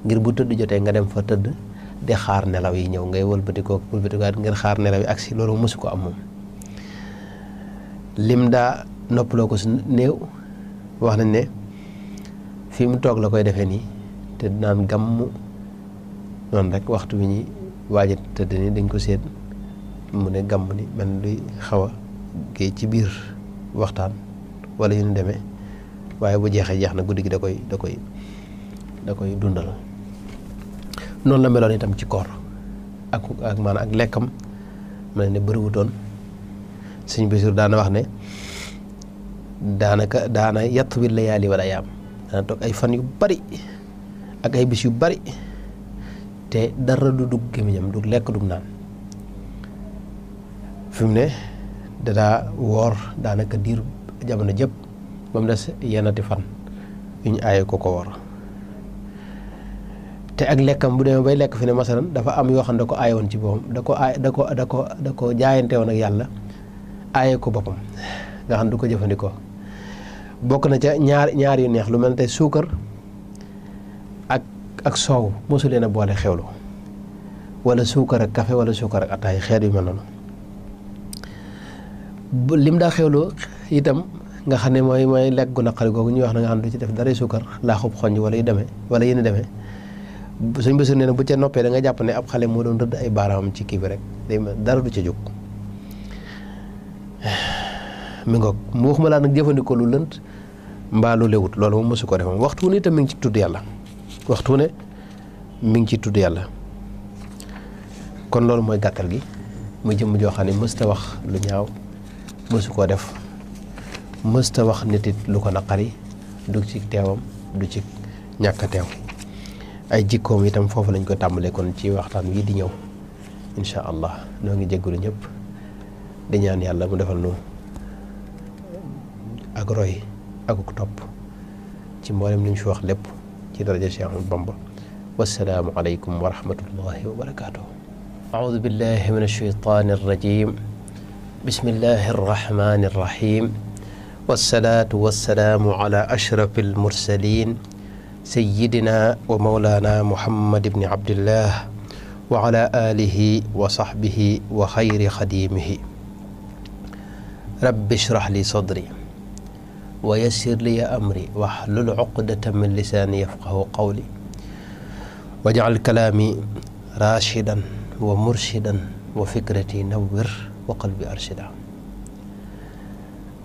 ngir bu teud jotey nga dem fa teud di xaar nelaw yi ñew ngay wëlbatikoo wëlbatikuwaat ngir xaar nelaw yi agsi loolu mësu ko am mom lim daa noppaloo ko si wax nañ ne fi mu toog la koy defee ni te nan gamu noonu rek waxtu wi ñuy waaj tëdd ni dañ ko seet mu ne gàmm ni mel luy xaw a géej ci biir waxtaan wala yu ñu deme waaye bu jeexee jeex na guddi gi da koy da koy da koy dundal noonu la meloon itam ci koor ak ak maanaam ak lekkam mel ne bëriwutoon suñ bisur daana wax ne daanaka daana yatt bi war a yaam daana toog ay fan yu bari ak ay bis yu bari te dara du dugg gémmiñam du lekk du naan fi mu ne dadaa woor daanaka diir jamono jëpp ba mu des yenati fan yu ñu aaye ko ko woor te ak lekkam bu demee bay lekk fi ne masalan dafa am yoo xam da ko aaye woon ci boppam da ko aay da ko da ko da ko jaayante woon ak yàlla aaye ko boppam nga xam du ko jëfandikoo bokk na ca ñaar ñaar yu neex lu mel ne tey suukar ak soow mosu leen boole xewlu wala sukar ak café wala sukar ak atay xeer yu mel lim da xewlu itam nga xam moy moy lek gu naqari googu ñu wax na nga xam ci def dara la xop xonj wala yu demee wala yene deme suñ beusene bu ci noppé da nga japp ne ab xalé mo doon rëdd ay baram ci kibi rek day dara du ci juk mi ngoog mu waxuma laa nag jëfandikoo lu leunt mbaa lu lewut loolu mo musu ko def waxtu ni tam ngi ci tuddu yalla waxtu ne mi ngi ci tudd yàlla kon loolu mooy gàttal gi mu jëm joo xam ne mësta wax lu ñaaw mësu koo def mësta wax nit it lu ko naqari du ci teewam du ci ñàkk teew ay jikkoom itam foofu lañu ko tàmbalee kon ci waxtaan wi di ñëw incha allah noo ngi jégalu ñëpp di ñaan yàlla mu defal nu ak roy ak topp ci mboolem li ñu fi wax lépp. ci daraja Cheikh Ahmadou Bamba wassalamu alaykum wa rahmatullahi wa barakatuh a'udhu billahi minash shaitanir rajim bismillahir rahmanir rahim wassalaatu wassalaamu ala ashrafi almursalin sayyidina wa mawlaana muhammad ibni abdillah وعلى اله وصحبه وخير خديمه رب اشرح لي صدري ويسر لي أمري واحلل عقدة من لساني يفقه قولي وجعل كلامي راشدا ومرشدا وفكرتي نور وقلبي أرشدا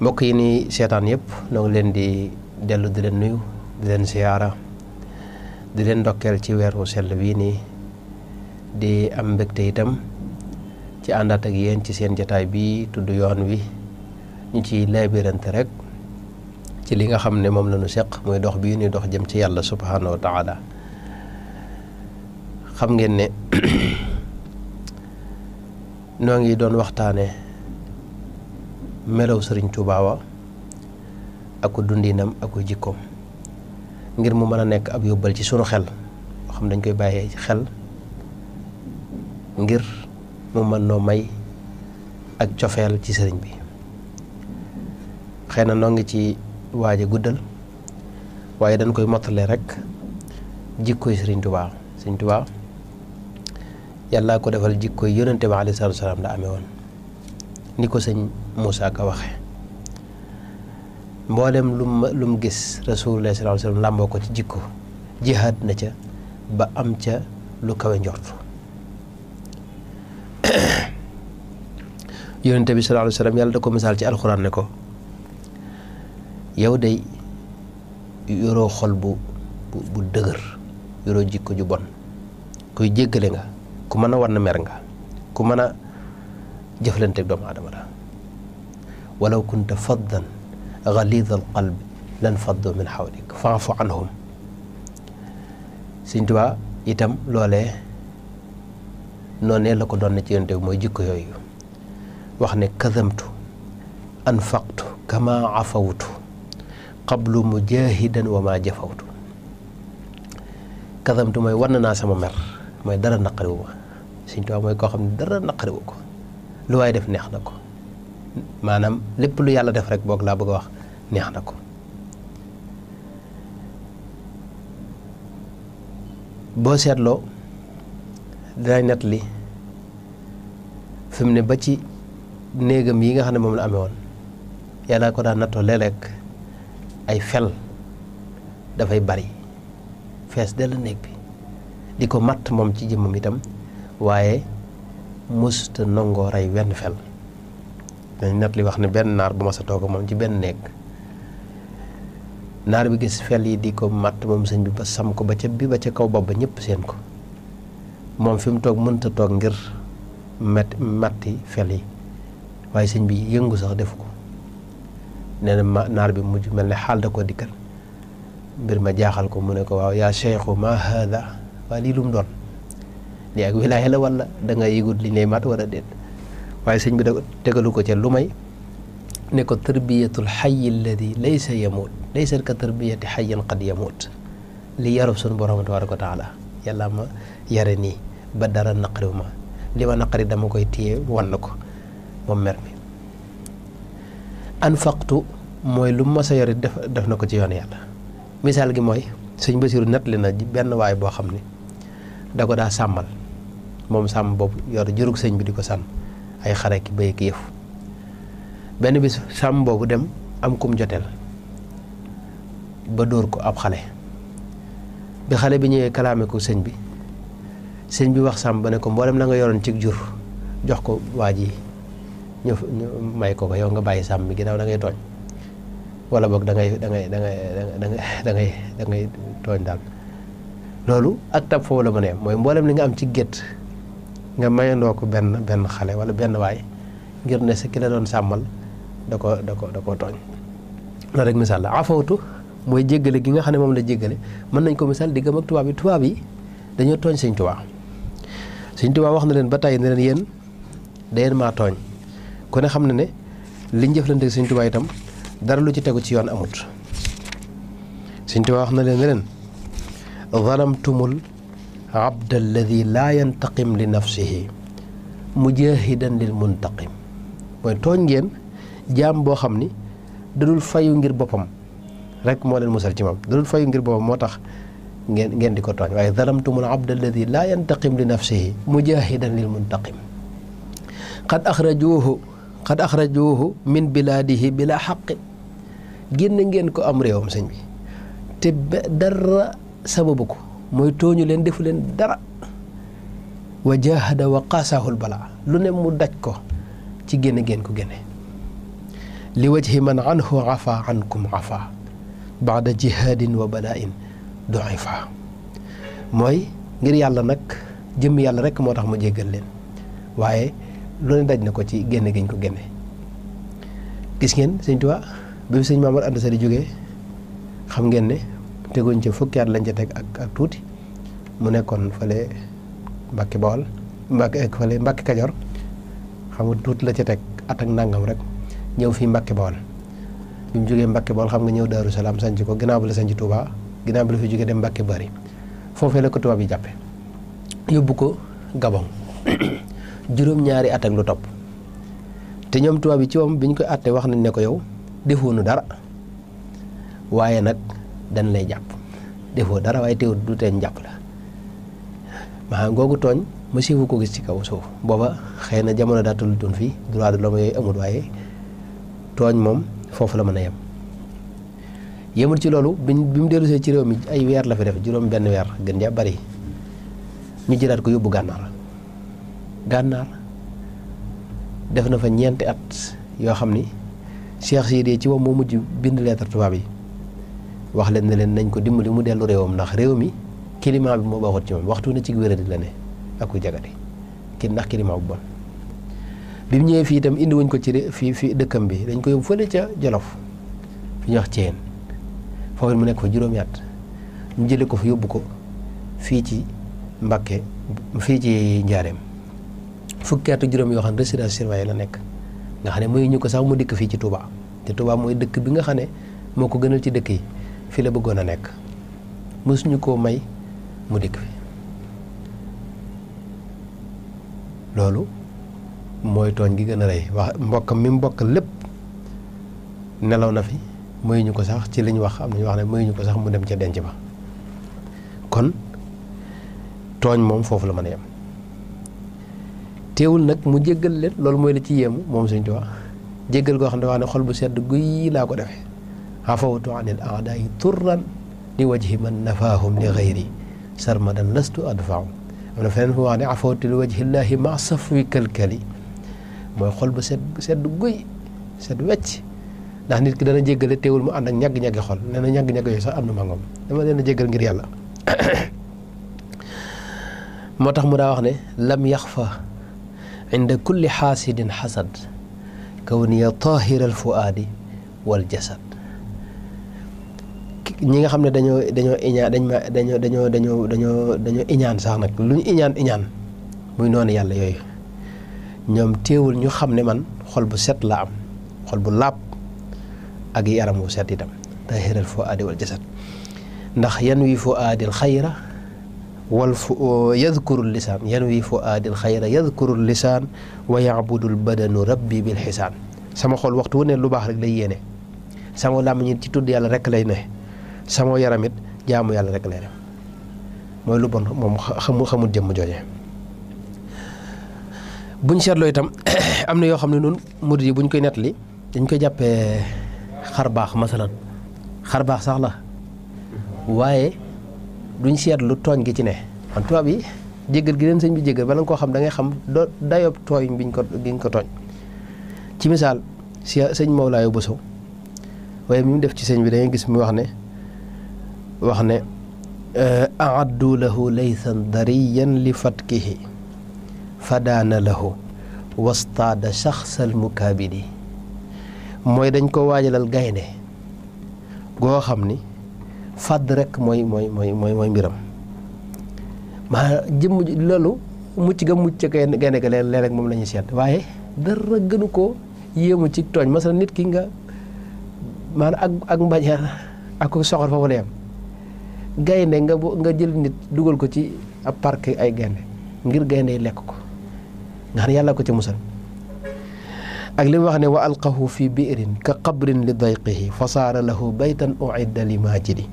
مكيني سيطان يب نغلين دي دلو دلن نيو دلن سيارة دلن دوكيل تيوير وسلويني دي أمبك تيتم تي أندا تغيين تي سين جتاي بي تدو يون وي نتي لابيرنت رك ci li nga xam ne moom la ñu seq muy dox bii nuy dox jëm ci yàlla subhaanahu wa taala xam ngeen ne noo ngi doon waxtaane melaw sëriñ Tuubaa wa ak dundinam ak jikkoom ngir mu mën a nekk ab yóbbal ci sunu xel boo xam dañ koy bàyyee xel ngir mu mën noo may ak cofeel ci sëriñ bi xëy na noo ngi ci waaj a guddal waaye dañ koy mottale rek jikkoy sëriñ tubaa sëriñ tubaa yàlla ko defal jikkoy yonente bi aleyhi salaatu wa salaam la amee woon ni ko sëñ Moussa Ka waxe mboolem lum lum gis rasulullah sallallahu alayhi wa sallam làmboo ko ci jikko jihaad na ca ba am ca lu kawe njort yonente bi sallallahu alayhi wa sallam yàlla da ko misaal ci alxuraan ne ko yow day yoroo xol bu bu dëgër yoroo jikko ju bon kuy jéggale nga ku mën a war na mer nga ku mën a jëflanteeg doomu aadama la walaw kunta faddan galida al qalbi lan faddu min xawlik faafu anhum Sëñ Tuubaa itam loolee noonee la ko doon na ci yonte bi mooy jikko yooyu wax ne kazamtu anfaqtu kama afawtu qablu mujahidan wa ma jafawtu kadamtu mooy wann naa sama mer mooy dara naqariwu ma Sëñ mooy koo xam ne dara naqariwu ko lu waaye def neex na ko maanaam lépp lu yàlla def rek boog laa bëgg a wax neex na ko boo seetloo dinay nett li fi mu ne ba ci néegam yi nga xam ne moom la amee woon yàlla ko daan nattoo léeg-léeg ay fel dafay bari fees dell néeg bi di ko matt moom ci jëmmam itam waaye musta nangoo rey wenn fel dañ nett li wax ne benn naar bu ma sa toog moom ci benn néeg naar bi gis fel yi di ko matt moom sëñ bi ba sam ko ba ca bi ba ca kaw bopp ba ñëpp seen ko moom fi mu toog mënta toog ngir metti matti fel yi waaye sëñ bi yëngu sax defu ko nee ma nar bi muju mel ne xaal da ko dikkal mbir ma jaaxal ko mu ne ko waaw ya sheikhu ma hadha waa lii lu ak wilaya la wala da nga yegut li ne mat wara det waaye sëñ bi da tegalu ko ci lumay ne ko tarbiyatul hayy alladhi laysa yamut laysa ka tarbiyati xayin qad yamut li yarab sun borom tabaraka taala yalla ma yare ni ba dara naqri ma li ma naqri dama koy tiye wan na anfaqtu mooy lu mos yorit def def na ko ci yoon yàlla misaal gi mooy sëñ nat nettali na benn waay boo xam ne da ko daa sàmmal moom sàmm boobu yor jurug sëñ bi di ko sàmm ay xare ki béy ki yëf benn bi sàmm boobu dem am kum joteel ba dóor ko ab xale bi xale bi ñëwee kalaame ko sëñ bi sëñ bi wax sàmm ba ne ko mboolem la nga yoroon cig jur jox ko waa ji ñu may ko ko yow nga bàyyi sàmm bi ginnaaw dangay ngay tooñ wala boog da ngay da ngay da ngay da ngay da tooñ daal loolu ak tab foofu la mën a yem mooy mbooleem li nga am ci gétt nga mayandoo ko benn benn xale wala benn waay ngir ne sa ki doon sàmmal da ko da ko da tooñ loolu rek misaal la afawtu mooy jéggale gi nga xam ne moom la jéggale mën nañ ko misaal diggam ak tubaab yi tubaab yi dañoo tooñ sëñ Tuubaa sëñ Tuubaa wax na leen ba tey ne leen yéen da yéen maa ne xam na ne liñ jëflante Sëñ Tuubaa itam dara lu ci tegu ci yoon amut Sëñ Tuubaa wax na leen ne leen zalamtumul abda alladi laa yantaqim li nafsihi mujahidan lil muntaqim mooy tooñ ngeen jaam boo xam ni dadul fayu ngir boppam rek moo leen musal ci moom dadul ngir boppam moo tax ngeen ngeen di ko tooñ waaye zalamtumul abda alladi laa yantaqim li nafsihi mujahidan lil muntaqim qad axrajuuhu qad akhrajuhu min biladihi bila haqqin genn ngeen ko am rewam señ bi te dara sababu ko moy toñu len defu len dara wa jahada wa qaasahul lu ne mu daj ko ci genn ngeen ko genné li wajhi man anhu afa ankum afa ba'da jihadin wa balain du'ifa moy ngir yalla nak jëm yalla rek motax mu jéggal len waye loolu daj na ko ci génne giñ ko génne gis ngeen sëñ Tuubaa bi sëñ Maamar Anta Sali jógee xam ngeen ne teguñ ca fukki at lañ ca teg ak tuuti mu nekkoon fale Mbàkke Bawol Mbàkke eh, fale Mbàkke Kajoor xam nga tuuti la ca teg at ak nangam rek ñëw fii Mbàkke Bawol bi mu jógee Mbàkke Bawol xam nga ñëw Daaru Salaam sanc ko ginnaaw bi la sanc Tuubaa ginnaaw bi la fi jógee dem Mbàkke Bari foofee la ko tubaab yi jàppe yóbbu ko Gabon juróom-ñaari at ak lu topp te ñoom tubaab yi ci moom bi ñu koy àtte wax nañ ne ko yow defoonu dara waaye nag dañ lay jàpp defoo dara waaye teewul du teen jàpp la maanaam googu tooñ ma siiwu ko gis ci kaw suuf booba xëy na jamono daa tollu fii droit de l'homme yooyu amul waaye tooñ moom foofu la mën a yem yemul ci loolu bi mu dellusee ci réew mi ay weer la fi def juróom benn weer gën ja bari ñu jëlaat ko yóbbu gànnaar gànnaar def na fa ñeenti at yoo xam ni Cheikh Sidiye ci moom moo mujj bind leetar tubaab yi wax leen na leen nañ ko dimbali mu dellu réewam ndax réew mi climat bi moo baaxut ci moom waxtu na ci wéradi la ne ak ku jagati ki ndax climat bu bon. bi mu ñëwee fii itam indiwuñ ko ci fii fii dëkkam bi dañ ko yóbbu fële ca Jolof fi ñuy wax Ceen foofu mu nekk fa juróomi at ñu jëlee ko fi yóbbu ko fii ci Mbakke fii ci Njaareem. fukki at ak juróom yoo xam ne résidence surveillée la nekk nga xam ne muy ñu ko sax mu dikk fii ci Touba te Touba mooy dëkk bi nga xam ne moo ko gënal ci dëkk yi fii la bëggoon a nekk mësuñu koo may mu dikk fi loolu mooy tooñ gi gën a rey mbokk mbokkam mi mbokk lépp nelaw na fi mayuñu ko sax ci li ñu wax am nañu wax ne mayuñu ko sax mu dem ca denc ba kon tooñ moom foofu la mën a yem teewul nak mu jéggal leen lool moy la ci yému mom Sëñ Tuubaa jéggal go xam wana wax xol bu sedd guy la ko défé afawtu anil a'da'i turran li wajhi man nafahum li ghayri sarmadan lastu adfa'u wala fen fu wax afawtu li wajhi llahi ma safwi kalkali moy xol bu sedd sedd guy sedd wecc ndax nit ki dana jéggale teewul mu ànd ak ñag naggi xol nee ñag ñàgg-ñàgg sax am na mangom dama leena a jéggal ngir yàlla motax mu da wax ne lam yakhfa inda kulli xaasidin xasad kawniya taahiral fuaadi wal jasad ñi nga xam ne dañoo dañoo iñaan dañoo dañoo dañoo dañoo dañoo iñaan sax nag lu ñu iñaan iñaan muy noonu yàlla yooyu ñoom téewul ñu xam ne man xol bu set la am xol bu laab ak yaram wu set itam taahiral fuaadi wal ndax yan wi fuaadil xayra والف... يذكر اللسان ينوي فؤاد الخير يذكر اللسان ويعبد البدن ربي بالحسان sama xol waxtu wu ne lu baax rek lay yéene sama làmmiñ ci tudd yàlla rek lay ne sama yaram it jaamu yàlla rek lay def mooy lu bon moom xamu xamul jëmm jooje buñ seetloo itam am na yoo xam ne noonu murid yi buñ koy nettali dañ koy jàppee xar baax masalan xar baax sax la waaye duñ seetlu tooñ gi ci ne kon tubaab yi jéggal gi leen sëñ bi jéggal bala nga koo xam da ngay xam do dayob tooñ biñ ko biñ ko tooñ ci misaal si sëñ Mawlaaya Bousso waaye mi mu def ci sëñ bi da gis mu wax ne wax ne aaddu lahu laysan dariyan li fatkihi fadaana lahu wastaada shaxsal mukaabidi mooy dañ ko waajalal gaynde goo xam ni fàdd rekk mooy mooy mooy mooy mooy mbiram maa jëmm ji loolu mucc ga mucc gaynde ga leen leen rek moom lañuy ñuy seet waaye dara gënu ko yéemu ci tooñ masala nit ki nga maanaam ak ak mbañeer ak soxor foofu la yem gaynde nga jël nit dugal ko ci ab parc ay gaynde ngir gaynde yi lekk ko nga xam yàlla ko ci musal ak li wax ne wa alqahu fi biirin ka qabrin li dayqihi fa saara lahu baytan uidda li maajidi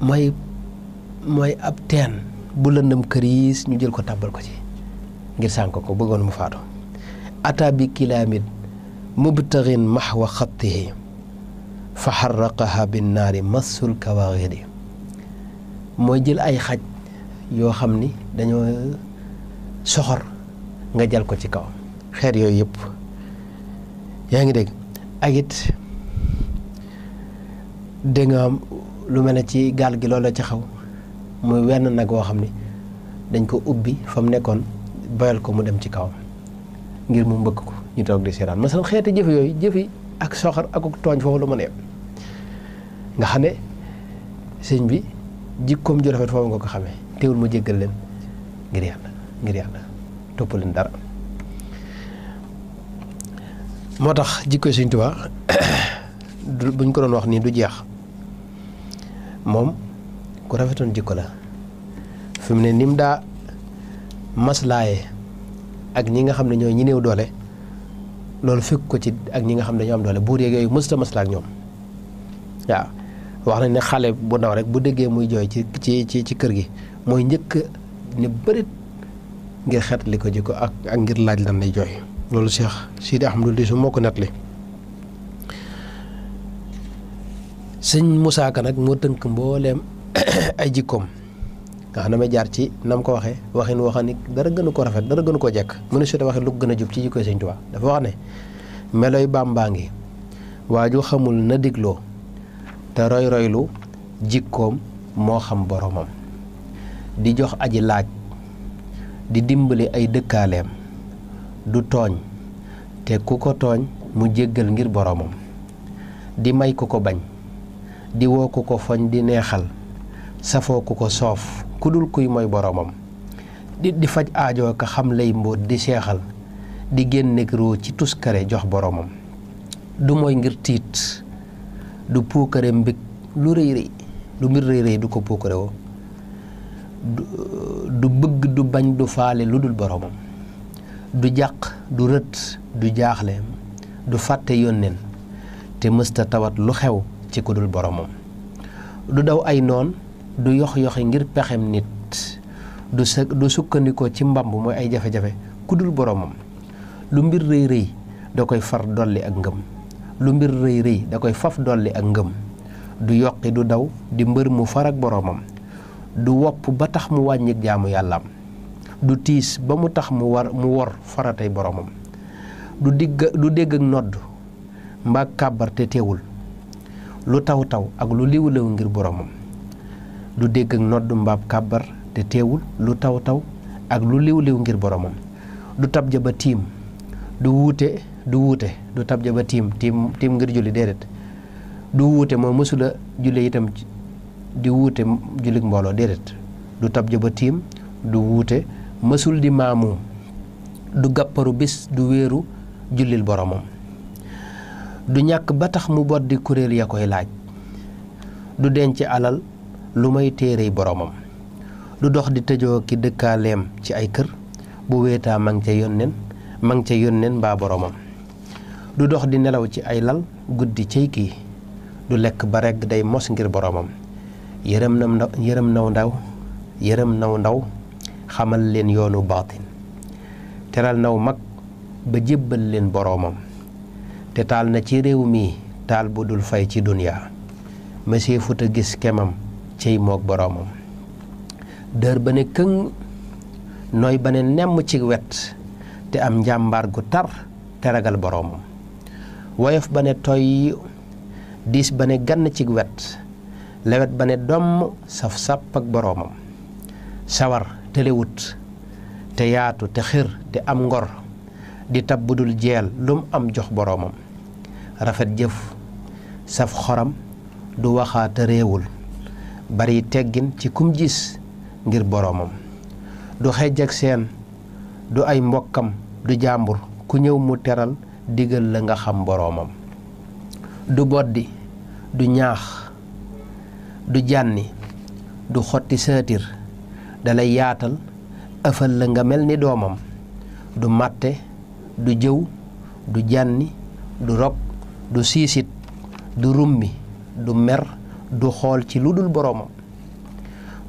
moy moy ab ten bu lëndëm këriis ñu jël ko tabal ko ci ngir sank ko bëggoon mu faatu ata bi kilaamit mubtaghin mahwa xattihi fa bin nar masul kawaghid moy jël ay xaj yo xamni dañu soxor nga jël ko ci kaw xeer yoy yep yaangi deg agit de nga lu melni ci gal gi loola ci xaw muy wenn nak woo xamni dañ ko ubbi fam nekkon bayal ko mu dem ci kaw ngir mu mbeuk ko ñu tok di seetaan masal xeeti jëf yooyu jëfi ak soxar ak togn fofu lu mëne nga xam sëñ bi jikkom ju rafet fofu nga ko xamé téwul mu jéggal leen ngir yalla ngir yalla topul leen dara moo jikko señ tuba buñ ko doon wax ni du jeex moom ku rafetoon jikko la fi mu ne nim daa maslaaye ak ñi nga xam ne ñooy ñi néew doole loolu fekk ko ci ak ñi nga xam ne ñoo am doole buur yeeg yooyu mësuta maslaa ak ñoom waaw wax nañ ne xale bu ndaw rek bu déggee muy jooy ci ci ci ci kër gi mooy njëkk ni bërit ngir xeetali ko jikko ak ak ngir laaj lan lay jooy loolu Cheikh Sidi Ahmadou Disso moo ko nettali sëñ Moussa Ka nag moo tënk mbooleem ay jikkoom nga xam ne damay jaar ci nam ko waxee waxin waxanik dara gënu ko rafet dara gënu ko jekk mu ne su dee waxee lu gën a jub ci jikkoy sëñ Tuubaa dafa wax ne baam baa ngi waa waaju xamul na digloo te roy roylu jikkoom moo xam boromam di jox aji laaj di dimbali ay dëkkaaleem du tooñ te ku ko tooñ mu jéggal ngir boromam di may ku ko bañ di woo ku ko foñ di neexal safoo ku ko soof ku dul kuy mooy boromam di di faj aajoo ka xam lay mbóot di seexal di génneeg roo ci tuskare jox boroomam du moy ngir tiit du puukare mbig lu rëy rëy lu mbir rëy rëy du ko puukare du bëgg du bañ du faale lu dul boromam du jàq du rët du jaaxle du fàtte yónneen te mësta tawat lu xew ci ku dul boromam du daw ay noon du yox-yoxi ngir pexem nit du sa du sukkandikoo ci mbamb mooy ay jafe-jafe ku dul boromam lu mbir rëy rëy da koy far lu mbir rëy rëy da koy faf dolli ak ngëm du yoqi du daw di mbër mu far ak boromam du wopp ba tax mu wàññi jaamu yàllaam du tiis ba mu tax mu wor faratay boromam du digg dégg ak nodd mbaa kàbbar te teewul lu taw taw ak lu liw lew ngir boromam du deg ak noddu mbab kabar te teewul lu taw taw ak lu liw lew ngir boromam du tab jaba tim du wute du wute du tab jaba tim. tim tim ngir julli dedet du wute mo musula julle itam di wute jullik mbolo dedet du tab jaba tim du wute di mamu du gapparu bis du julil boromam du ñàkk ba tax mu bot di kuréel yaa koy laaj du denc alal lu may téere boroomam du dox di tëjoo ki dëkkaaleem ci ay kër bu weetaa ma ngi ca yónneen ma ngi ca yónneen mbaa boroomam du dox di nelaw ci ay lal guddi cëy kii du lekk ba rekk day mos ngir boroomam yërëm na naw ndaw yërëm naw ndaw xamal leen yoonu baatin teral naw mag ba jébbal leen boroomam te taal na ci réew mi taal bu dul fay ci duniyaa monsieur futa gis kemam ciy moog boroomam dër ba ne këng nooy ba ne nemm ci wet te am njàmbaar gu tar te ragal boroomam woyof ba ne toy diis ba ne gann ci wet lawet ba ne domm saf sàpp ak boroomam sawar te lewut te yaatu te xir te am ngor di tab bu dul jeel lum am jox boroomam rafet jëf saf xoram du waxaata réewul bari teggin ci kum gis ngir boroomam du xejj ak seen du ay mbokkam du jàmbur ku ñëw mu teral digal la nga xam boroomam du boddi du ñaax du jànni du xotti saatir dalay yaatal ëfal la nga mel ni doomam du màtte du jëw du jànni du rog du siisit du rummi du mer du xool ci lu dul boroomam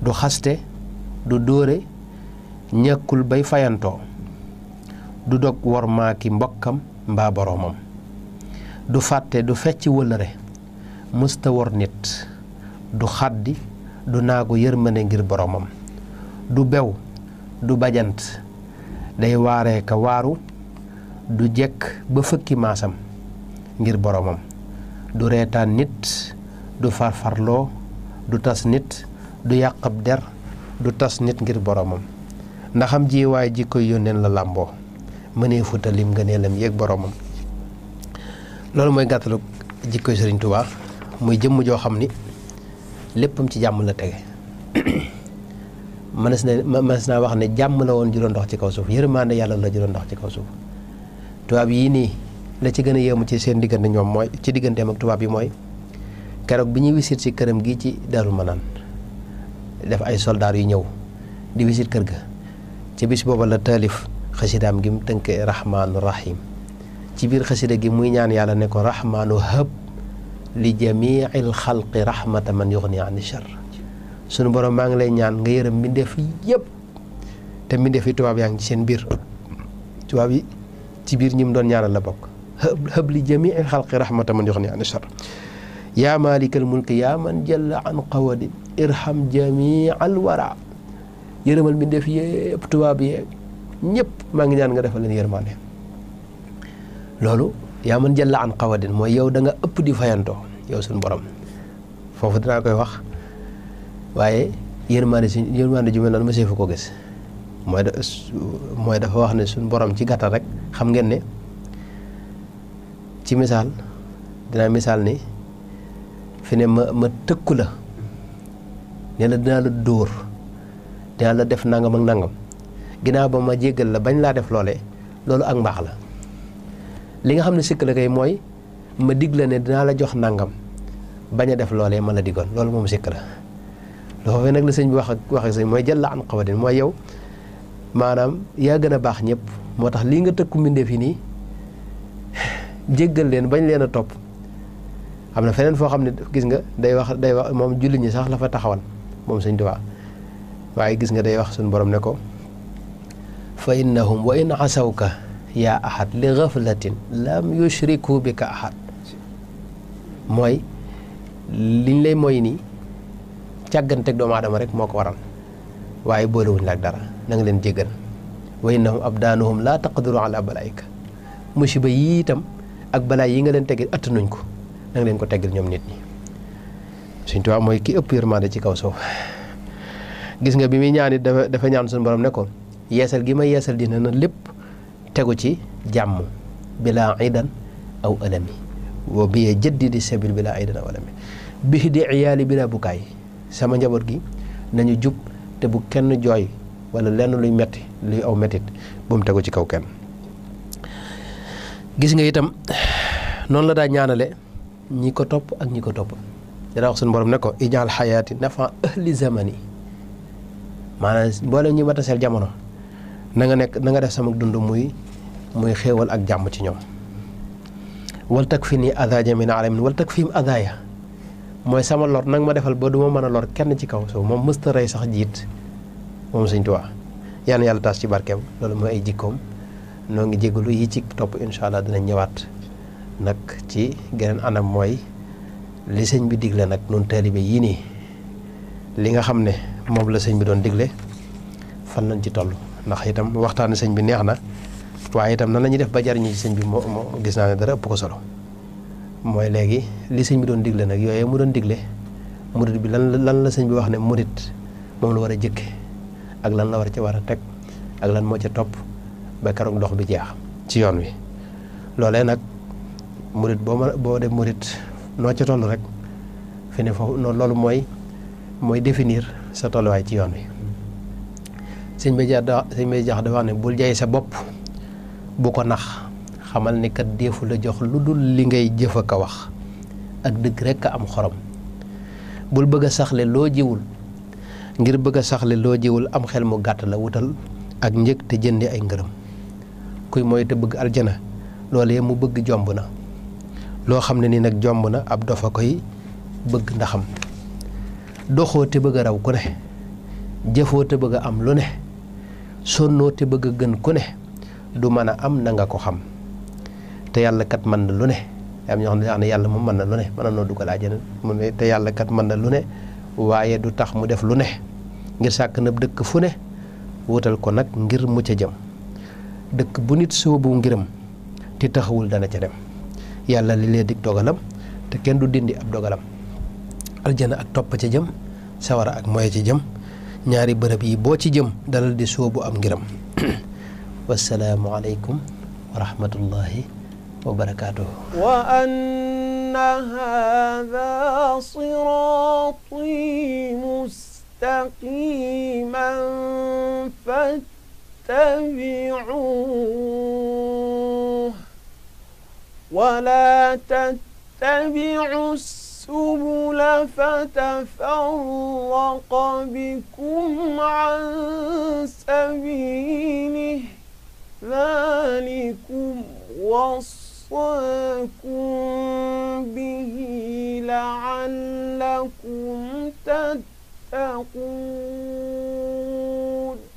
du xaste du dóore ñàkkul bay fayantoo du dog war maaki mbokkam mbaa boroomam du fàtte du fecc wëlëre mësta wor nit du xaddi du naagu yërmande ngir boromam du bew du bajant day waaree waaru du jekk ba fëkki maasam ngir boromam du reetaan nit du farfarloo du tas nit du yàqab der du tas nit ngir boromam ndaxam ji waaye ji koy yónneen la làmboo mënee futalim ngëneelam yéeg boromam loolu mooy gàttalu jikko sëriñ Tuubaa muy jëmm joo xam ni léppam ci jàmm la tege mënees na mënees naa wax ne jàmm la woon ju doon dox ci kaw suuf yërmaande yàlla la ju ndox ci kaw suuf tubaab yi ni la ci gëna a ci seen digënd ñom moy, ci digënde ak tubaab yi moy kërok bi ñuy wisit si këram gi ci darul manan def ay soldat yu ñëw di wisit kër ga ci bis bobu la talif khassidam gi mu rahman rahim ci bir khassida gi muy ñaan yalla ne ko rahmanu hab li jamiil xalqi rahmatan man yughni ani shar sunu borom ma ngi lay ñaan nga yërëm mbindeef yëpp te mbindeef yi tubaab yaa ci seen bir yi ci bir ñim doon ñaaral la bok hab jami'il khalqi rahmatan man yoxni an shar ya malikal mulki ya man jalla an قود irham jami'al wara يرمل min def ييب تواب ye ñep ma ngi ñaan nga defal leen yermane lolu ya man jalla an qawadin moy yow da nga upp di fayanto yow sun borom fofu dina koy wax waye yermane yermane ju mel non ma ko gess mooy da mooy dafa wax ne suñ boroom ci gàttal rek xam ngeen ne ci misaal dinaa misaal ni fi ne ma ma tëkku la ne la dinaa la dóor dinaa la def nangam ak nangam ginnaaw ba ma jéggal la bañ laa def loole loolu ak mbaax la li nga xam ne sikk la kay mooy ma dig la ne dinaa la jox nangam bañ a def loole ma la digoon loolu moom sikk la. dafa fee nag la sëñ bi wax ak wax ak sëñ mooy jël la am xawadin mooy yow manam ya gëna bax ñëpp motax li nga tëkku minde fi ni jéggal leen bañ leen top amna am na feneen foo xam gis nga day wax day wax mom julli ñi sax la fa taxawal mom señ tuba waye gis nga day wax sun borom ne ko fa innahum wa in asawka ya ahad li ghaflatin lam yushriku bika ahad moy, liñ lay ni nii ak doom adam rek moko waral waaye boolewuñ la dara na nga leen jéggal wa innahum abdanuhum la taqdiru ala balaika musiba yi tam ak balaay yi nga leen teggil nuñ ko na nga leen ko teggal ñom nit ni seigne tubaab moy ki ëpp yërmande ci kaw suuf gis nga bi mi ñaan dafa ñaan suñu borom ne ko yeesal gi ma yeesal dina na lepp teggu ci jamm bila idan aw alami wa bi jëddi di sabil bila aidan aw alami bi di bila bukay sama njabot gi nañu jub te bu kenn joy wala lenn luy metti luy aw mettit bu mu tegu ci kaw kenn gis nga itam noonu la daa ñaanale ñi ko topp ak ñi ko topp dana wax suñu borom ne ko ijaal xayaati nafa ahli zamani maanaa mboolem ñi ma taseel jamono na nga nekk na nga def sama dund muy muy xéewal ak jàmm ci ñoom wal tak fi nii ada jamin alamin wal tak fiim adaya mooy sama lor nag ma defal ba du ma mën a lor kenn ci kaw so moom mësta rey sax jiit mom seigne touba yalla yalla taas ci barkem lolu mooy ay jikkoom no ngi djeglu yi ci top inshallah dinañ ñewat nak ci geneen anam moy li seigne bi diglé nak nun talibé yi ni li nga xamné ne la seigne bi doon digle fan lañ ci tollu ndax itam waxtaan seigne bi neexna waye itam nan lañu def ba jarñu seigne bi mo gis na dara ëpp ko solo moy légui li seigne bi doon digle nak yoyé mu doon digle murid bi lan lan la seigne bi wax ne murit mom la wara jëkke ak lan la war ci war a teg ak lan moo ca topp ba keroog dox bi jeex ci yoon wi loolee nag murit boo ma boo de murit noo ca toll rek fi ne foofu noonu loolu mooy mooy définir sa tolluwaay ci yoon wi sëñ bi jaax da sëñ bi jaax da wax ne bul jaay sa bopp bu ko nax xamal ni kat deefu la jox lu dul li ngay jëf ak a wax ak dëgg rek a am xorom bul bëgg a saxle loo jiwul ngir bëgg saxle loo jiwul am xel mu gàtt la wutal ak njëg te jënde ay ngërëm kuy mooy te bëgg aljana loolee mu bëgg jomb na loo xam ne nii nag jomb na ab dofa koy bëgg ndaxam doxoo te bëgg a raw ku ne jëfoo te bëgg a am lu ne sonnoo te bëgg a gën ku ne du mën a am nanga nga ko xam te yàlla kat mën na lu ne am ñoo xam ne dañoo xam yàlla moom mën na lu ne mën na noo dugal àjjana ne te yàlla kat mën na lu ne waaye du tax mu def lu ne ngir sak neub dekk fu ne wutal ko nak ngir mu ca jëm dekk bu nit soobu ngiram te taxawul dana ca dem yalla li le dik dogalam te ken du dindi ab dogalam aljana ak top ca jëm sawara ak moye ca jëm ñaari beurep yi bo ci jëm dalal di soobu am ngiram wassalamu aleykum wa rahmatullahi wa wa anna مستقيما فاتبعوه ولا تتبعوا السبل فتفرق بكم عن سبيله ذلكم وصاكم به لعلكم تتقون تتقون